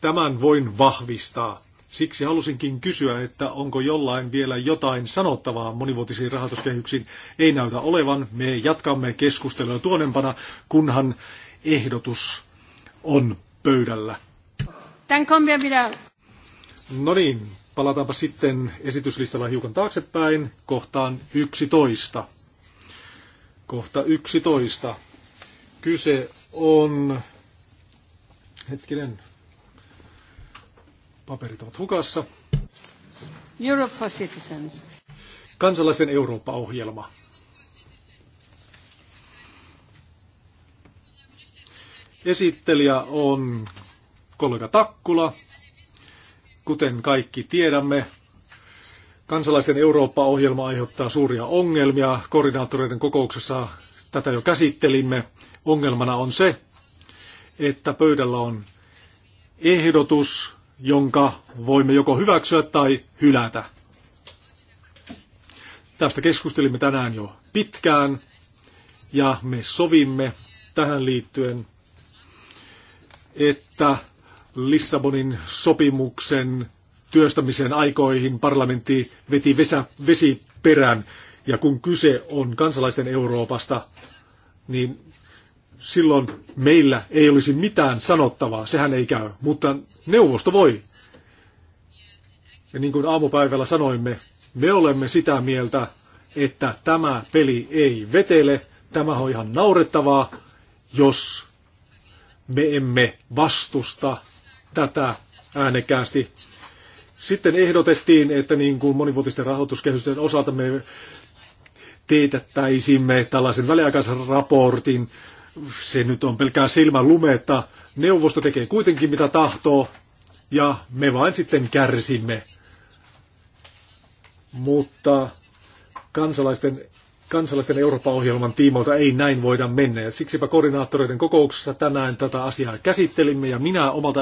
Tämän voin vahvistaa. Siksi halusinkin kysyä, että onko jollain vielä jotain sanottavaa monivuotisiin rahoituskehyksiin. Ei näytä olevan. Me jatkamme keskustelua tuonempana, kunhan ehdotus on pöydällä. Tän kombia vielä. No niin, palataanpa sitten esityslistalla hiukan taaksepäin kohtaan 11. Kohta 11. Kyse on, hetkinen, paperit ovat hukassa. Citizens. Kansalaisen Eurooppa-ohjelma. Esittelijä on kollega Takkula. Kuten kaikki tiedämme, kansalaisen Eurooppa-ohjelma aiheuttaa suuria ongelmia. Koordinaattoreiden kokouksessa tätä jo käsittelimme. Ongelmana on se, että pöydällä on ehdotus, jonka voimme joko hyväksyä tai hylätä. Tästä keskustelimme tänään jo pitkään ja me sovimme tähän liittyen, että Lissabonin sopimuksen työstämisen aikoihin parlamentti veti vesä, vesiperän. Ja kun kyse on kansalaisten Euroopasta, niin silloin meillä ei olisi mitään sanottavaa, sehän ei käy, mutta neuvosto voi. Ja niin kuin aamupäivällä sanoimme, me olemme sitä mieltä, että tämä peli ei vetele, tämä on ihan naurettavaa, jos me emme vastusta tätä äänekäästi. Sitten ehdotettiin, että niin kuin monivuotisten rahoituskehysten osalta me teetättäisimme tällaisen väliaikaisen raportin se nyt on pelkää silmän lumetta. Neuvosto tekee kuitenkin mitä tahtoo ja me vain sitten kärsimme. Mutta kansalaisten, kansalaisten Eurooppa-ohjelman tiimoilta ei näin voida mennä. Ja siksipä koordinaattoreiden kokouksessa tänään tätä asiaa käsittelimme ja minä omalta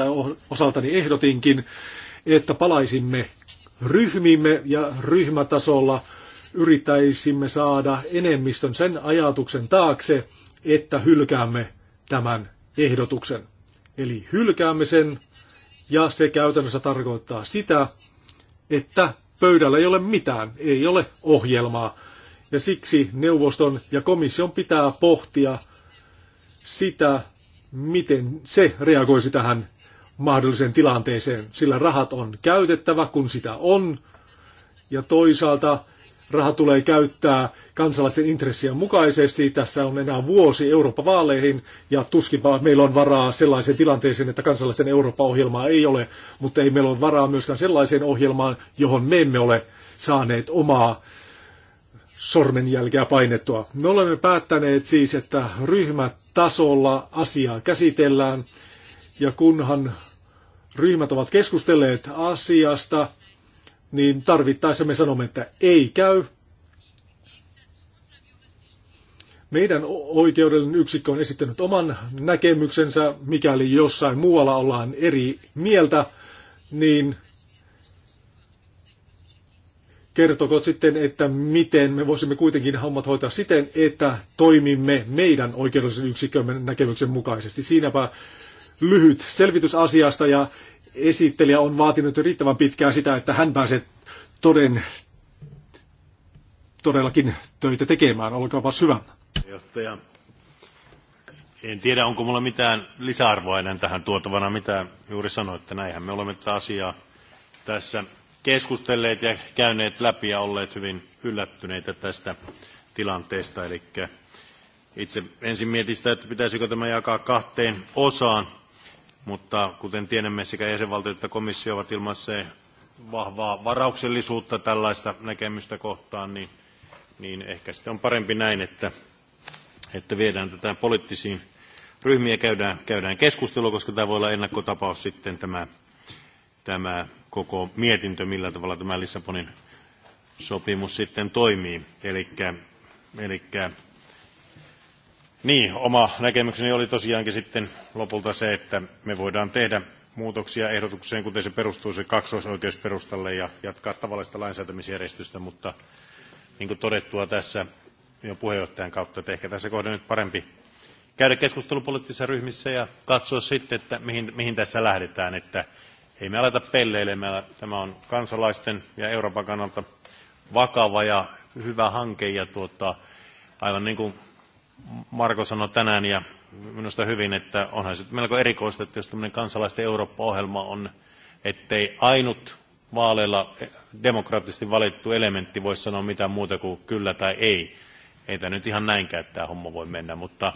osaltani ehdotinkin, että palaisimme ryhmimme ja ryhmätasolla yrittäisimme saada enemmistön sen ajatuksen taakse, että hylkäämme tämän ehdotuksen. Eli hylkäämme sen, ja se käytännössä tarkoittaa sitä, että pöydällä ei ole mitään, ei ole ohjelmaa. Ja siksi neuvoston ja komission pitää pohtia sitä, miten se reagoisi tähän mahdolliseen tilanteeseen, sillä rahat on käytettävä, kun sitä on, ja toisaalta Raha tulee käyttää kansalaisten intressien mukaisesti. Tässä on enää vuosi Eurooppa-vaaleihin ja tuskinpa meillä on varaa sellaiseen tilanteeseen, että kansalaisten Eurooppa-ohjelmaa ei ole, mutta ei meillä ole varaa myöskään sellaiseen ohjelmaan, johon me emme ole saaneet omaa sormenjälkeä painettua. Me olemme päättäneet siis, että ryhmätasolla asiaa käsitellään ja kunhan ryhmät ovat keskustelleet asiasta, niin tarvittaessa me sanomme, että ei käy. Meidän oikeudellinen yksikkö on esittänyt oman näkemyksensä, mikäli jossain muualla ollaan eri mieltä, niin kertokot sitten, että miten me voisimme kuitenkin hommat hoitaa siten, että toimimme meidän oikeudellisen yksikkömme näkemyksen mukaisesti. Siinäpä lyhyt selvitys asiasta ja esittelijä on vaatinut jo riittävän pitkään sitä, että hän pääsee toden todellakin töitä tekemään. Olkaapa hyvä. Johtaja. En tiedä, onko mulla mitään lisäarvoa enää tähän tuotavana, mitä juuri että Näinhän me olemme tätä asiaa tässä keskustelleet ja käyneet läpi ja olleet hyvin yllättyneitä tästä tilanteesta. Eli itse ensin mietin sitä, että pitäisikö tämä jakaa kahteen osaan mutta kuten tiedämme, sekä jäsenvaltiot että komissio ovat ilmaisseet vahvaa varauksellisuutta tällaista näkemystä kohtaan, niin, niin ehkä sitten on parempi näin, että, että viedään tätä poliittisiin ryhmiin ja käydään, käydään keskustelua, koska tämä voi olla ennakkotapaus sitten tämä, tämä koko mietintö, millä tavalla tämä Lissabonin sopimus sitten toimii. Eli niin, oma näkemykseni oli tosiaankin sitten lopulta se, että me voidaan tehdä muutoksia ehdotukseen, kuten se perustuu se kaksoisoikeusperustalle ja jatkaa tavallista lainsäätämisjärjestystä, mutta niin kuin todettua tässä jo puheenjohtajan kautta, että ehkä tässä kohdassa nyt parempi käydä keskustelu poliittisissa ryhmissä ja katsoa sitten, että mihin, mihin tässä lähdetään, että ei me aleta pelleilemällä Tämä on kansalaisten ja Euroopan kannalta vakava ja hyvä hanke ja tuota, aivan niin kuin Marko sanoi tänään ja minusta hyvin, että onhan se melko erikoista, että jos tämmöinen kansalaisten Eurooppa-ohjelma on, ettei ainut vaaleilla eh, demokraattisesti valittu elementti voi sanoa mitään muuta kuin kyllä tai ei. Ei tämä nyt ihan näinkään tämä homma voi mennä, mutta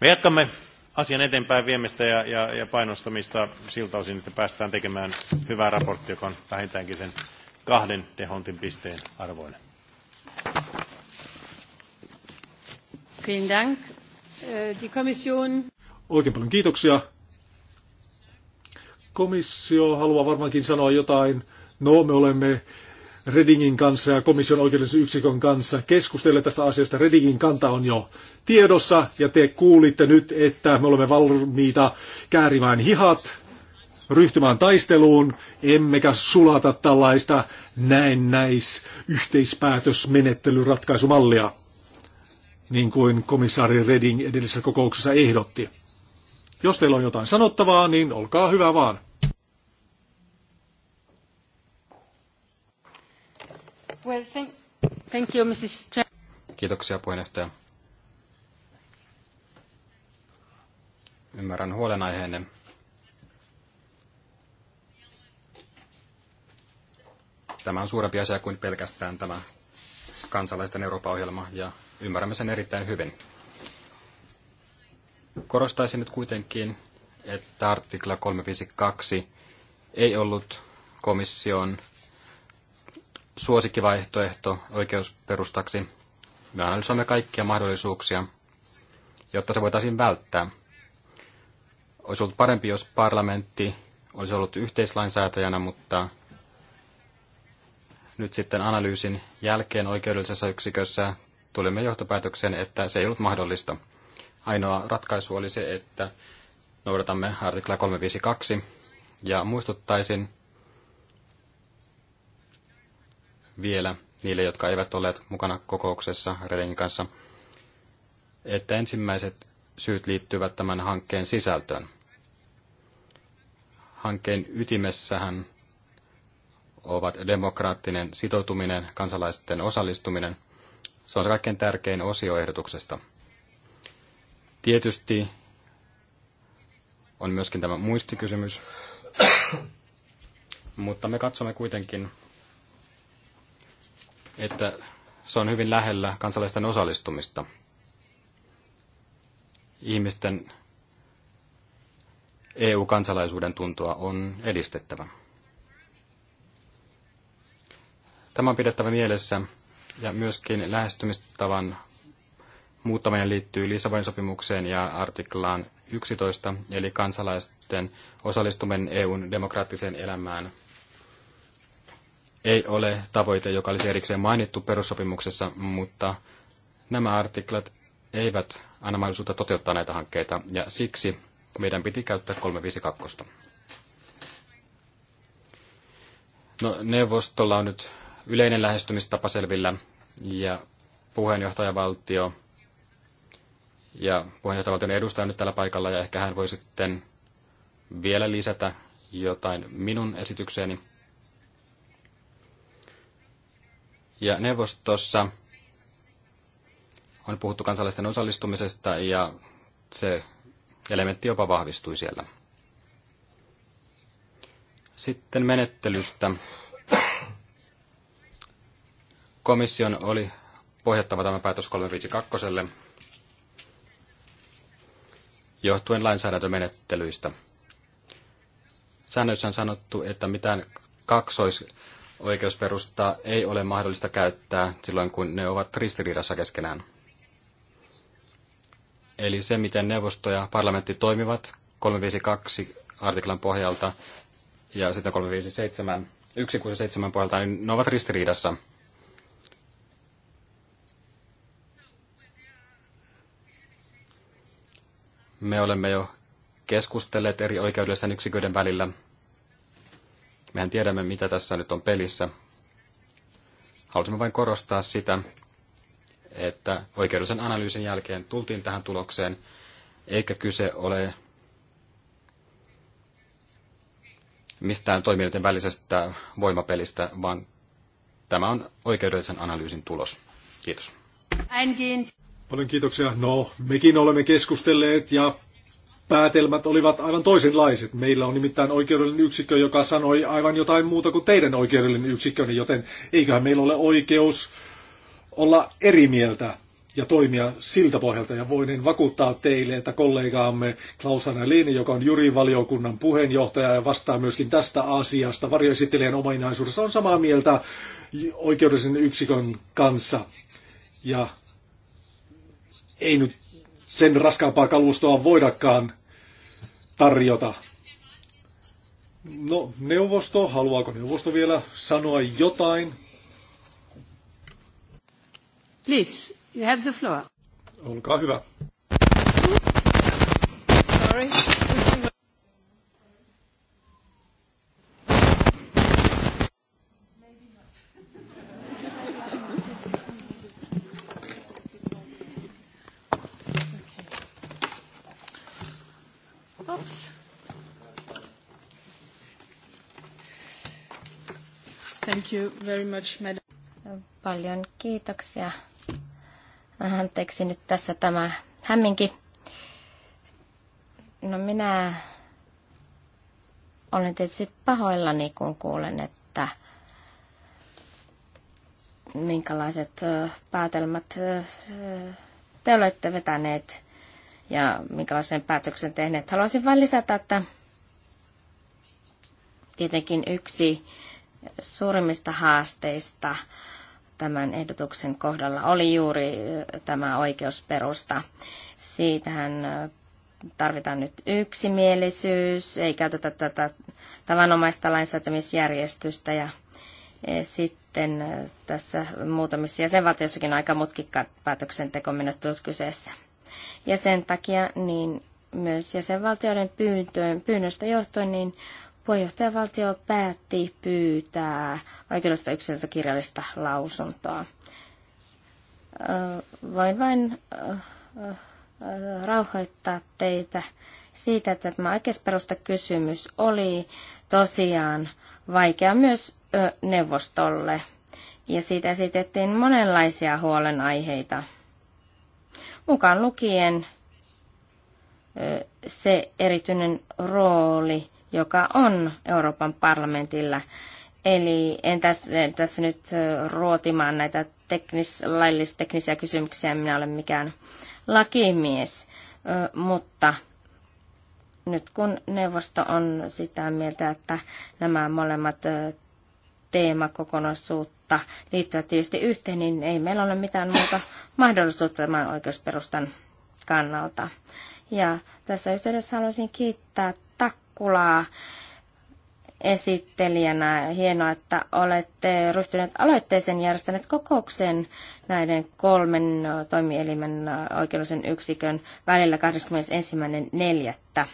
me jatkamme asian eteenpäin viemistä ja, ja, ja painostamista siltä osin, että päästään tekemään hyvää raporttia, joka on vähintäänkin sen kahden dehontin pisteen arvoinen. Vielen Dank. Äh, die Kommission... Oikein paljon kiitoksia. Komissio haluaa varmaankin sanoa jotain. No, me olemme Redingin kanssa ja komission oikeudellisen yksikön kanssa keskustelleet tästä asiasta. Redingin kanta on jo tiedossa ja te kuulitte nyt, että me olemme valmiita käärimään hihat, ryhtymään taisteluun, emmekä sulata tällaista näennäis yhteispäätösmenettelyratkaisumallia niin kuin komissaari Reding edellisessä kokouksessa ehdotti. Jos teillä on jotain sanottavaa, niin olkaa hyvä vaan. Well, thank, thank you, Mrs. Kiitoksia puheenjohtaja. Ymmärrän huolenaiheenne. Tämä on suurempi asia kuin pelkästään tämä kansalaisten Euroopan ohjelma ja Ymmärrämme sen erittäin hyvin. Korostaisin nyt kuitenkin, että artikla 352 ei ollut komission suosikkivaihtoehto oikeusperustaksi. Me analysoimme kaikkia mahdollisuuksia, jotta se voitaisiin välttää. Olisi ollut parempi, jos parlamentti olisi ollut yhteislainsäätäjänä, mutta nyt sitten analyysin jälkeen oikeudellisessa yksikössä tulimme johtopäätökseen, että se ei ollut mahdollista. Ainoa ratkaisu oli se, että noudatamme artikla 352 ja muistuttaisin vielä niille, jotka eivät olleet mukana kokouksessa Redingin kanssa, että ensimmäiset syyt liittyvät tämän hankkeen sisältöön. Hankkeen ytimessähän ovat demokraattinen sitoutuminen, kansalaisten osallistuminen – se on se kaikkein tärkein osio Tietysti on myöskin tämä muistikysymys, mutta me katsomme kuitenkin, että se on hyvin lähellä kansalaisten osallistumista. Ihmisten EU-kansalaisuuden tuntoa on edistettävä. Tämä on pidettävä mielessä, ja myöskin lähestymistavan muuttaminen liittyy Lissabonin sopimukseen ja artiklaan 11, eli kansalaisten osallistuminen EUn demokraattiseen elämään ei ole tavoite, joka olisi erikseen mainittu perussopimuksessa, mutta nämä artiklat eivät anna mahdollisuutta toteuttaa näitä hankkeita, ja siksi meidän piti käyttää 352. No, neuvostolla on nyt yleinen lähestymistapa selvillä ja puheenjohtajavaltio ja puheenjohtajavaltion edustaja nyt tällä paikalla ja ehkä hän voi sitten vielä lisätä jotain minun esitykseeni. Ja neuvostossa on puhuttu kansalaisten osallistumisesta ja se elementti jopa vahvistui siellä. Sitten menettelystä. Komission oli pohjattava tämä päätös 352 johtuen lainsäädäntömenettelyistä. Säännöissä on sanottu, että mitään kaksoisoikeusperustaa ei ole mahdollista käyttää silloin, kun ne ovat ristiriidassa keskenään. Eli se, miten neuvosto ja parlamentti toimivat 352 artiklan pohjalta ja sitten 357, 167 pohjalta, niin ne ovat ristiriidassa. Me olemme jo keskustelleet eri oikeudellisten yksiköiden välillä. Mehän tiedämme, mitä tässä nyt on pelissä. Haluaisimme vain korostaa sitä, että oikeudellisen analyysin jälkeen tultiin tähän tulokseen, eikä kyse ole mistään toimijoiden välisestä voimapelistä, vaan tämä on oikeudellisen analyysin tulos. Kiitos. Paljon kiitoksia. No, mekin olemme keskustelleet ja päätelmät olivat aivan toisenlaiset. Meillä on nimittäin oikeudellinen yksikkö, joka sanoi aivan jotain muuta kuin teidän oikeudellinen niin joten eiköhän meillä ole oikeus olla eri mieltä ja toimia siltä pohjalta. Ja voinen vakuuttaa teille, että kollegaamme Klaus Liini, joka on jurivaliokunnan puheenjohtaja ja vastaa myöskin tästä asiasta varjoesittelijän ominaisuudessa, on samaa mieltä oikeudellisen yksikön kanssa. Ja ei nyt sen raskaampaa kalustoa voidakaan tarjota. No, neuvosto, haluaako neuvosto vielä sanoa jotain? Please, you have the floor. Olkaa hyvä. you very much, madam. Paljon kiitoksia. Anteeksi nyt tässä tämä hämminki. No minä olen tietysti pahoillani, kun kuulen, että minkälaiset päätelmät te olette vetäneet ja minkälaisen päätöksen tehneet. Haluaisin vain lisätä, että tietenkin yksi suurimmista haasteista tämän ehdotuksen kohdalla oli juuri tämä oikeusperusta. Siitähän tarvitaan nyt yksimielisyys, ei käytetä tätä tavanomaista lainsäätämisjärjestystä ja e, sitten tässä muutamissa jäsenvaltioissakin aika mutkikkaat päätöksentekomenettelut kyseessä. Ja sen takia niin myös jäsenvaltioiden pyyntöön, pyynnöstä johtuen niin Puheenjohtajavaltio päätti pyytää vaikeudesta yksilöltä kirjallista lausuntoa. Voin vain rauhoittaa teitä siitä, että tämä oikeusperusta kysymys oli tosiaan vaikea myös neuvostolle. Ja siitä esitettiin monenlaisia huolenaiheita, mukaan lukien se erityinen rooli, joka on Euroopan parlamentilla. Eli en tässä, tässä nyt ruotimaan näitä teknis, laillisteknisiä kysymyksiä, minä olen mikään lakimies, mutta nyt kun neuvosto on sitä mieltä, että nämä molemmat teemakokonaisuutta liittyvät tietysti yhteen, niin ei meillä ole mitään muuta mahdollisuutta tämän oikeusperustan kannalta. Ja tässä yhteydessä haluaisin kiittää TAK kulaa esittelijänä. Hienoa, että olette ryhtyneet aloitteeseen järjestäneet kokouksen näiden kolmen toimielimen oikeudellisen yksikön välillä 21.4.,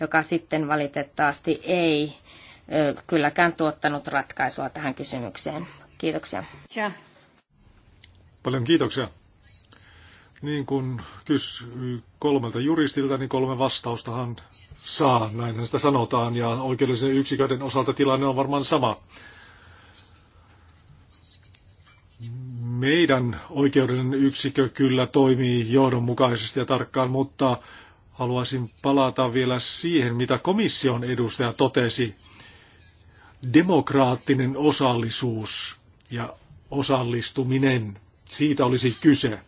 joka sitten valitettavasti ei kylläkään tuottanut ratkaisua tähän kysymykseen. Kiitoksia. Ja. Paljon kiitoksia. Niin kuin kysyi kolmelta juristilta, niin kolme vastaustahan saa, näinhän sitä sanotaan, ja oikeudellisen yksiköiden osalta tilanne on varmaan sama. Meidän oikeudellinen yksikö kyllä toimii johdonmukaisesti ja tarkkaan, mutta haluaisin palata vielä siihen, mitä komission edustaja totesi. Demokraattinen osallisuus ja osallistuminen, siitä olisi kyse.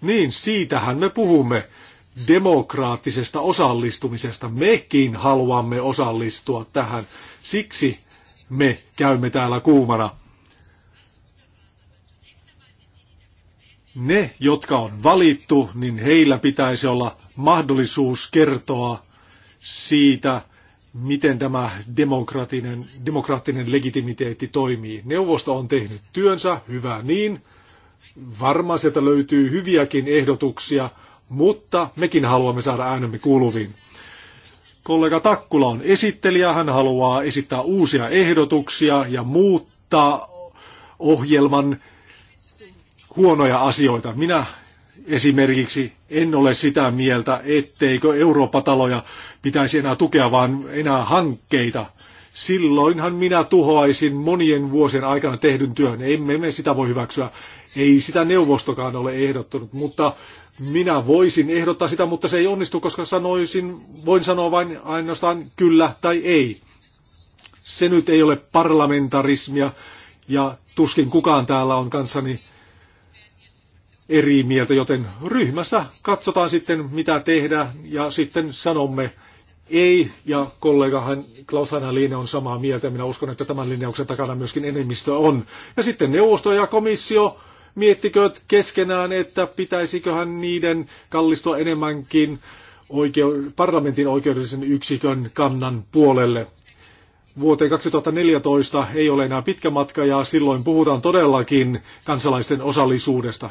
Niin, siitähän me puhumme demokraattisesta osallistumisesta. Mekin haluamme osallistua tähän. Siksi me käymme täällä kuumana. Ne, jotka on valittu, niin heillä pitäisi olla mahdollisuus kertoa siitä, miten tämä demokraattinen, demokraattinen legitimiteetti toimii. Neuvosto on tehnyt työnsä, hyvä niin. Varmaan sieltä löytyy hyviäkin ehdotuksia, mutta mekin haluamme saada äänemme kuuluviin. Kollega Takkula on esittelijä, hän haluaa esittää uusia ehdotuksia ja muuttaa ohjelman huonoja asioita. Minä esimerkiksi en ole sitä mieltä, etteikö Euroopataloja pitäisi enää tukea, vaan enää hankkeita silloinhan minä tuhoaisin monien vuosien aikana tehdyn työn. Emme me sitä voi hyväksyä. Ei sitä neuvostokaan ole ehdottanut, mutta minä voisin ehdottaa sitä, mutta se ei onnistu, koska sanoisin, voin sanoa vain ainoastaan kyllä tai ei. Se nyt ei ole parlamentarismia ja tuskin kukaan täällä on kanssani eri mieltä, joten ryhmässä katsotaan sitten, mitä tehdä ja sitten sanomme, ei, ja kollegahan Klaus Hanna on samaa mieltä. Minä uskon, että tämän linjauksen takana myöskin enemmistö on. Ja sitten neuvosto ja komissio miettikö keskenään, että pitäisiköhän niiden kallistua enemmänkin oikeu- parlamentin oikeudellisen yksikön kannan puolelle. Vuoteen 2014 ei ole enää pitkä matka ja silloin puhutaan todellakin kansalaisten osallisuudesta.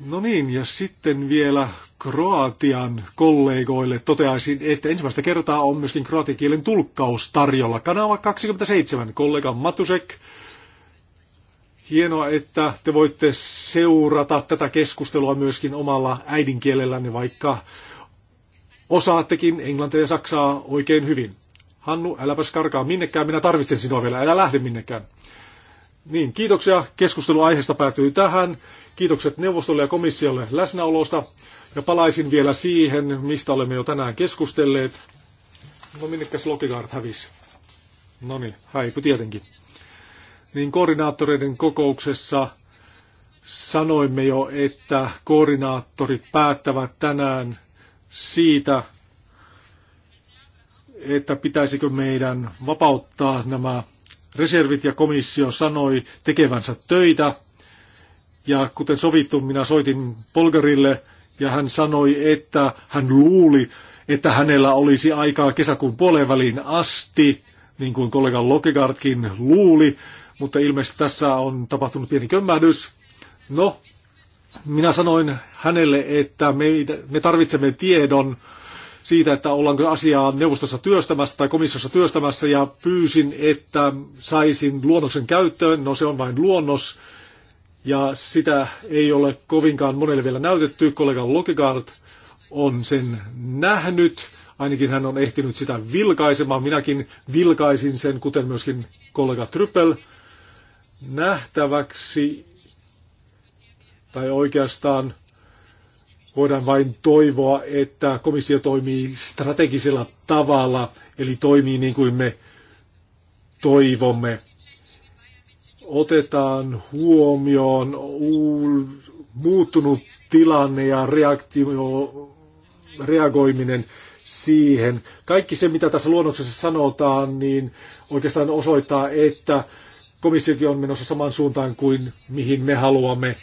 No niin, ja sitten vielä Kroatian kollegoille toteaisin, että ensimmäistä kertaa on myöskin kroatian kielen tulkkaus tarjolla. Kanava 27, kollega Matusek. Hienoa, että te voitte seurata tätä keskustelua myöskin omalla äidinkielelläni, vaikka osaattekin englantia ja saksaa oikein hyvin. Hannu, äläpäs karkaa minnekään, minä tarvitsen sinua vielä, älä lähde minnekään. Niin, kiitoksia. Keskustelu aiheesta päätyy tähän. Kiitokset neuvostolle ja komissiolle läsnäolosta. Ja palaisin vielä siihen, mistä olemme jo tänään keskustelleet. No minnekäs Lokigaard hävisi? No niin, häipy tietenkin. Niin koordinaattoreiden kokouksessa sanoimme jo, että koordinaattorit päättävät tänään siitä, että pitäisikö meidän vapauttaa nämä reservit ja komissio sanoi tekevänsä töitä. Ja kuten sovittu, minä soitin Polgarille ja hän sanoi, että hän luuli, että hänellä olisi aikaa kesäkuun puoleen väliin asti, niin kuin kollega Lokegaardkin luuli, mutta ilmeisesti tässä on tapahtunut pieni kömmähdys. No, minä sanoin hänelle, että me, me tarvitsemme tiedon, siitä, että ollaanko asiaa neuvostossa työstämässä tai komissiossa työstämässä ja pyysin, että saisin luonnoksen käyttöön. No se on vain luonnos ja sitä ei ole kovinkaan monelle vielä näytetty. Kollega Lokegaard on sen nähnyt. Ainakin hän on ehtinyt sitä vilkaisemaan. Minäkin vilkaisin sen, kuten myöskin kollega Tryppel nähtäväksi, tai oikeastaan Voidaan vain toivoa, että komissio toimii strategisella tavalla, eli toimii niin kuin me toivomme. Otetaan huomioon muuttunut tilanne ja reaktio, reagoiminen siihen. Kaikki se, mitä tässä luonnoksessa sanotaan, niin oikeastaan osoittaa, että komissiokin on menossa samaan suuntaan kuin mihin me haluamme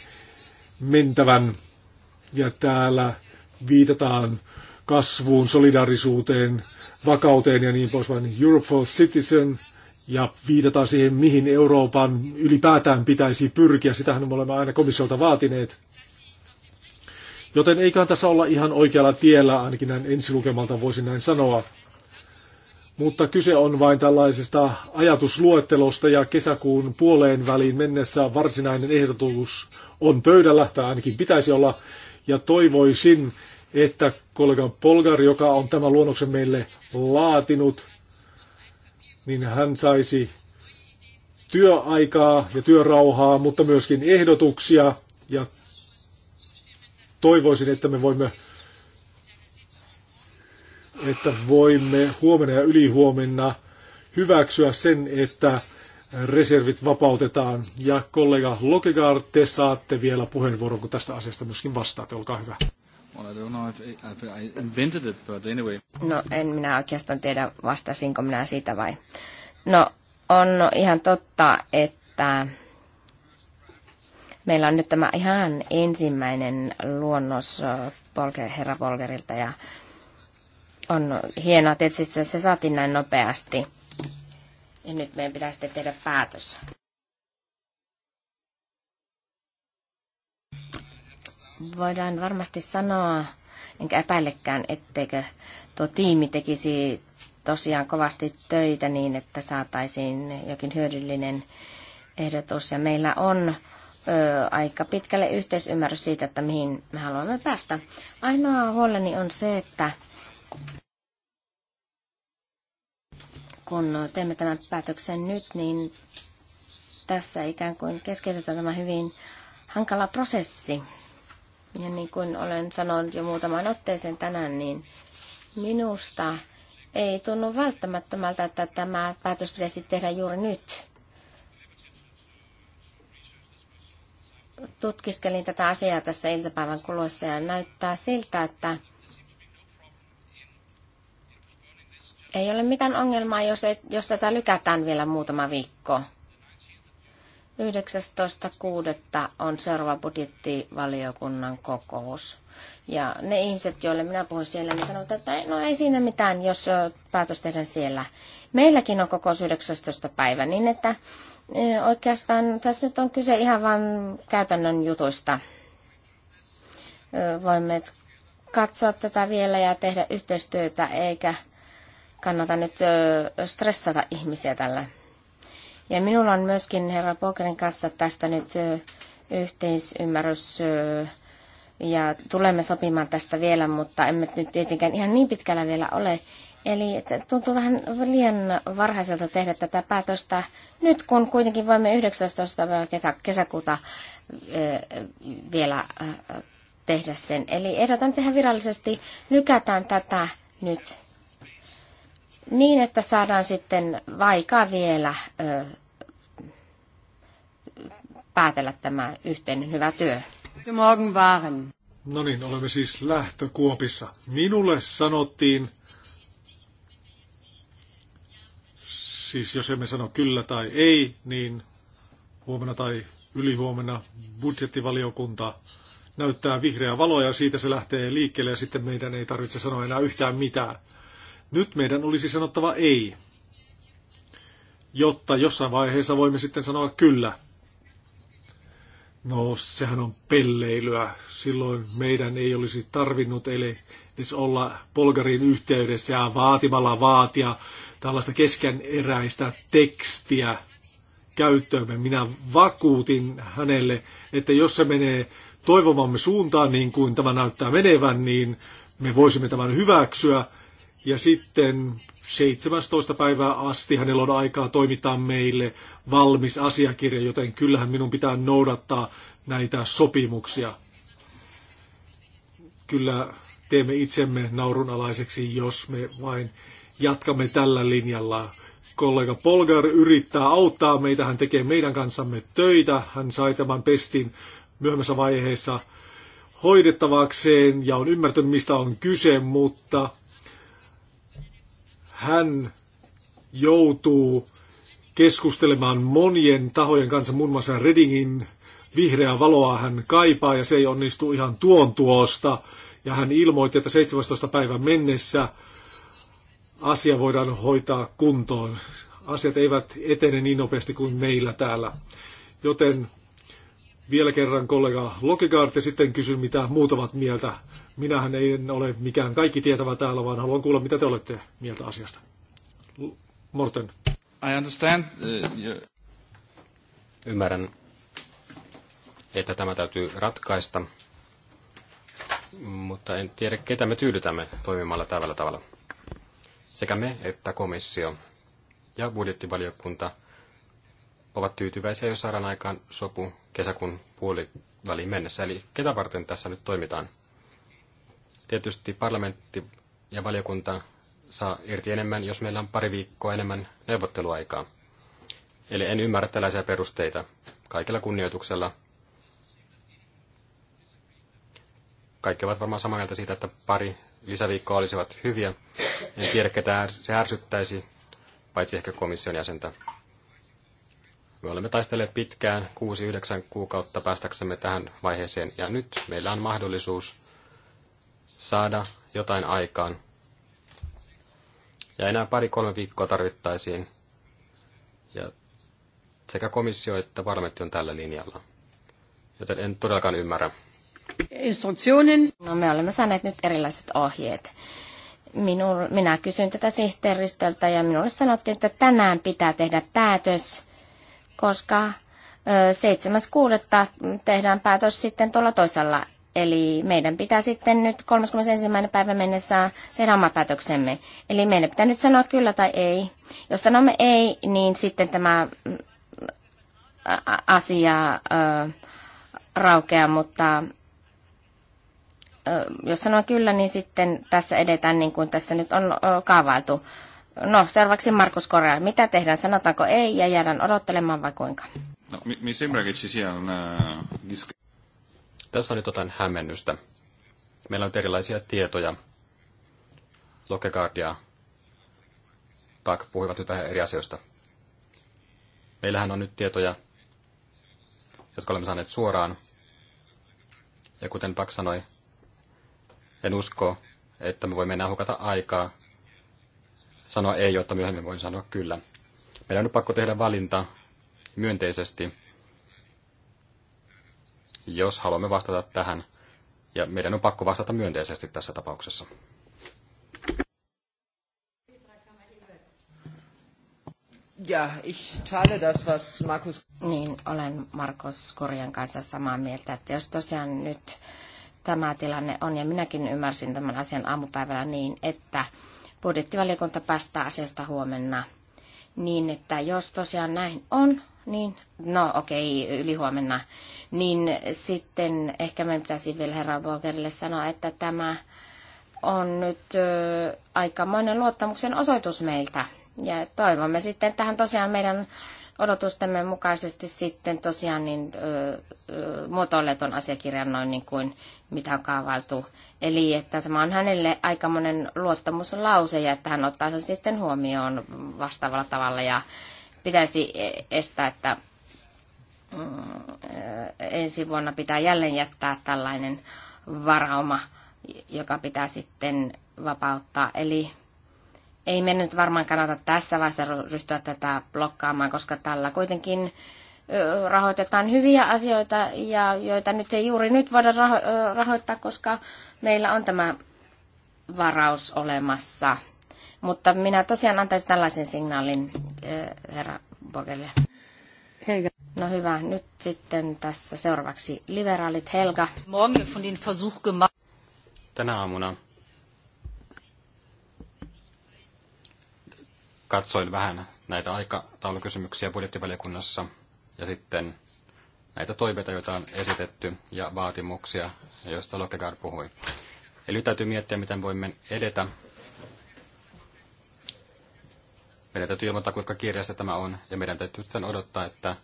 mentävän ja täällä viitataan kasvuun, solidarisuuteen, vakauteen ja niin poispäin. Europe for Citizen ja viitataan siihen, mihin Euroopan ylipäätään pitäisi pyrkiä. Sitähän me olemme aina komissiolta vaatineet. Joten eiköhän tässä olla ihan oikealla tiellä, ainakin näin ensilukemalta voisin näin sanoa. Mutta kyse on vain tällaisesta ajatusluettelosta ja kesäkuun puoleen väliin mennessä varsinainen ehdotus on pöydällä, tai ainakin pitäisi olla, ja toivoisin, että kollega Polgar, joka on tämän luonnoksen meille laatinut, niin hän saisi työaikaa ja työrauhaa, mutta myöskin ehdotuksia ja toivoisin, että me voimme että voimme huomenna ja ylihuomenna hyväksyä sen, että reservit vapautetaan. Ja kollega Lokegaard, te saatte vielä puheenvuoron, kun tästä asiasta myöskin vastaatte. Olkaa hyvä. No en minä oikeastaan tiedä, vastasinko minä siitä vai. No on ihan totta, että meillä on nyt tämä ihan ensimmäinen luonnos Polger, herra Polgerilta ja on hienoa että se saatiin näin nopeasti. Ja nyt meidän pitää sitten tehdä päätös. Voidaan varmasti sanoa, enkä epäillekään, etteikö tuo tiimi tekisi tosiaan kovasti töitä niin, että saataisiin jokin hyödyllinen ehdotus. Ja meillä on ö, aika pitkälle yhteisymmärrys siitä, että mihin me haluamme päästä. Ainoa huoleni on se, että kun teemme tämän päätöksen nyt, niin tässä ikään kuin keskeytetään tämä hyvin hankala prosessi. Ja niin kuin olen sanonut jo muutaman otteeseen tänään, niin minusta ei tunnu välttämättömältä, että tämä päätös pitäisi tehdä juuri nyt. Tutkiskelin tätä asiaa tässä iltapäivän kuluessa ja näyttää siltä, että Ei ole mitään ongelmaa, jos, et, jos tätä lykätään vielä muutama viikko. 19.6. on seuraava budjettivaliokunnan kokous. Ja ne ihmiset, joille minä puhun siellä, niin sanovat, että no ei siinä mitään, jos päätös tehdään siellä. Meilläkin on kokous 19. päivä, niin että oikeastaan tässä nyt on kyse ihan vain käytännön jutuista. Voimme katsoa tätä vielä ja tehdä yhteistyötä, eikä kannata nyt stressata ihmisiä tällä. Ja minulla on myöskin herra Pokerin kanssa tästä nyt yhteisymmärrys ja tulemme sopimaan tästä vielä, mutta emme nyt tietenkään ihan niin pitkällä vielä ole. Eli tuntuu vähän liian varhaiselta tehdä tätä päätöstä nyt, kun kuitenkin voimme 19. kesäkuuta vielä tehdä sen. Eli ehdotan tehdä virallisesti, lykätään tätä nyt niin, että saadaan sitten vaikka vielä ö, päätellä tämä yhteinen hyvä työ. Morgen waren. No niin, olemme siis lähtökuopissa. Minulle sanottiin, siis jos emme sano kyllä tai ei, niin huomenna tai ylihuomenna budjettivaliokunta näyttää vihreää valoa ja siitä se lähtee liikkeelle ja sitten meidän ei tarvitse sanoa enää yhtään mitään. Nyt meidän olisi sanottava ei, jotta jossain vaiheessa voimme sitten sanoa kyllä. No, sehän on pelleilyä. Silloin meidän ei olisi tarvinnut eli edes olla Polgarin yhteydessä ja vaatimalla vaatia tällaista keskeneräistä tekstiä käyttöömme. Minä vakuutin hänelle, että jos se menee toivomamme suuntaan, niin kuin tämä näyttää menevän, niin me voisimme tämän hyväksyä – ja sitten 17. päivää asti hänellä on aikaa toimittaa meille valmis asiakirja, joten kyllähän minun pitää noudattaa näitä sopimuksia. Kyllä teemme itsemme naurunalaiseksi, jos me vain jatkamme tällä linjalla. Kollega Polgar yrittää auttaa meitä, hän tekee meidän kanssamme töitä, hän sai tämän pestin myöhemmässä vaiheessa hoidettavakseen ja on ymmärtänyt, mistä on kyse, mutta hän joutuu keskustelemaan monien tahojen kanssa, muun muassa Redingin vihreää valoa hän kaipaa ja se ei onnistu ihan tuon tuosta. Ja hän ilmoitti, että 17. päivän mennessä asia voidaan hoitaa kuntoon. Asiat eivät etene niin nopeasti kuin meillä täällä. Joten vielä kerran kollega Lokegaard ja sitten kysyn, mitä muut ovat mieltä Minähän ei ole mikään kaikki tietävä täällä, vaan haluan kuulla, mitä te olette mieltä asiasta. Morten. I understand. Uh, yeah. Ymmärrän, että tämä täytyy ratkaista, mutta en tiedä, ketä me tyydytämme toimimalla tällä tavalla. Sekä me että komissio ja budjettivaliokunta ovat tyytyväisiä, jos saadaan aikaan sopu kesäkuun puoliväliin mennessä. Eli ketä varten tässä nyt toimitaan? Tietysti parlamentti ja valiokunta saa irti enemmän, jos meillä on pari viikkoa enemmän neuvotteluaikaa. Eli en ymmärrä tällaisia perusteita. kaikilla kunnioituksella kaikki ovat varmaan samaa mieltä siitä, että pari lisäviikkoa olisivat hyviä. En tiedä, ketä se ärsyttäisi, paitsi ehkä komission jäsentä. Me olemme taistelleet pitkään, 6-9 kuukautta päästäksemme tähän vaiheeseen, ja nyt meillä on mahdollisuus saada jotain aikaan. Ja enää pari-kolme viikkoa tarvittaisiin. Ja sekä komissio että parlamentti on tällä linjalla. Joten en todellakaan ymmärrä. Instruktionin. No me olemme saaneet nyt erilaiset ohjeet. Minun, minä kysyin tätä sihteeristöltä ja minulle sanottiin, että tänään pitää tehdä päätös, koska 7.6. tehdään päätös sitten tuolla toisella Eli meidän pitää sitten nyt 31. päivä mennessä tehdä oma päätöksemme. Eli meidän pitää nyt sanoa kyllä tai ei. Jos sanomme ei, niin sitten tämä mm, asia raukeaa, mutta jos sanoo kyllä, niin sitten tässä edetään niin kuin tässä nyt on kaavailtu. No, seuraavaksi Markus Korea. Mitä tehdään? Sanotaanko ei ja jäädään odottelemaan vai kuinka? No, mi, mi sembra tässä on nyt jotain hämmennystä. Meillä on erilaisia tietoja. Lokegaard ja Pak puhuivat nyt vähän eri asioista. Meillähän on nyt tietoja, jotka olemme saaneet suoraan. Ja kuten Pak sanoi, en usko, että me voimme enää hukata aikaa sanoa ei, jotta myöhemmin voin sanoa kyllä. Meidän on nyt pakko tehdä valinta myönteisesti jos haluamme vastata tähän, ja meidän on pakko vastata myönteisesti tässä tapauksessa. Ja, ich teile das, was Markus... Niin, olen Markus Korjan kanssa samaa mieltä, että jos tosiaan nyt tämä tilanne on, ja minäkin ymmärsin tämän asian aamupäivällä niin, että budjettivaliokunta päästää asiasta huomenna, niin että jos tosiaan näin on, niin, no okei, okay, huomenna. Niin sitten ehkä meidän pitäisi vielä herra Bogerille sanoa, että tämä on nyt ö, aikamoinen luottamuksen osoitus meiltä. Ja toivomme sitten tähän tosiaan meidän odotustemme mukaisesti sitten tosiaan niin, ö, ö, muotoileton asiakirjan noin niin kuin mitä on kaavailtu. Eli että tämä on hänelle aikamoinen luottamuslause ja että hän ottaa sen sitten huomioon vastaavalla tavalla ja pitäisi e- estää, että mm, e- ensi vuonna pitää jälleen jättää tällainen varauma, joka pitää sitten vapauttaa. Eli ei me nyt varmaan kannata tässä vaiheessa ryhtyä tätä blokkaamaan, koska tällä kuitenkin rahoitetaan hyviä asioita, ja joita nyt ei juuri nyt voida raho- rahoittaa, koska meillä on tämä varaus olemassa mutta minä tosiaan antaisin tällaisen signaalin eh, herra Borgelle. Helga. No hyvä, nyt sitten tässä seuraavaksi liberaalit Helga. Morgen von den Versuch gemacht. Tänä aamuna katsoin vähän näitä aikataulukysymyksiä budjettivaliokunnassa ja sitten näitä toiveita, joita on esitetty ja vaatimuksia, joista Lokegaard puhui. Eli täytyy miettiä, miten voimme edetä meidän täytyy ilmoittaa, kuinka kirjasta tämä on, ja meidän täytyy sitten odottaa, että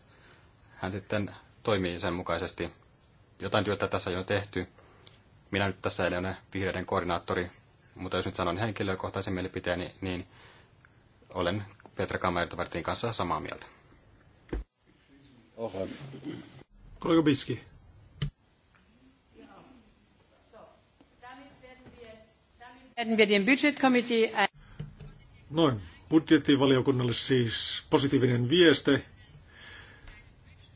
hän sitten toimii sen mukaisesti. Jotain työtä tässä jo on tehty. Minä nyt tässä en ole vihreiden koordinaattori, mutta jos nyt sanon henkilökohtaisen mielipiteeni, niin olen Petra Kammertavartin kanssa samaa mieltä. Oho. Kollega Biski. Noin budjettivaliokunnalle siis positiivinen vieste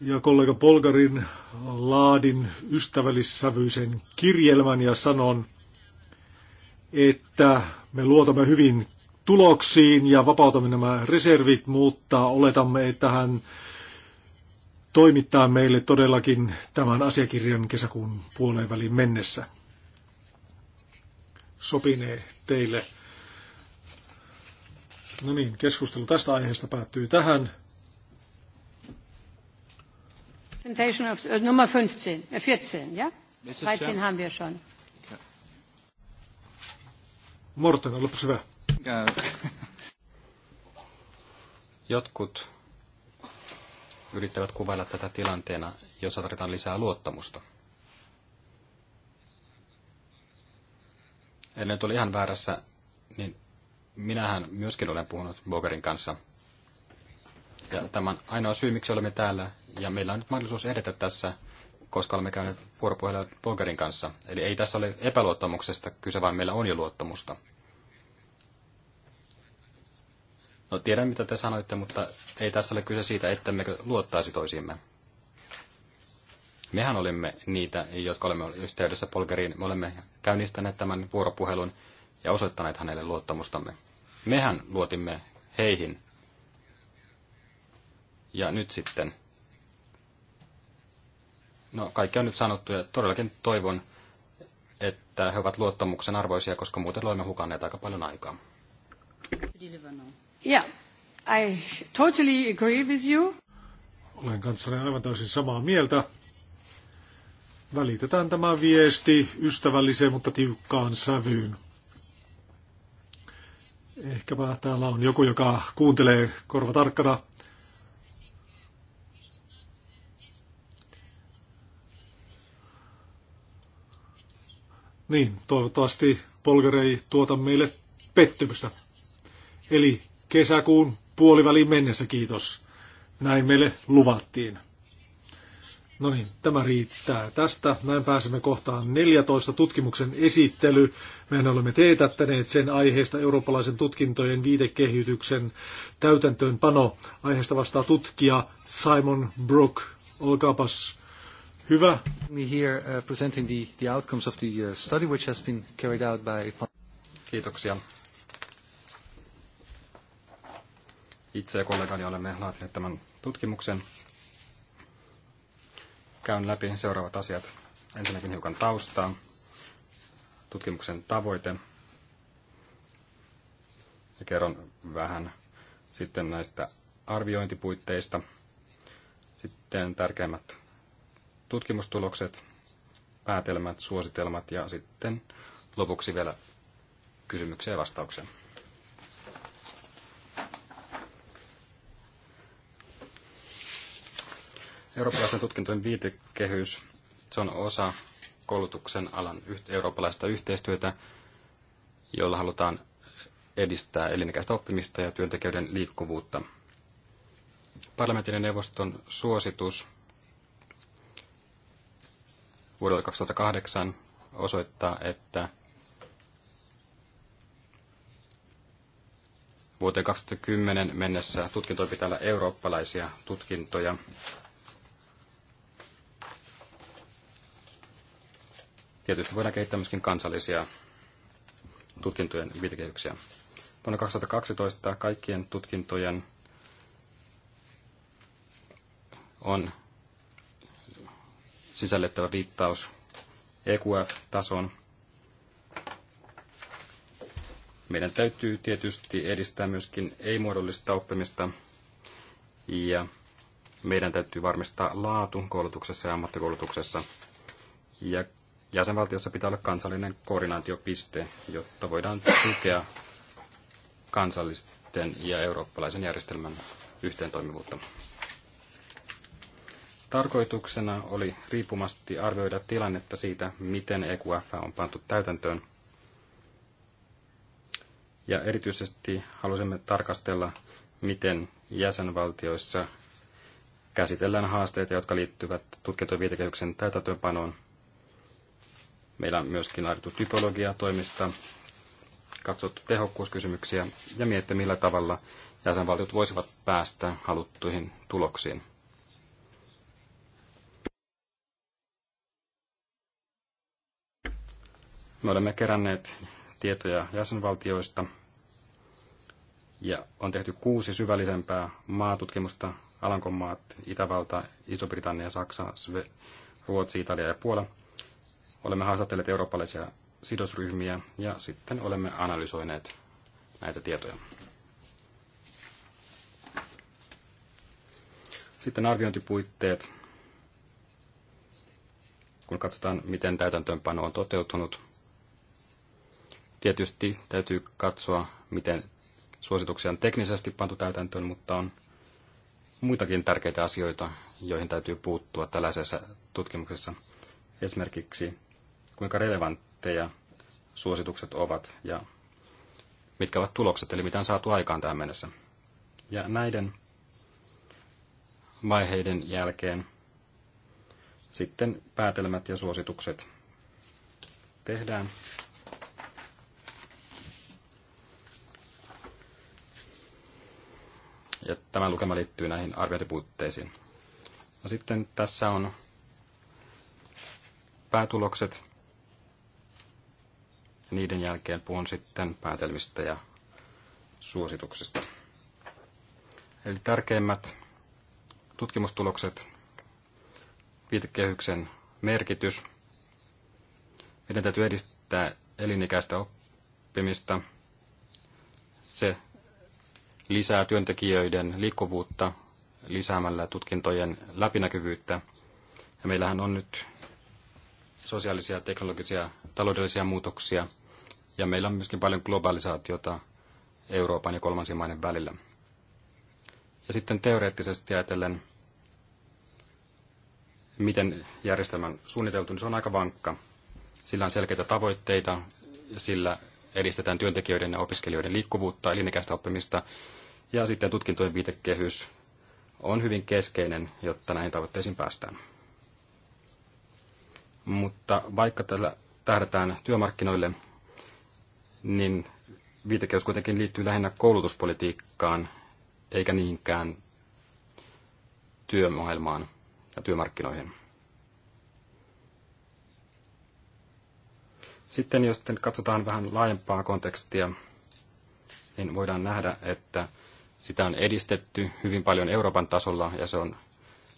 ja kollega Polgarin laadin ystävällissävyisen kirjelmän ja sanon, että me luotamme hyvin tuloksiin ja vapautamme nämä reservit, mutta oletamme, että hän toimittaa meille todellakin tämän asiakirjan kesäkuun puoleen väliin mennessä. Sopinee teille. No niin, keskustelu tästä aiheesta päättyy tähän. Presentation of, äh, nummer 15, 14, äh, ja? 13 haben wir schon. Morten, olepas hyvä. Jotkut yrittävät kuvailla tätä tilanteena, jossa tarvitaan lisää luottamusta. En nyt ole ihan väärässä, niin Minähän myöskin olen puhunut Bogerin kanssa. Ja tämän ainoa syy, miksi olemme täällä, ja meillä on nyt mahdollisuus edetä tässä, koska olemme käyneet vuoropuhelua Bogerin kanssa. Eli ei tässä ole epäluottamuksesta kyse, vaan meillä on jo luottamusta. No tiedän, mitä te sanoitte, mutta ei tässä ole kyse siitä, ettemmekö luottaisi toisiimme. Mehän olimme niitä, jotka olemme yhteydessä Polkeriin. Me olemme käynnistäneet tämän vuoropuhelun ja osoittaneet hänelle luottamustamme. Mehän luotimme heihin. Ja nyt sitten. No, kaikki on nyt sanottu ja todellakin toivon, että he ovat luottamuksen arvoisia, koska muuten loimme hukanneet aika paljon aikaa. Yeah, I totally agree with you. Olen kanssani aivan täysin samaa mieltä. Välitetään tämä viesti ystävälliseen, mutta tiukkaan sävyyn. Ehkäpä täällä on joku, joka kuuntelee korva tarkkana. Niin, toivottavasti Polger ei tuota meille pettymystä. Eli kesäkuun puoliväliin mennessä kiitos. Näin meille luvattiin. No niin, tämä riittää tästä. Näin pääsemme kohtaan 14 tutkimuksen esittely. Mehän olemme teetättäneet sen aiheesta eurooppalaisen tutkintojen viitekehityksen täytäntöönpano. Aiheesta vastaa tutkija Simon Brook. Olkaapas hyvä. Me here uh, presenting the, the outcomes of the uh, study which has been carried out by... Kiitoksia. Itse ja kollegani olemme laatineet tämän tutkimuksen käyn läpi seuraavat asiat. Ensinnäkin hiukan taustaa, tutkimuksen tavoite ja kerron vähän sitten näistä arviointipuitteista, sitten tärkeimmät tutkimustulokset, päätelmät, suositelmat ja sitten lopuksi vielä kysymyksiä ja vastauksia. Eurooppalaisen tutkintojen viitekehys, se on osa koulutuksen alan eurooppalaista yhteistyötä, jolla halutaan edistää elinikäistä oppimista ja työntekijöiden liikkuvuutta. Parlamentin ja neuvoston suositus vuodelta 2008 osoittaa, että vuoteen 2010 mennessä tutkintoja pitää olla eurooppalaisia tutkintoja Tietysti voidaan kehittää myöskin kansallisia tutkintojen viitekehyksiä. Vuonna 2012 kaikkien tutkintojen on sisällettävä viittaus EQF-tason. Meidän täytyy tietysti edistää myöskin ei-muodollista oppimista ja meidän täytyy varmistaa laatu koulutuksessa ja ammattikoulutuksessa. Ja jäsenvaltiossa pitää olla kansallinen koordinaatiopiste, jotta voidaan tukea kansallisten ja eurooppalaisen järjestelmän yhteentoimivuutta. Tarkoituksena oli riippumasti arvioida tilannetta siitä, miten EQF on pantu täytäntöön. Ja erityisesti halusimme tarkastella, miten jäsenvaltioissa käsitellään haasteita, jotka liittyvät tutkintojen viitekehyksen täytäntöönpanoon – Meillä on myöskin laadittu typologia toimista, katsottu tehokkuuskysymyksiä ja mietitty, millä tavalla jäsenvaltiot voisivat päästä haluttuihin tuloksiin. Me olemme keränneet tietoja jäsenvaltioista ja on tehty kuusi syvällisempää maatutkimusta Alankomaat, Itävalta, Iso-Britannia, Saksa, Sve, Ruotsi, Italia ja Puola – Olemme haastatelleet eurooppalaisia sidosryhmiä ja sitten olemme analysoineet näitä tietoja. Sitten arviointipuitteet. Kun katsotaan, miten täytäntöönpano on toteutunut, tietysti täytyy katsoa, miten suosituksia on teknisesti pantu täytäntöön, mutta on muitakin tärkeitä asioita, joihin täytyy puuttua tällaisessa tutkimuksessa. Esimerkiksi kuinka relevantteja suositukset ovat ja mitkä ovat tulokset, eli mitä on saatu aikaan tähän mennessä. Ja näiden vaiheiden jälkeen sitten päätelmät ja suositukset tehdään. Ja tämä lukema liittyy näihin arviointipuutteisiin. No sitten tässä on päätulokset niiden jälkeen puhun sitten päätelmistä ja suosituksista. Eli tärkeimmät tutkimustulokset, viitekehyksen merkitys. Meidän täytyy edistää elinikäistä oppimista. Se lisää työntekijöiden liikkuvuutta lisäämällä tutkintojen läpinäkyvyyttä. Ja meillähän on nyt sosiaalisia, teknologisia, taloudellisia muutoksia – ja meillä on myöskin paljon globalisaatiota Euroopan ja kolmansien maiden välillä. Ja sitten teoreettisesti ajatellen, miten järjestelmä on suunniteltu, niin se on aika vankka. Sillä on selkeitä tavoitteita, ja sillä edistetään työntekijöiden ja opiskelijoiden liikkuvuutta, elinikäistä oppimista, ja sitten tutkintojen viitekehys on hyvin keskeinen, jotta näihin tavoitteisiin päästään. Mutta vaikka tällä tähdätään työmarkkinoille, niin viitekeys kuitenkin liittyy lähinnä koulutuspolitiikkaan, eikä niinkään työmaailmaan ja työmarkkinoihin. Sitten jos sitten katsotaan vähän laajempaa kontekstia, niin voidaan nähdä, että sitä on edistetty hyvin paljon Euroopan tasolla ja se on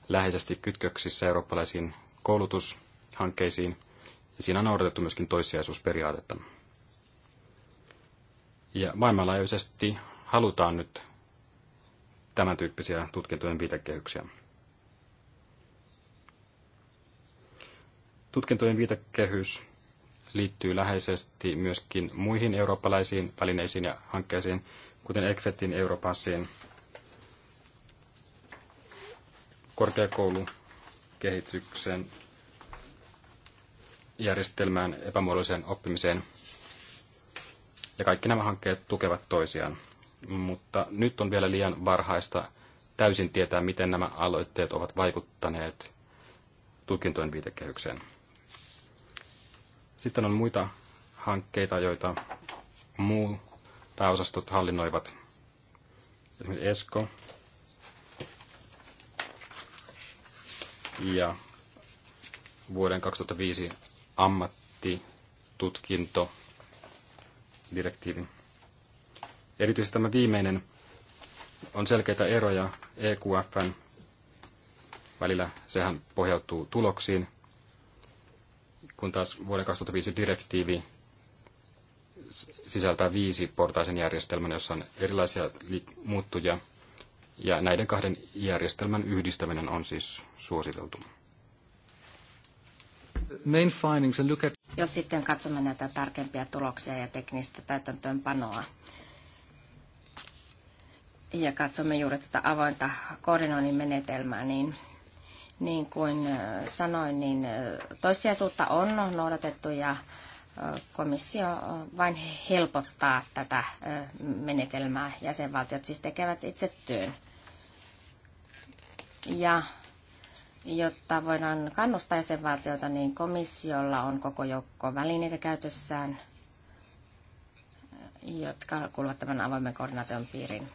läheisesti kytköksissä eurooppalaisiin koulutushankkeisiin ja siinä on noudatettu myöskin toissijaisuusperiaatetta. Ja maailmanlaajuisesti halutaan nyt tämän tyyppisiä tutkintojen viitekehyksiä. Tutkintojen viitekehys liittyy läheisesti myöskin muihin eurooppalaisiin välineisiin ja hankkeisiin, kuten ECFETin, Europassiin, korkeakoulukehityksen järjestelmään, epämuodolliseen oppimiseen – ja kaikki nämä hankkeet tukevat toisiaan. Mutta nyt on vielä liian varhaista täysin tietää, miten nämä aloitteet ovat vaikuttaneet tutkintojen viitekehykseen. Sitten on muita hankkeita, joita muu pääosastot hallinnoivat. Esimerkiksi ESCO ja vuoden 2005 ammattitutkinto direktiivin. Erityisesti tämä viimeinen on selkeitä eroja EQFn välillä. Sehän pohjautuu tuloksiin, kun taas vuoden 2005 direktiivi sisältää viisi portaisen järjestelmän, jossa on erilaisia muuttuja, ja näiden kahden järjestelmän yhdistäminen on siis suositeltu main findings and look at... Jos sitten katsomme näitä tarkempia tuloksia ja teknistä täytäntöönpanoa, ja katsomme juuri tätä tuota avointa koordinoinnin menetelmää, niin niin kuin äh, sanoin, niin äh, toissijaisuutta on noudatettu ja äh, komissio vain helpottaa tätä menetelmää. Jäsenvaltiot siis tekevät itse työn. Ja Jotta voidaan kannustaa jäsenvaltiota, niin komissiolla on koko joukko välineitä käytössään, jotka kuuluvat tämän avoimen koordinaation piiriin.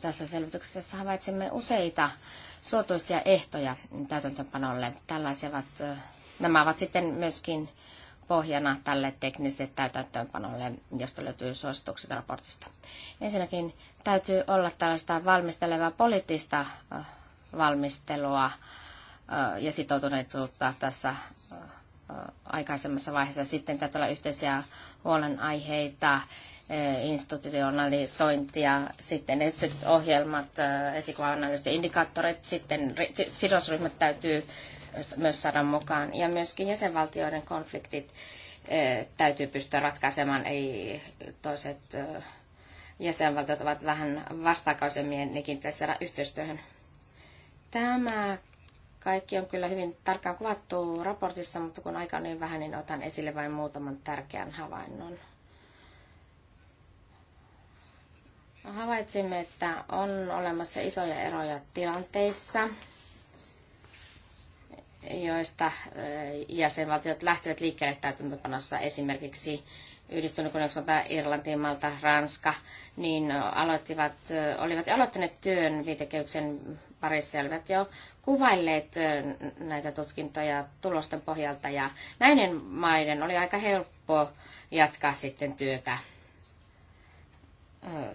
Tässä selvityksessä havaitsemme useita suotuisia ehtoja täytäntöpanolle. Tällaiset, ovat, nämä ovat sitten myöskin pohjana tälle tekniselle täytäntöönpanolle, josta löytyy suositukset raportista. Ensinnäkin täytyy olla tällaista valmistelevaa poliittista valmistelua ja sitoutuneisuutta tässä aikaisemmassa vaiheessa. Sitten täytyy olla yhteisiä huolenaiheita, institutionalisointia, sitten ohjelmat, esikuva ja indikaattorit, sitten sidosryhmät täytyy myös saada mukaan. Ja myöskin jäsenvaltioiden konfliktit eh, täytyy pystyä ratkaisemaan, ei toiset eh, jäsenvaltiot ovat vähän vastakaisemmin, nekin tässä yhteistyöhön. Tämä kaikki on kyllä hyvin tarkkaan kuvattu raportissa, mutta kun aika on niin vähän, niin otan esille vain muutaman tärkeän havainnon. Havaitsimme, että on olemassa isoja eroja tilanteissa joista jäsenvaltiot lähtevät liikkeelle täytäntöpanossa esimerkiksi yhdistynyt kuningaskunta, Irlanti, Malta, Ranska, niin aloittivat, olivat jo aloittaneet työn viitekehyksen parissa ja olivat jo kuvailleet näitä tutkintoja tulosten pohjalta. Ja näiden maiden oli aika helppo jatkaa sitten työtä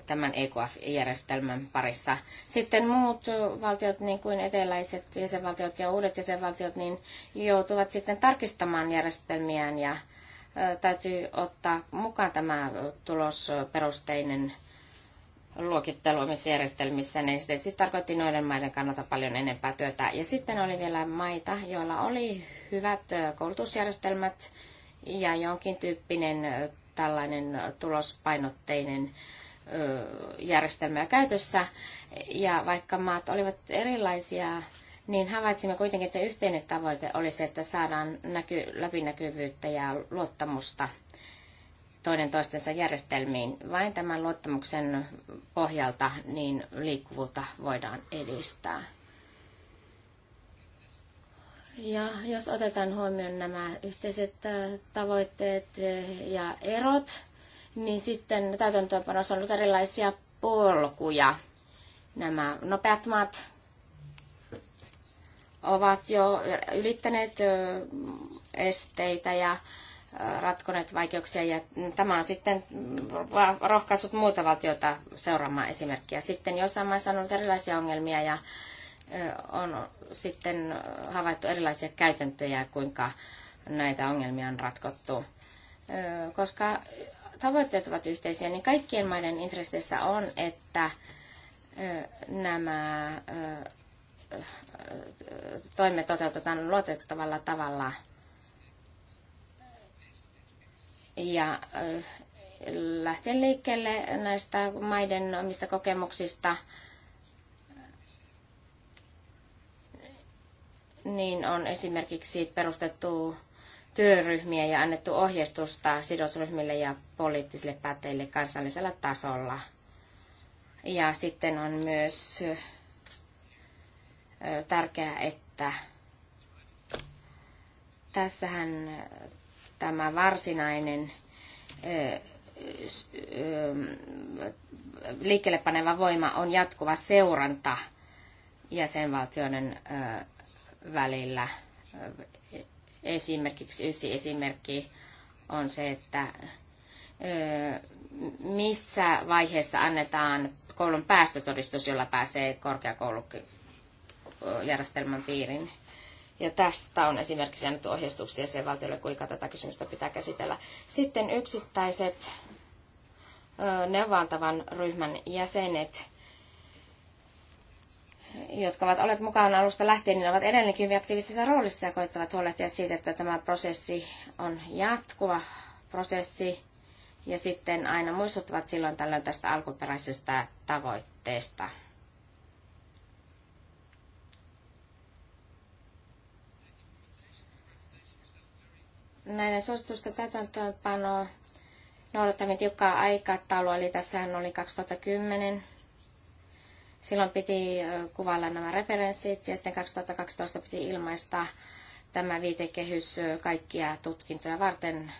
tämän EKF-järjestelmän parissa. Sitten muut valtiot, niin kuin eteläiset jäsenvaltiot ja uudet jäsenvaltiot, niin joutuvat sitten tarkistamaan järjestelmiään ja täytyy ottaa mukaan tämä tulosperusteinen luokittelu omissa järjestelmissä, niin se tarkoitti noiden maiden kannalta paljon enempää työtä. Ja sitten oli vielä maita, joilla oli hyvät koulutusjärjestelmät ja jonkin tyyppinen tällainen tulospainotteinen järjestelmää käytössä. Ja vaikka maat olivat erilaisia, niin havaitsimme kuitenkin, että yhteinen tavoite oli se, että saadaan näky, läpinäkyvyyttä ja luottamusta toinen toistensa järjestelmiin. Vain tämän luottamuksen pohjalta niin liikkuvuutta voidaan edistää. Ja jos otetaan huomioon nämä yhteiset tavoitteet ja erot, niin sitten täytäntöönpanossa on ollut erilaisia polkuja. Nämä nopeat maat ovat jo ylittäneet esteitä ja ratkoneet vaikeuksia. Ja tämä on sitten rohkaissut muuta valtiota seuraamaan esimerkkiä. Sitten jossain maissa on ollut erilaisia ongelmia ja on sitten havaittu erilaisia käytäntöjä, kuinka näitä ongelmia on ratkottu. Koska tavoitteet ovat yhteisiä, niin kaikkien maiden intressissä on, että nämä toimet toteutetaan luotettavalla tavalla. Ja lähtien liikkeelle näistä maiden omista kokemuksista, niin on esimerkiksi perustettu työryhmiä ja annettu ohjeistusta sidosryhmille ja poliittisille päättäjille kansallisella tasolla. Ja sitten on myös tärkeää, että tässähän tämä varsinainen liikkeelle paneva voima on jatkuva seuranta jäsenvaltioiden välillä Esimerkiksi yksi esimerkki on se, että missä vaiheessa annetaan koulun päästötodistus, jolla pääsee korkeakoulujärjestelmän piiriin. Ja tästä on esimerkiksi annettu ohjeistuksia sen valtiolle, kuinka tätä kysymystä pitää käsitellä. Sitten yksittäiset neuvaltavan ryhmän jäsenet jotka ovat olleet mukana alusta lähtien, niin ovat edelleenkin hyvin aktiivisessa roolissa ja koittavat huolehtia siitä, että tämä prosessi on jatkuva prosessi ja sitten aina muistuttavat silloin tällöin tästä alkuperäisestä tavoitteesta. Näiden suositusten täytäntöönpano noudattaminen tiukkaa aikataulua, eli tässähän oli 2010 Silloin piti kuvailla nämä referenssit ja sitten 2012 piti ilmaista tämä viitekehys kaikkia tutkintoja varten.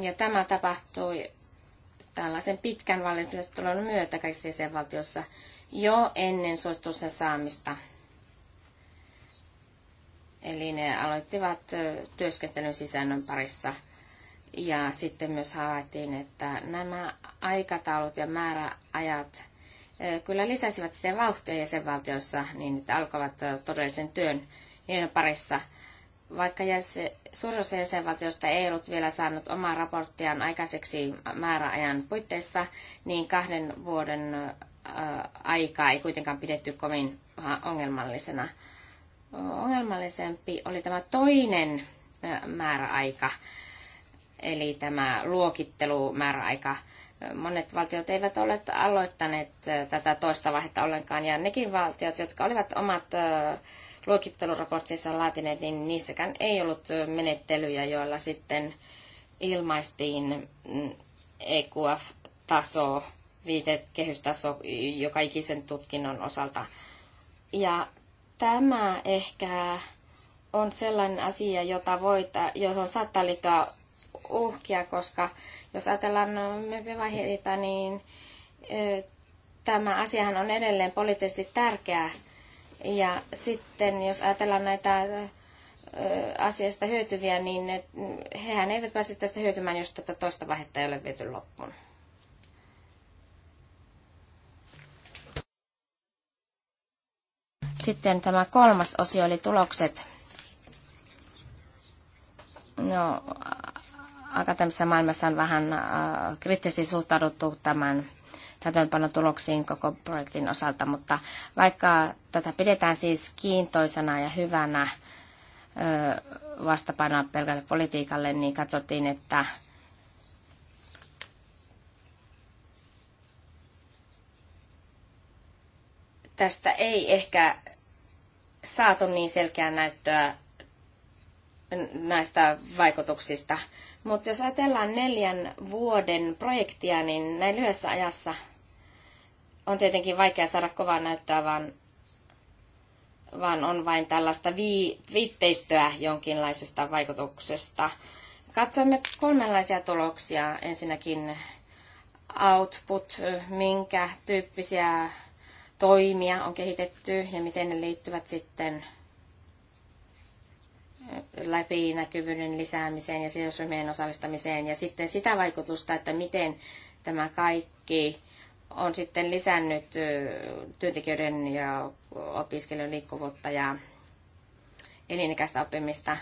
Ja tämä tapahtui tällaisen pitkän valmistelun myötä kaikissa jäsenvaltiossa jo ennen suositusten saamista. Eli ne aloittivat työskentelyn sisällön parissa – ja sitten myös havaittiin, että nämä aikataulut ja määräajat kyllä lisäsivät sitä vauhtia jäsenvaltioissa niin, että alkavat todellisen työn niiden parissa. Vaikka jäsen, suurin osa jäsenvaltioista ei ollut vielä saanut omaa raporttiaan aikaiseksi määräajan puitteissa, niin kahden vuoden aikaa ei kuitenkaan pidetty kovin ongelmallisena. Ongelmallisempi oli tämä toinen määräaika eli tämä luokittelumääräaika. Monet valtiot eivät ole aloittaneet tätä toista vaihetta ollenkaan, ja nekin valtiot, jotka olivat omat luokitteluraporttinsa laatineet, niin niissäkään ei ollut menettelyjä, joilla sitten ilmaistiin mm, EQF-taso, viitekehystaso joka ikisen tutkinnon osalta. Ja tämä ehkä on sellainen asia, jota voita, johon saattaa liittyä uhkia, koska jos ajatellaan no, mep niin tämä asiahan on edelleen poliittisesti tärkeää. Ja sitten jos ajatellaan näitä asiasta hyötyviä, niin hehän eivät pääse tästä hyötymään, jos tätä toista vaihetta ei ole viety loppuun. Sitten tämä kolmas osio eli tulokset. No, akateemisessa maailmassa on vähän äh, kriittisesti suhtauduttu tämän tuloksiin koko projektin osalta, mutta vaikka tätä pidetään siis kiintoisena ja hyvänä äh, vastapainoa pelkälle politiikalle, niin katsottiin, että tästä ei ehkä saatu niin selkeää näyttöä näistä vaikutuksista. Mutta jos ajatellaan neljän vuoden projektia, niin näin lyhyessä ajassa on tietenkin vaikea saada kovaa näyttöä, vaan, vaan on vain tällaista vi, viitteistöä jonkinlaisesta vaikutuksesta. Katsoimme kolmenlaisia tuloksia. Ensinnäkin output, minkä tyyppisiä toimia on kehitetty ja miten ne liittyvät sitten läpinäkyvyyden lisäämiseen ja sidosryhmien osallistamiseen ja sitten sitä vaikutusta, että miten tämä kaikki on sitten lisännyt työntekijöiden ja opiskelijoiden liikkuvuutta ja elinikäistä oppimista.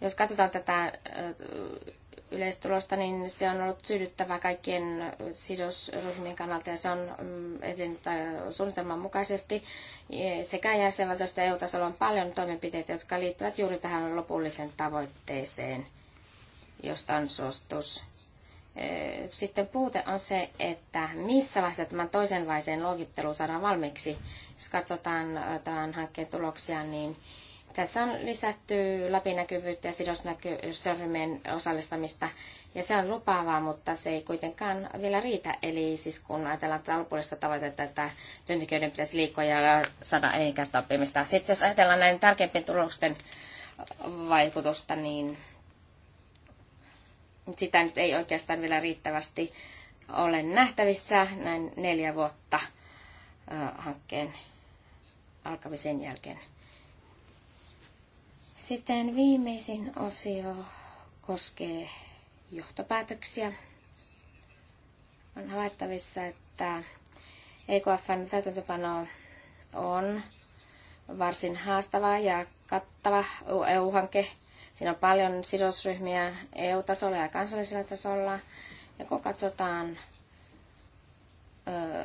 Jos katsotaan tätä yleistulosta, niin se on ollut tyydyttävä kaikkien sidosryhmien kannalta ja se on mm, edennyt suunnitelman mukaisesti. Sekä jäsenvaltioista EU-tasolla on paljon toimenpiteitä, jotka liittyvät juuri tähän lopulliseen tavoitteeseen, josta on suostus. Sitten puute on se, että missä vaiheessa tämän toisen vaiheen luokittelu saadaan valmiiksi. Jos katsotaan tämän hankkeen tuloksia, niin tässä on lisätty läpinäkyvyyttä ja sidosryhmien osallistamista, ja se on lupaavaa, mutta se ei kuitenkaan vielä riitä. Eli siis kun ajatellaan tätä alkupuolista tavoitetta, että työntekijöiden pitäisi liikkua ja saada elinikäistä oppimista. Sitten jos ajatellaan näin tärkeimpien tulosten vaikutusta, niin sitä nyt ei oikeastaan vielä riittävästi ole nähtävissä näin neljä vuotta hankkeen alkamisen jälkeen. Sitten viimeisin osio koskee johtopäätöksiä. On havaittavissa, että EKFn täytäntöpano on varsin haastava ja kattava EU-hanke. Siinä on paljon sidosryhmiä EU-tasolla ja kansallisella tasolla. Ja kun katsotaan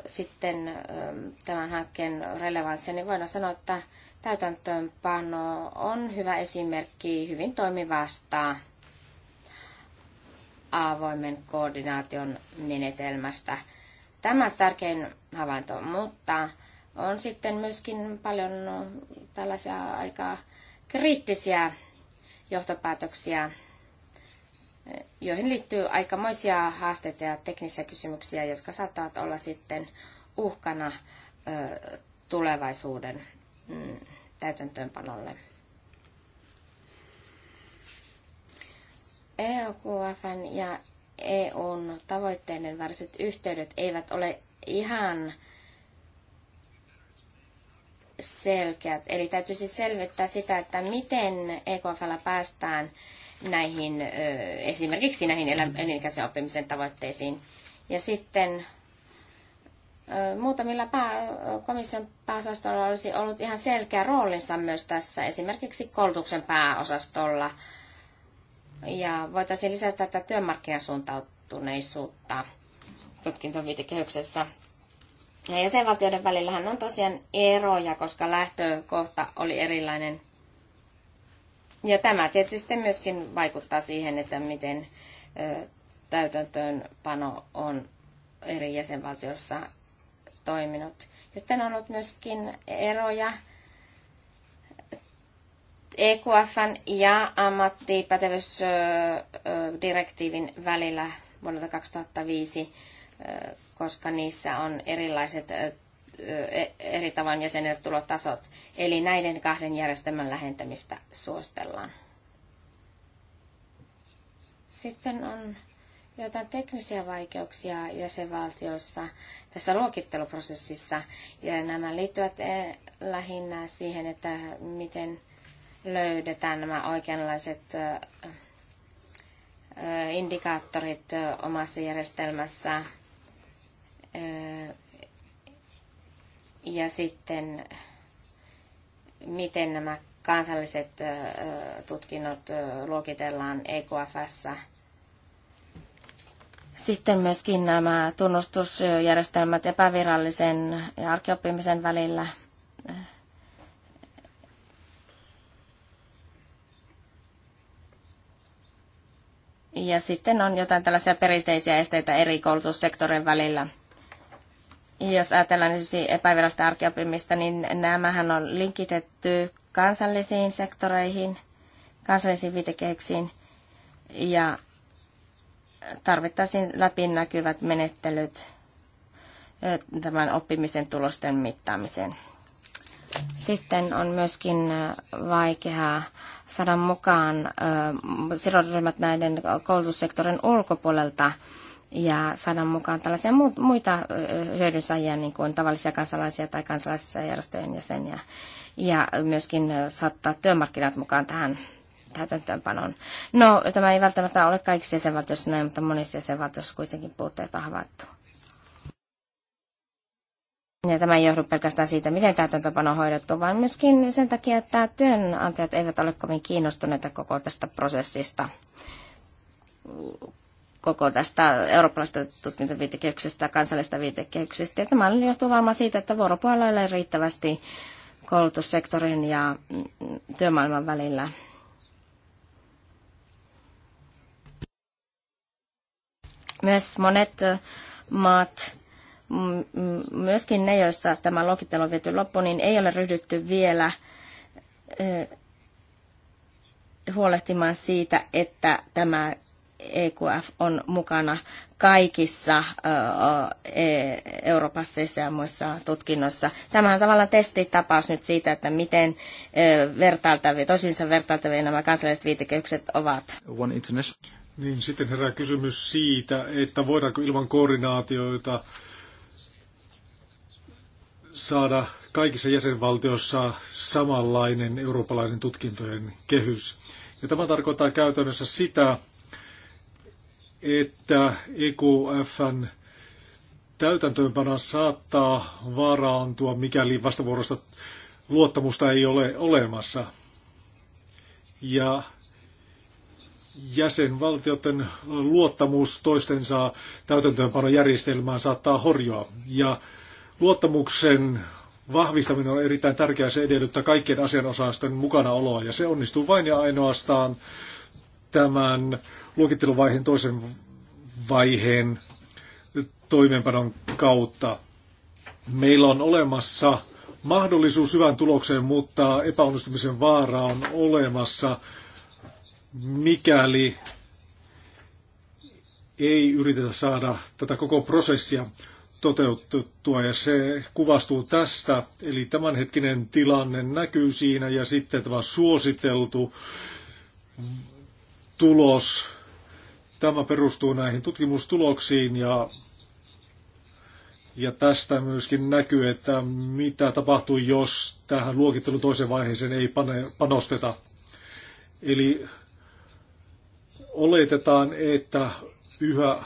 sitten tämän hankkeen relevanssia, niin voidaan sanoa, että täytäntöönpano on hyvä esimerkki hyvin toimivasta avoimen koordinaation menetelmästä. Tämä on tärkein havainto, mutta on sitten myöskin paljon tällaisia aika kriittisiä johtopäätöksiä joihin liittyy aikamoisia haasteita ja teknisiä kysymyksiä, jotka saattavat olla sitten uhkana tulevaisuuden mm, täytäntöönpanolle. EUQFn ja EUn tavoitteiden väliset yhteydet eivät ole ihan selkeät. Eli täytyisi selvittää sitä, että miten EKFllä päästään näihin, esimerkiksi näihin elinikäisen oppimisen tavoitteisiin. Ja sitten muutamilla pää- komission pääosastolla olisi ollut ihan selkeä roolinsa myös tässä, esimerkiksi koulutuksen pääosastolla. Ja voitaisiin lisätä tätä työmarkkinasuuntautuneisuutta tutkintoviitekehyksessä. Ja jäsenvaltioiden välillähän on tosiaan eroja, koska lähtökohta oli erilainen – ja tämä tietysti myöskin vaikuttaa siihen, että miten täytäntöönpano on eri jäsenvaltioissa toiminut. Ja sitten on ollut myöskin eroja EQFn ja ammattipätevyysdirektiivin välillä vuodelta 2005, koska niissä on erilaiset E-, eri tavan jäsenet tulotasot. Eli näiden kahden järjestelmän lähentämistä suostellaan. Sitten on joitain teknisiä vaikeuksia jäsenvaltioissa tässä luokitteluprosessissa. Ja nämä liittyvät e, lähinnä siihen, että miten löydetään nämä oikeanlaiset indikaattorit omassa järjestelmässä ja sitten miten nämä kansalliset tutkinnot luokitellaan EKFS. Sitten myöskin nämä tunnustusjärjestelmät epävirallisen ja arkioppimisen välillä. Ja sitten on jotain tällaisia perinteisiä esteitä eri koulutussektorin välillä – jos ajatellaan siis epävirallista arkioppimista, niin nämähän on linkitetty kansallisiin sektoreihin, kansallisiin viitekehyksiin ja tarvittaisiin läpinäkyvät menettelyt tämän oppimisen tulosten mittaamiseen. Sitten on myöskin vaikeaa saada mukaan sidosryhmät näiden koulutussektorin ulkopuolelta ja saada mukaan tällaisia muita hyödynsaajia, niin kuin tavallisia kansalaisia tai kansalaisjärjestöjen jäseniä, ja myöskin saattaa työmarkkinat mukaan tähän täytäntöönpanoon. No, tämä ei välttämättä ole kaikissa jäsenvaltioissa näin, mutta monissa jäsenvaltioissa kuitenkin puutteita on havaittu. Ja tämä ei johdu pelkästään siitä, miten täytäntöpano on hoidettu, vaan myöskin sen takia, että työnantajat eivät ole kovin kiinnostuneita koko tästä prosessista koko tästä eurooppalaisesta tutkintoviitekehyksestä, kansallisesta viitekehyksestä. Ja tämä johtuu varmaan siitä, että vuoropuolella ei ole riittävästi koulutussektorin ja mm, työmaailman välillä. Myös monet maat, myöskin ne, joissa tämä luokittelu on viety loppuun, niin ei ole ryhdytty vielä huolehtimaan siitä, että tämä EQF on mukana kaikissa e, Euroopassa ja muissa tutkinnoissa. Tämä on tavallaan testitapaus nyt siitä, että miten vertailtavia, tosinsa vertailtavia nämä kansalliset viitekehykset ovat. One international. Niin, sitten herää kysymys siitä, että voidaanko ilman koordinaatioita saada kaikissa jäsenvaltioissa samanlainen eurooppalainen tutkintojen kehys. Ja tämä tarkoittaa käytännössä sitä, että EQFn täytäntöönpana saattaa varaantua, mikäli vastavuorosta luottamusta ei ole olemassa. Ja jäsenvaltioiden luottamus toistensa täytäntöönpanojärjestelmään saattaa horjua. Ja luottamuksen vahvistaminen on erittäin tärkeää. Se edellyttää kaikkien asianosaisten mukanaoloa ja se onnistuu vain ja ainoastaan tämän luokitteluvaiheen toisen vaiheen toimeenpanon kautta. Meillä on olemassa mahdollisuus hyvään tulokseen, mutta epäonnistumisen vaara on olemassa, mikäli ei yritetä saada tätä koko prosessia toteutettua ja se kuvastuu tästä. Eli tämänhetkinen tilanne näkyy siinä ja sitten tämä suositeltu tulos Tämä perustuu näihin tutkimustuloksiin ja, ja tästä myöskin näkyy, että mitä tapahtuu, jos tähän luokittelu toisen vaiheeseen ei pane, panosteta. Eli oletetaan, että yhä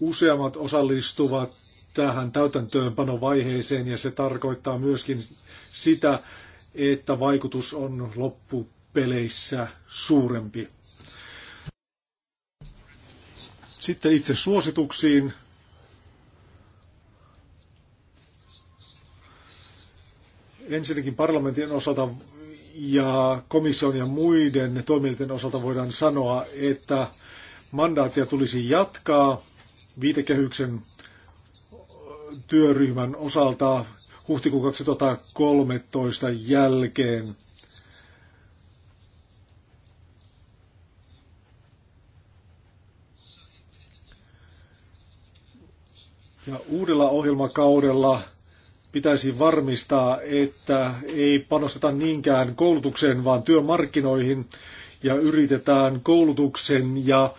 useammat osallistuvat tähän täytäntöönpanovaiheeseen ja se tarkoittaa myöskin sitä, että vaikutus on loppupeleissä suurempi. Sitten itse suosituksiin. Ensinnäkin parlamentin osalta ja komission ja muiden toimijoiden osalta voidaan sanoa, että mandaattia tulisi jatkaa viitekehyksen työryhmän osalta huhtikuun 2013 jälkeen. Ja uudella ohjelmakaudella pitäisi varmistaa, että ei panosteta niinkään koulutukseen, vaan työmarkkinoihin ja yritetään koulutuksen ja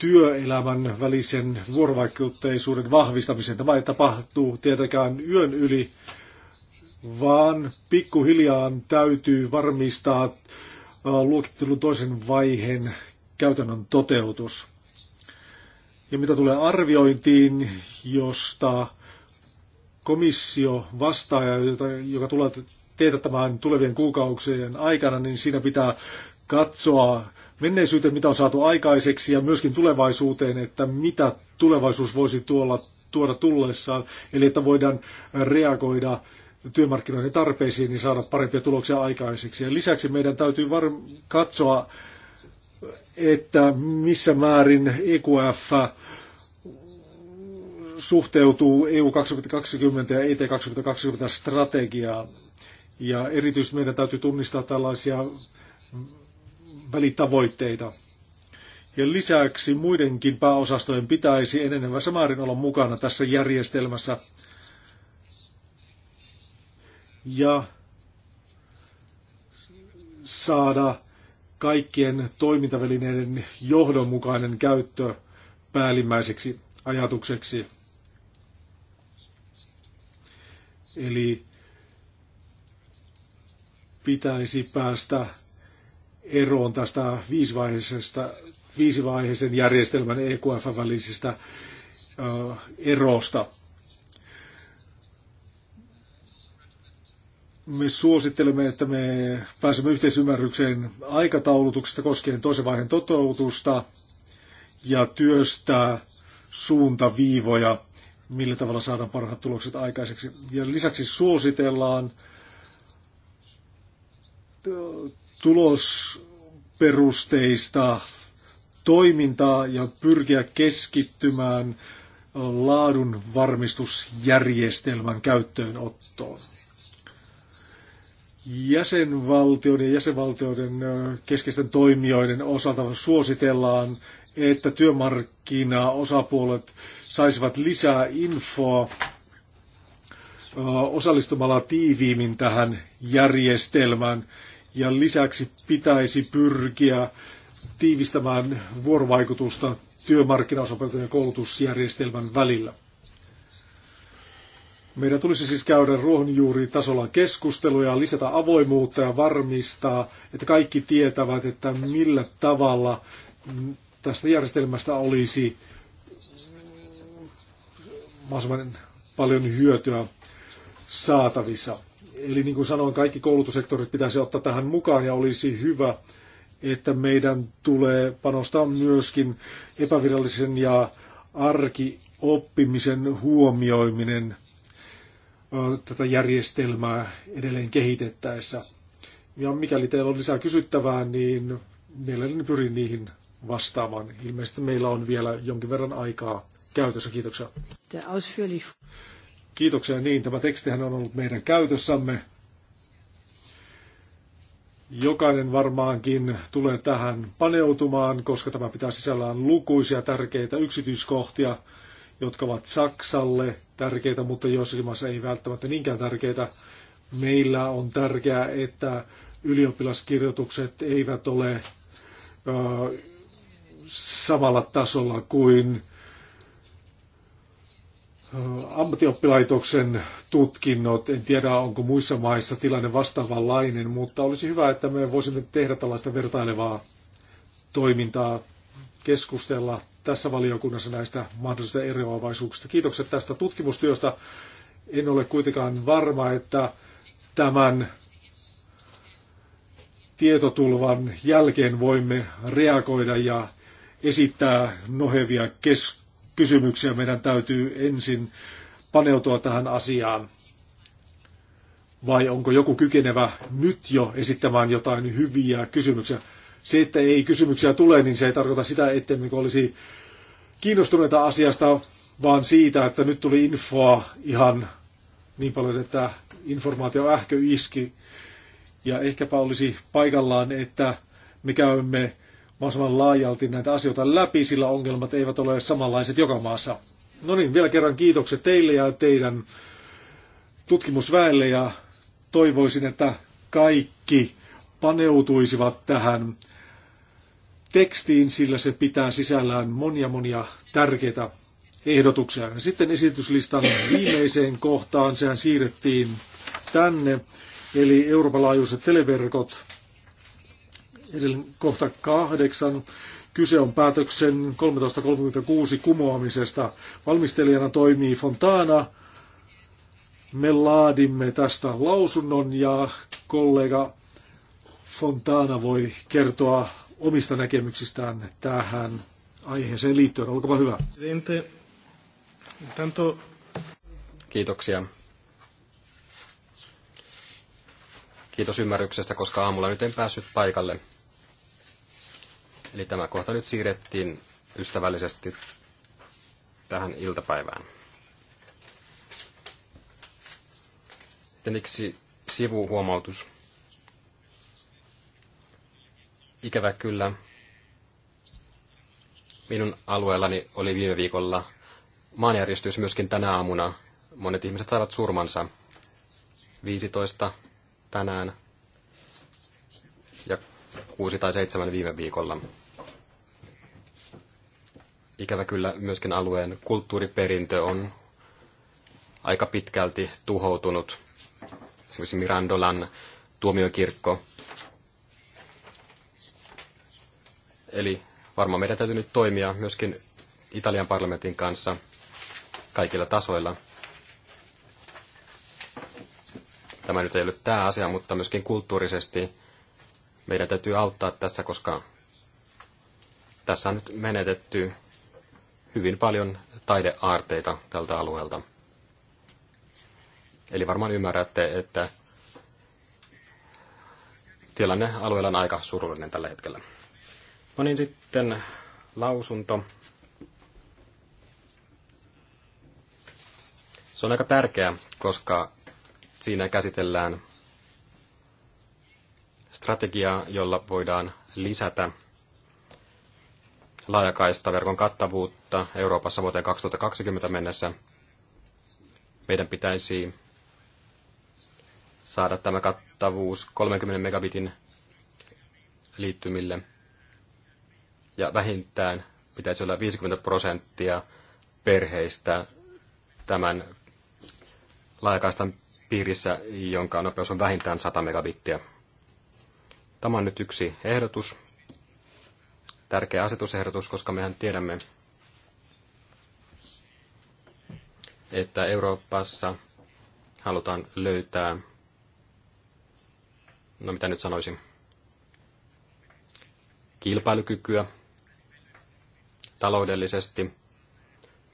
työelämän välisen vuorovaikutteisuuden vahvistamisen. Tämä ei tapahtuu tietenkään yön yli, vaan pikkuhiljaa täytyy varmistaa luokittelun toisen vaiheen käytännön toteutus. Ja mitä tulee arviointiin, josta komissio vastaa, joka tulee teetättämään tulevien kuukausien aikana, niin siinä pitää katsoa menneisyyteen, mitä on saatu aikaiseksi ja myöskin tulevaisuuteen, että mitä tulevaisuus voisi tuolla, tuoda tullessaan. Eli että voidaan reagoida työmarkkinoiden tarpeisiin niin saada parempia tuloksia aikaiseksi. Ja lisäksi meidän täytyy var- katsoa että missä määrin EQF suhteutuu EU 2020 ja ET 2020 strategiaan. Ja erityisesti meidän täytyy tunnistaa tällaisia välitavoitteita. Ja lisäksi muidenkin pääosastojen pitäisi enenevässä määrin olla mukana tässä järjestelmässä. Ja saada kaikkien toimintavälineiden johdonmukainen käyttö päällimmäiseksi ajatukseksi. Eli pitäisi päästä eroon tästä viisivaiheisesta, viisivaiheisen järjestelmän EQF-välisestä erosta. me suosittelemme, että me pääsemme yhteisymmärrykseen aikataulutuksesta koskien toisen vaiheen toteutusta ja työstää suuntaviivoja, millä tavalla saadaan parhaat tulokset aikaiseksi. Ja lisäksi suositellaan tulosperusteista toimintaa ja pyrkiä keskittymään laadun varmistusjärjestelmän käyttöönottoon jäsenvaltioiden ja jäsenvaltioiden keskeisten toimijoiden osalta suositellaan, että työmarkkinaosapuolet saisivat lisää infoa osallistumalla tiiviimmin tähän järjestelmään. Ja lisäksi pitäisi pyrkiä tiivistämään vuorovaikutusta työmarkkinaosapuolten ja koulutusjärjestelmän välillä. Meidän tulisi siis käydä ruohonjuuritasolla keskusteluja, lisätä avoimuutta ja varmistaa, että kaikki tietävät, että millä tavalla tästä järjestelmästä olisi mahdollisimman paljon hyötyä saatavissa. Eli niin kuin sanoin, kaikki koulutussektorit pitäisi ottaa tähän mukaan ja olisi hyvä, että meidän tulee panostaa myöskin epävirallisen ja arkioppimisen huomioiminen – tätä järjestelmää edelleen kehitettäessä. Ja mikäli teillä on lisää kysyttävää, niin mielelläni pyrin niihin vastaamaan. Ilmeisesti meillä on vielä jonkin verran aikaa käytössä. Kiitoksia. Kiitoksia. Niin, tämä tekstihän on ollut meidän käytössämme. Jokainen varmaankin tulee tähän paneutumaan, koska tämä pitää sisällään lukuisia tärkeitä yksityiskohtia jotka ovat Saksalle tärkeitä, mutta joissakin maissa ei välttämättä niinkään tärkeitä. Meillä on tärkeää, että ylioppilaskirjoitukset eivät ole ö, samalla tasolla kuin ammattioppilaitoksen tutkinnot. En tiedä, onko muissa maissa tilanne vastaavanlainen, mutta olisi hyvä, että me voisimme tehdä tällaista vertailevaa toimintaa, keskustella tässä valiokunnassa näistä mahdollisista eroavaisuuksista. Kiitokset tästä tutkimustyöstä. En ole kuitenkaan varma, että tämän tietotulvan jälkeen voimme reagoida ja esittää nohevia kysymyksiä. Meidän täytyy ensin paneutua tähän asiaan. Vai onko joku kykenevä nyt jo esittämään jotain hyviä kysymyksiä? se, että ei kysymyksiä tule, niin se ei tarkoita sitä, että niin olisi kiinnostuneita asiasta, vaan siitä, että nyt tuli infoa ihan niin paljon, että informaatio ähkö iski. Ja ehkäpä olisi paikallaan, että me käymme mahdollisimman laajalti näitä asioita läpi, sillä ongelmat eivät ole samanlaiset joka maassa. No niin, vielä kerran kiitokset teille ja teidän tutkimusväelle ja toivoisin, että kaikki paneutuisivat tähän tekstiin, sillä se pitää sisällään monia monia tärkeitä ehdotuksia. Sitten esityslistan viimeiseen kohtaan, sehän siirrettiin tänne, eli Euroopan laajuiset televerkot. Edelleen kohta kahdeksan. Kyse on päätöksen 1336 kumoamisesta. Valmistelijana toimii Fontana. Me laadimme tästä lausunnon ja kollega Fontana voi kertoa omista näkemyksistään tähän aiheeseen liittyen. Olkaa hyvä. Kiitoksia. Kiitos ymmärryksestä, koska aamulla nyt en päässyt paikalle. Eli tämä kohta nyt siirrettiin ystävällisesti tähän iltapäivään. Sitten yksi sivuhuomautus. Ikävä kyllä minun alueellani oli viime viikolla maanjäristys myöskin tänä aamuna. Monet ihmiset saivat surmansa. 15 tänään ja 6 tai 7 viime viikolla. Ikävä kyllä myöskin alueen kulttuuriperintö on aika pitkälti tuhoutunut. Esimerkiksi Mirandolan tuomiokirkko Eli varmaan meidän täytyy nyt toimia myöskin Italian parlamentin kanssa kaikilla tasoilla. Tämä nyt ei ole tämä asia, mutta myöskin kulttuurisesti meidän täytyy auttaa tässä, koska tässä on nyt menetetty hyvin paljon taideaarteita tältä alueelta. Eli varmaan ymmärrätte, että tilanne alueella on aika surullinen tällä hetkellä. No niin, sitten lausunto. Se on aika tärkeä, koska siinä käsitellään strategiaa, jolla voidaan lisätä laajakaistaverkon kattavuutta Euroopassa vuoteen 2020 mennessä. Meidän pitäisi saada tämä kattavuus 30 megabitin liittymille ja vähintään pitäisi olla 50 prosenttia perheistä tämän laajakaistan piirissä, jonka nopeus on vähintään 100 megabittiä. Tämä on nyt yksi ehdotus, tärkeä asetusehdotus, koska mehän tiedämme, että Euroopassa halutaan löytää, no mitä nyt sanoisin, kilpailukykyä taloudellisesti.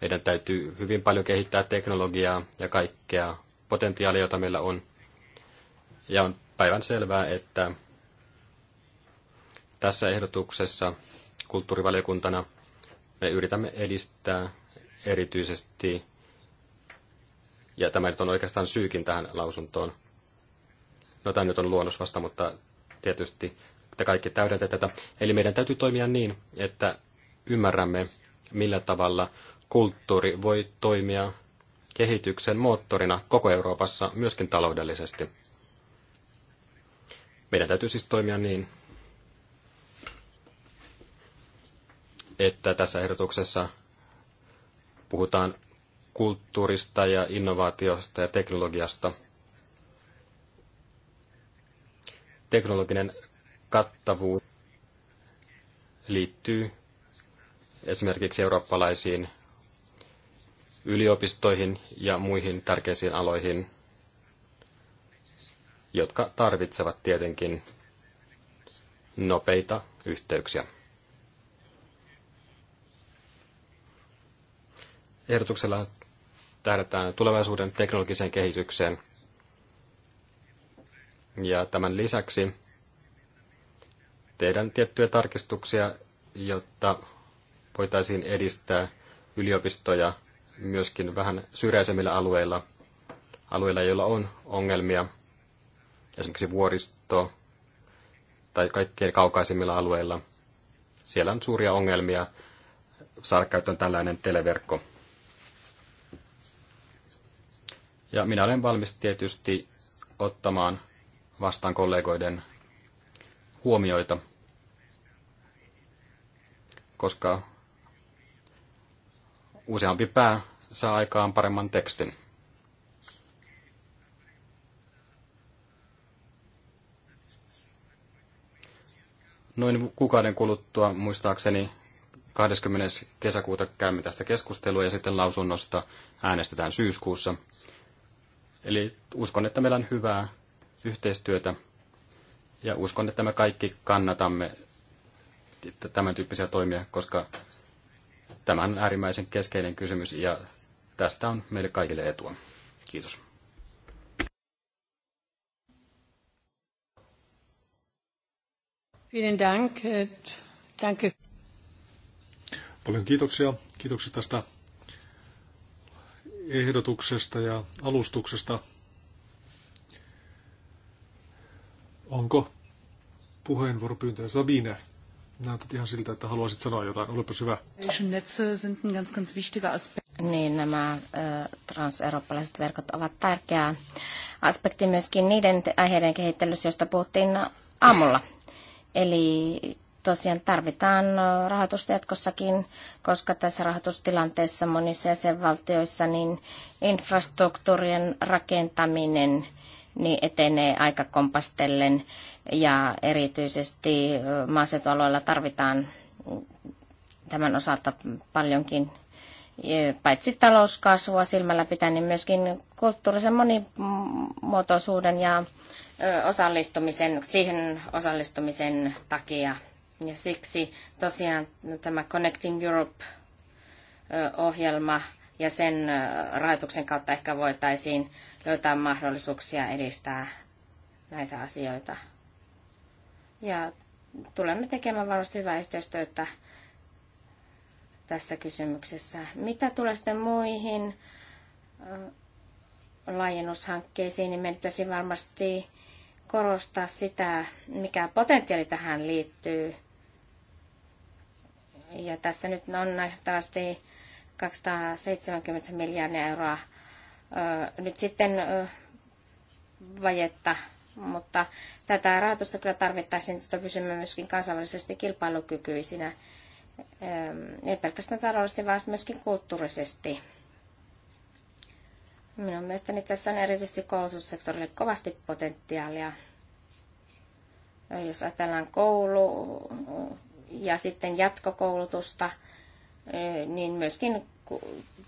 Meidän täytyy hyvin paljon kehittää teknologiaa ja kaikkea potentiaalia, jota meillä on. Ja on päivän selvää, että tässä ehdotuksessa kulttuurivaliokuntana me yritämme edistää erityisesti, ja tämä nyt on oikeastaan syykin tähän lausuntoon. No tämä nyt on luonnos vasta, mutta tietysti te kaikki täydentä tätä. Eli meidän täytyy toimia niin, että ymmärrämme, millä tavalla kulttuuri voi toimia kehityksen moottorina koko Euroopassa, myöskin taloudellisesti. Meidän täytyy siis toimia niin, että tässä ehdotuksessa puhutaan kulttuurista ja innovaatiosta ja teknologiasta. Teknologinen kattavuus liittyy esimerkiksi eurooppalaisiin yliopistoihin ja muihin tärkeisiin aloihin, jotka tarvitsevat tietenkin nopeita yhteyksiä. Ehdotuksella tähdätään tulevaisuuden teknologiseen kehitykseen. Ja tämän lisäksi tehdään tiettyjä tarkistuksia, jotta voitaisiin edistää yliopistoja myöskin vähän syrjäisemmillä alueilla, alueilla, joilla on ongelmia, esimerkiksi vuoristo tai kaikkein kaukaisimmilla alueilla. Siellä on suuria ongelmia saada käyttöön tällainen televerkko. Ja minä olen valmis tietysti ottamaan vastaan kollegoiden huomioita, koska useampi pää saa aikaan paremman tekstin. Noin kuukauden kuluttua muistaakseni 20. kesäkuuta käymme tästä keskustelua ja sitten lausunnosta äänestetään syyskuussa. Eli uskon, että meillä on hyvää yhteistyötä ja uskon, että me kaikki kannatamme tämän tyyppisiä toimia, koska Tämä on äärimmäisen keskeinen kysymys ja tästä on meille kaikille etua. Kiitos. Vielen Dank. Danke. Paljon kiitoksia. Kiitoksia tästä ehdotuksesta ja alustuksesta. Onko puheenvuoropyyntöjä Sabine? Näytät ihan siltä, että haluaisit sanoa jotain. Olipa hyvä. Niin, nämä transeurooppalaiset verkot ovat tärkeä aspekti myöskin niiden aiheiden kehittelyssä, joista puhuttiin aamulla. Eli tosiaan tarvitaan rahoitusta jatkossakin, koska tässä rahoitustilanteessa monissa jäsenvaltioissa niin infrastruktuurien rakentaminen niin etenee aika kompastellen ja erityisesti maaseutualueilla tarvitaan tämän osalta paljonkin paitsi talouskasvua silmällä pitää, niin myöskin kulttuurisen monimuotoisuuden ja osallistumisen, siihen osallistumisen takia. Ja siksi tosiaan tämä Connecting Europe-ohjelma ja sen rahoituksen kautta ehkä voitaisiin löytää mahdollisuuksia edistää näitä asioita. Ja tulemme tekemään varmasti hyvää yhteistyötä tässä kysymyksessä. Mitä tulee sitten muihin laajennushankkeisiin, niin meidän pitäisi varmasti korostaa sitä, mikä potentiaali tähän liittyy. Ja tässä nyt on nähtävästi 270 miljoonaa euroa nyt sitten vajetta, mutta tätä rahoitusta kyllä tarvittaisiin, että pysymme myöskin kansainvälisesti kilpailukykyisinä, ei pelkästään taloudellisesti, vaan myöskin kulttuurisesti. Minun mielestäni tässä on erityisesti koulutussektorille kovasti potentiaalia. Jos ajatellaan koulu ja sitten jatkokoulutusta, niin myöskin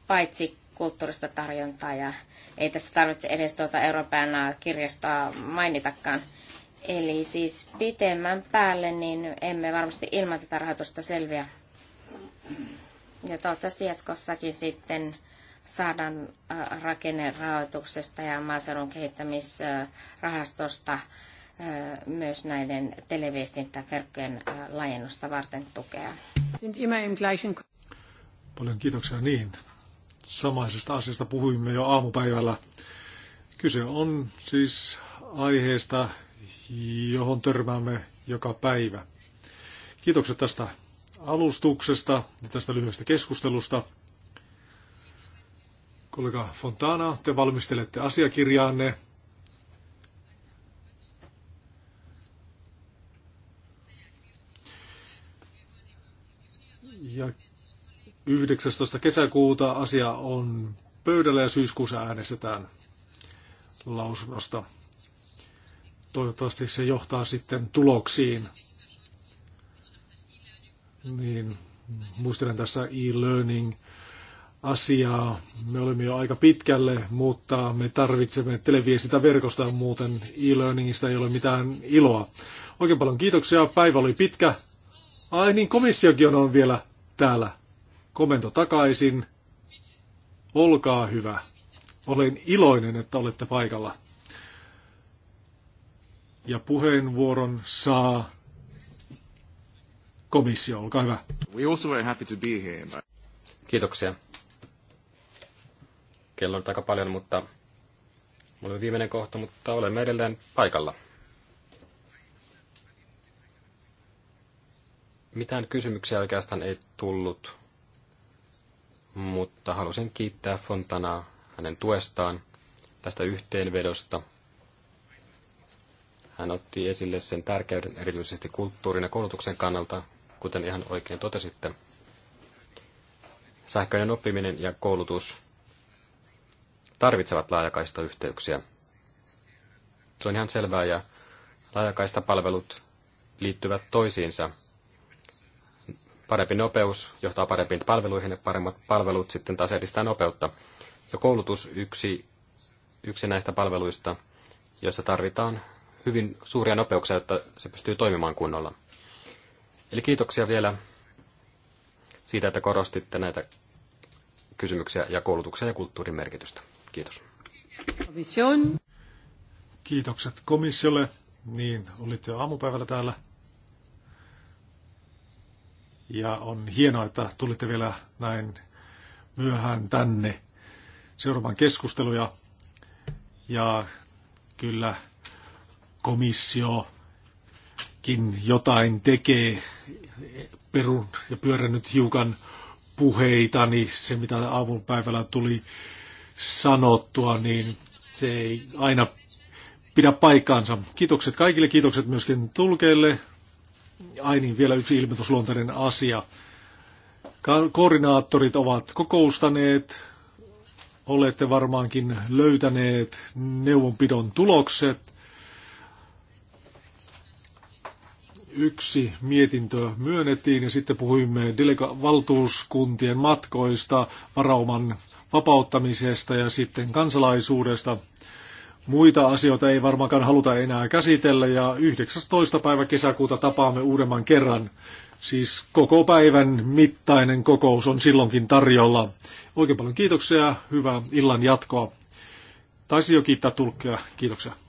paitsi kulttuurista tarjontaa ja ei tässä tarvitse edes tuota Euroopan kirjastoa mainitakaan. Eli siis pitemmän päälle niin emme varmasti ilman tätä rahoitusta selviä. Ja toivottavasti jatkossakin sitten saadaan rakennerahoituksesta ja maaseudun kehittämisrahastosta myös näiden televiestintäverkkojen laajennusta varten tukea. Paljon kiitoksia niin. Samaisesta asiasta puhuimme jo aamupäivällä. Kyse on siis aiheesta, johon törmäämme joka päivä. Kiitokset tästä alustuksesta ja tästä lyhyestä keskustelusta. Kollega Fontana, te valmistelette asiakirjaanne. Ja 19. kesäkuuta asia on pöydällä ja syyskuussa äänestetään lausunnosta. Toivottavasti se johtaa sitten tuloksiin. Niin, muistelen tässä e-learning asiaa. Me olemme jo aika pitkälle, mutta me tarvitsemme televiestintäverkosta, muuten e-learningista ei ole mitään iloa. Oikein paljon kiitoksia, päivä oli pitkä. Ai niin, komissiokin on vielä täällä komento takaisin. Olkaa hyvä. Olen iloinen, että olette paikalla. Ja puheenvuoron saa komissio. Olkaa hyvä. We also are happy to be here, but... Kiitoksia. Kello on aika paljon, mutta olemme viimeinen kohta, mutta olemme edelleen paikalla. Mitään kysymyksiä oikeastaan ei tullut mutta halusin kiittää Fontanaa hänen tuestaan tästä yhteenvedosta. Hän otti esille sen tärkeyden erityisesti kulttuurin ja koulutuksen kannalta, kuten ihan oikein totesitte. Sähköinen oppiminen ja koulutus tarvitsevat laajakaista yhteyksiä. Se on ihan selvää ja laajakaista palvelut liittyvät toisiinsa Parempi nopeus johtaa parempiin palveluihin ja paremmat palvelut sitten taas edistää nopeutta. Ja koulutus yksi, yksi näistä palveluista, jossa tarvitaan hyvin suuria nopeuksia, jotta se pystyy toimimaan kunnolla. Eli kiitoksia vielä siitä, että korostitte näitä kysymyksiä ja koulutuksen ja kulttuurin merkitystä. Kiitos. Komission. Kiitokset komissiolle. Niin, olitte jo aamupäivällä täällä. Ja on hienoa, että tulitte vielä näin myöhään tänne seuraavan keskusteluja. Ja kyllä komissiokin jotain tekee. Perun ja pyörännyt hiukan puheita, niin se mitä päivällä tuli sanottua, niin se ei aina pidä paikkaansa. Kiitokset kaikille, kiitokset myöskin tulkeille, Ai niin, vielä yksi ilmoitusluontainen asia. Koordinaattorit ovat kokoustaneet, olette varmaankin löytäneet neuvonpidon tulokset. Yksi mietintö myönnettiin ja sitten puhuimme delega- valtuuskuntien matkoista, varauman vapauttamisesta ja sitten kansalaisuudesta. Muita asioita ei varmaankaan haluta enää käsitellä ja 19. päivä kesäkuuta tapaamme uudemman kerran. Siis koko päivän mittainen kokous on silloinkin tarjolla. Oikein paljon kiitoksia, hyvää illan jatkoa. Taisi jo kiittää tulkkia. Kiitoksia.